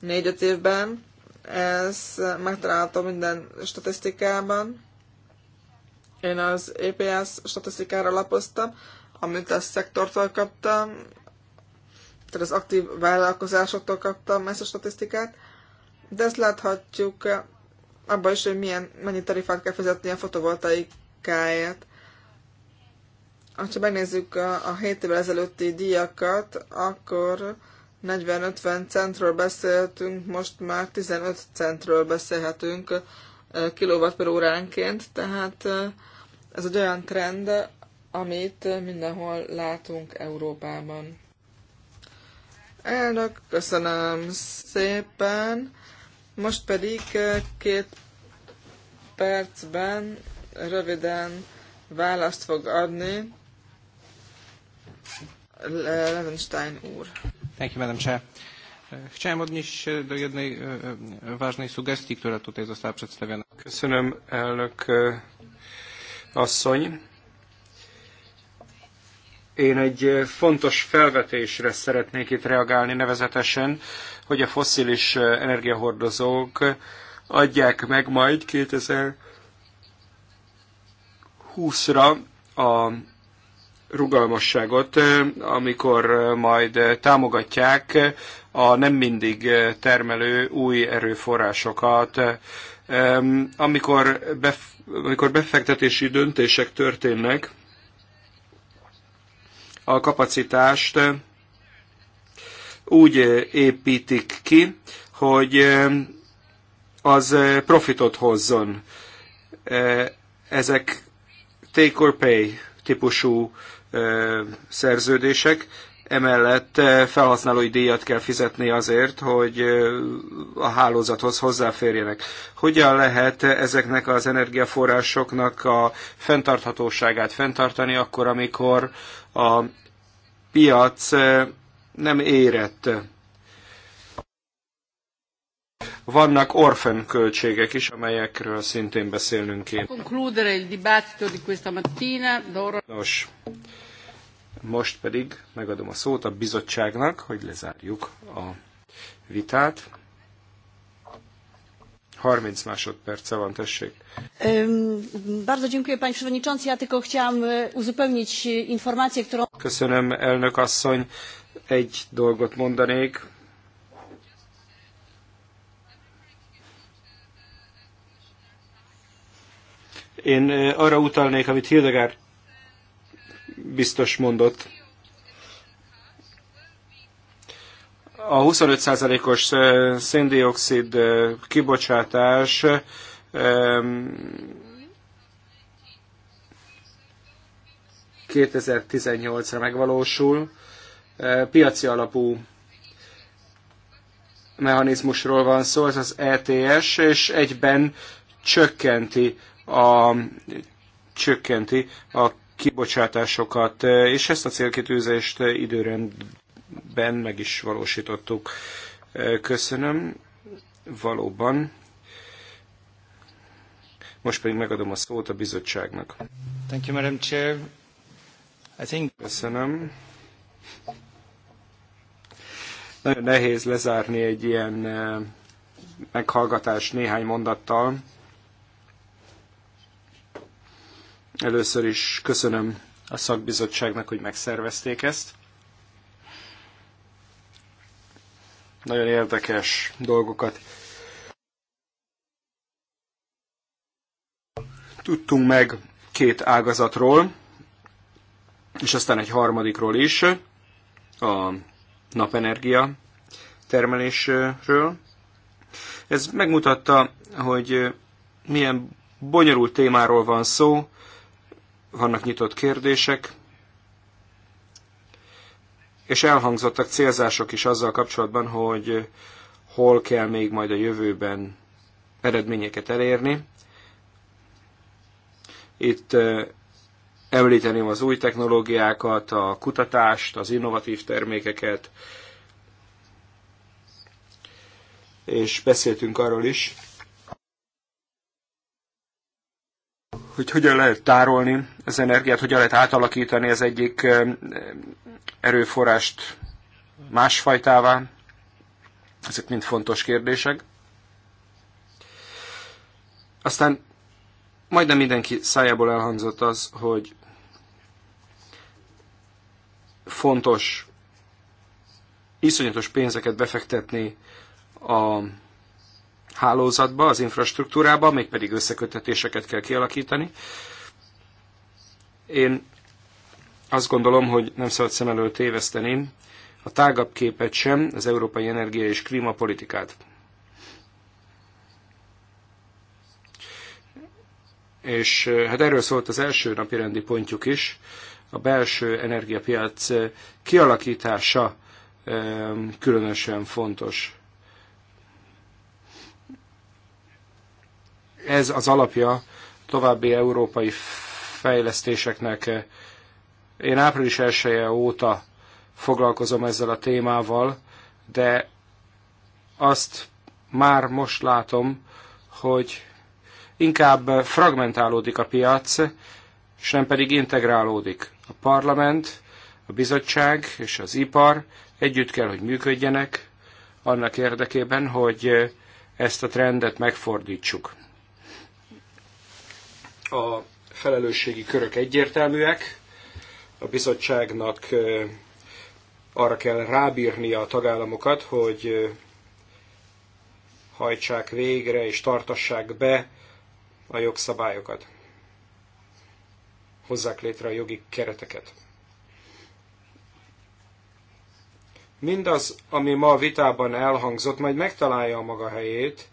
4-5 évben. Ez megtalálható minden statisztikában. Én az EPS statisztikára lapoztam, amit a szektortól kaptam, tehát az aktív vállalkozásoktól kaptam ezt a statisztikát, de ezt láthatjuk abban is, hogy milyen, mennyi tarifát kell fizetni a fotovoltaikáért. Ha megnézzük a, a 7 évvel ezelőtti díjakat, akkor 40-50 centről beszéltünk, most már 15 centről beszélhetünk eh, kilowatt per óránként, tehát eh, ez egy olyan trend, amit mindenhol látunk Európában. Elnök, köszönöm szépen. Most pedig két percben röviden választ fog adni Levenstein úr. Thank you, Madam Chair. Chciałem odnieść się do jednej e, e, ważnej sugestii, która tutaj została przedstawiona. Köszönöm, elnök asszony. Én egy fontos felvetésre szeretnék itt reagálni, nevezetesen, hogy a fosszilis energiahordozók adják meg majd 2020-ra a rugalmasságot, amikor majd támogatják a nem mindig termelő új erőforrásokat. Amikor bef amikor befektetési döntések történnek, a kapacitást úgy építik ki, hogy az profitot hozzon. Ezek take or pay típusú szerződések, Emellett eh, felhasználói díjat kell fizetni azért, hogy eh, a hálózathoz hozzáférjenek. Hogyan lehet ezeknek az energiaforrásoknak a fenntarthatóságát fenntartani akkor, amikor a piac eh, nem érett? Vannak orfen költségek is, amelyekről szintén beszélnünk kéne. Nos, most pedig megadom a szót a bizottságnak, hogy lezárjuk a vitát. 30 másodperce van, tessék. Bardzo dziękuję, panie przewodniczący. Ja tylko chciałam e, uzupełnić e, informację, którą... Köszönöm, elnök asszony. Egy dolgot mondanék. Én e, arra utalnék, amit Hildegard biztos mondott. A 25%-os széndiokszid kibocsátás um, 2018-ra megvalósul. Piaci alapú mechanizmusról van szó, ez az ETS, és egyben csökkenti a, csökkenti a kibocsátásokat, és ezt a célkitűzést időrendben meg is valósítottuk. Köszönöm, valóban. Most pedig megadom a szót a bizottságnak. Thank you, Madam Chair. I think... Köszönöm. Nagyon nehéz lezárni egy ilyen eh, meghallgatást néhány mondattal. Először is köszönöm a szakbizottságnak, hogy megszervezték ezt. Nagyon érdekes dolgokat tudtunk meg két ágazatról, és aztán egy harmadikról is, a napenergia termelésről. Ez megmutatta, hogy milyen bonyolult témáról van szó, vannak nyitott kérdések, és elhangzottak célzások is azzal kapcsolatban, hogy hol kell még majd a jövőben eredményeket elérni. Itt említeném az új technológiákat, a kutatást, az innovatív termékeket, és beszéltünk arról is, hogy hogyan lehet tárolni az energiát, hogyan lehet átalakítani az egyik erőforrást másfajtává. Ezek mind fontos kérdések. Aztán majdnem mindenki szájából elhangzott az, hogy fontos iszonyatos pénzeket befektetni a hálózatba, az infrastruktúrába, mégpedig összekötetéseket kell kialakítani. Én azt gondolom, hogy nem szabad szem elől téveszteni a tágabb képet sem, az európai energia és klímapolitikát. És eh, hát erről szólt az első napi rendi pontjuk is, a belső energiapiac eh, kialakítása eh, különösen fontos. ez az alapja további európai fejlesztéseknek. Én április 1 -e óta foglalkozom ezzel a témával, de azt már most látom, hogy inkább fragmentálódik a piac, és nem pedig integrálódik. A parlament, a bizottság és az ipar együtt kell, hogy működjenek annak érdekében, hogy ezt a trendet megfordítsuk a felelősségi körök egyértelműek, a bizottságnak arra kell rábírnia a tagállamokat, hogy hajtsák végre és tartassák be a jogszabályokat. Hozzák létre a jogi kereteket. Mindaz, ami ma a vitában elhangzott, majd megtalálja a maga helyét,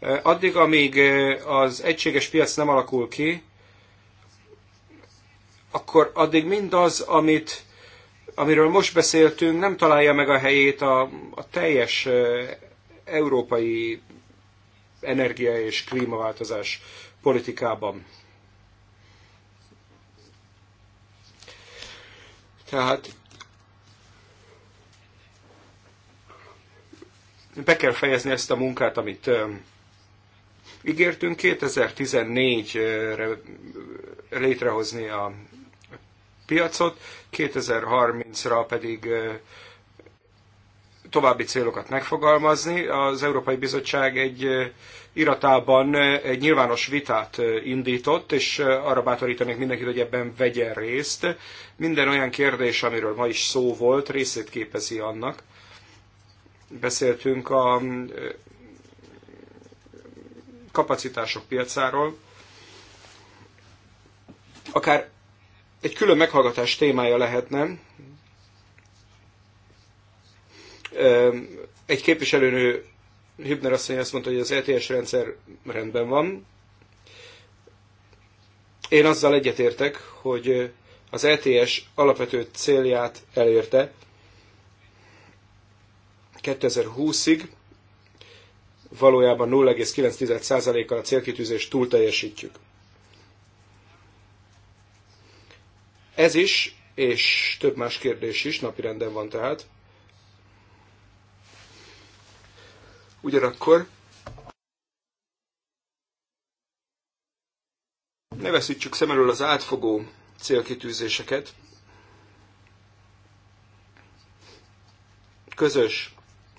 Addig, amíg az egységes piac nem alakul ki, akkor addig mindaz, amit, amiről most beszéltünk, nem találja meg a helyét a, a teljes európai energia és klímaváltozás politikában. Tehát be kell fejezni ezt a munkát, amit Ígértünk 2014-re létrehozni a piacot, 2030-ra pedig további célokat megfogalmazni. Az Európai Bizottság egy iratában egy nyilvános vitát indított, és arra bátorítanék mindenkit, hogy ebben vegyen részt. Minden olyan kérdés, amiről ma is szó volt, részét képezi annak. Beszéltünk a kapacitások piacáról. Akár egy külön meghallgatás témája lehetne. Egy képviselőnő, Hübner asszony azt mondta, hogy az ETS rendszer rendben van. Én azzal egyetértek, hogy az ETS alapvető célját elérte 2020-ig, valójában 0,9%-kal a célkitűzést túl teljesítjük. Ez is, és több más kérdés is, napirenden van tehát. Ugyanakkor ne veszítsük szem elől az átfogó célkitűzéseket. Közös,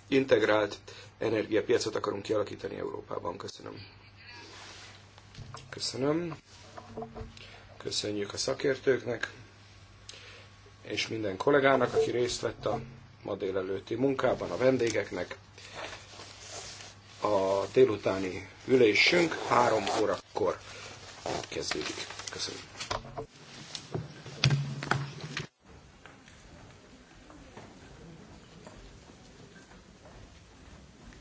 integrált energiapiacot akarunk kialakítani Európában. Köszönöm. Köszönöm. Köszönjük a szakértőknek és minden kollégának, aki részt vett a ma délelőtti munkában, a vendégeknek. A délutáni ülésünk három órakor kezdődik. Köszönöm.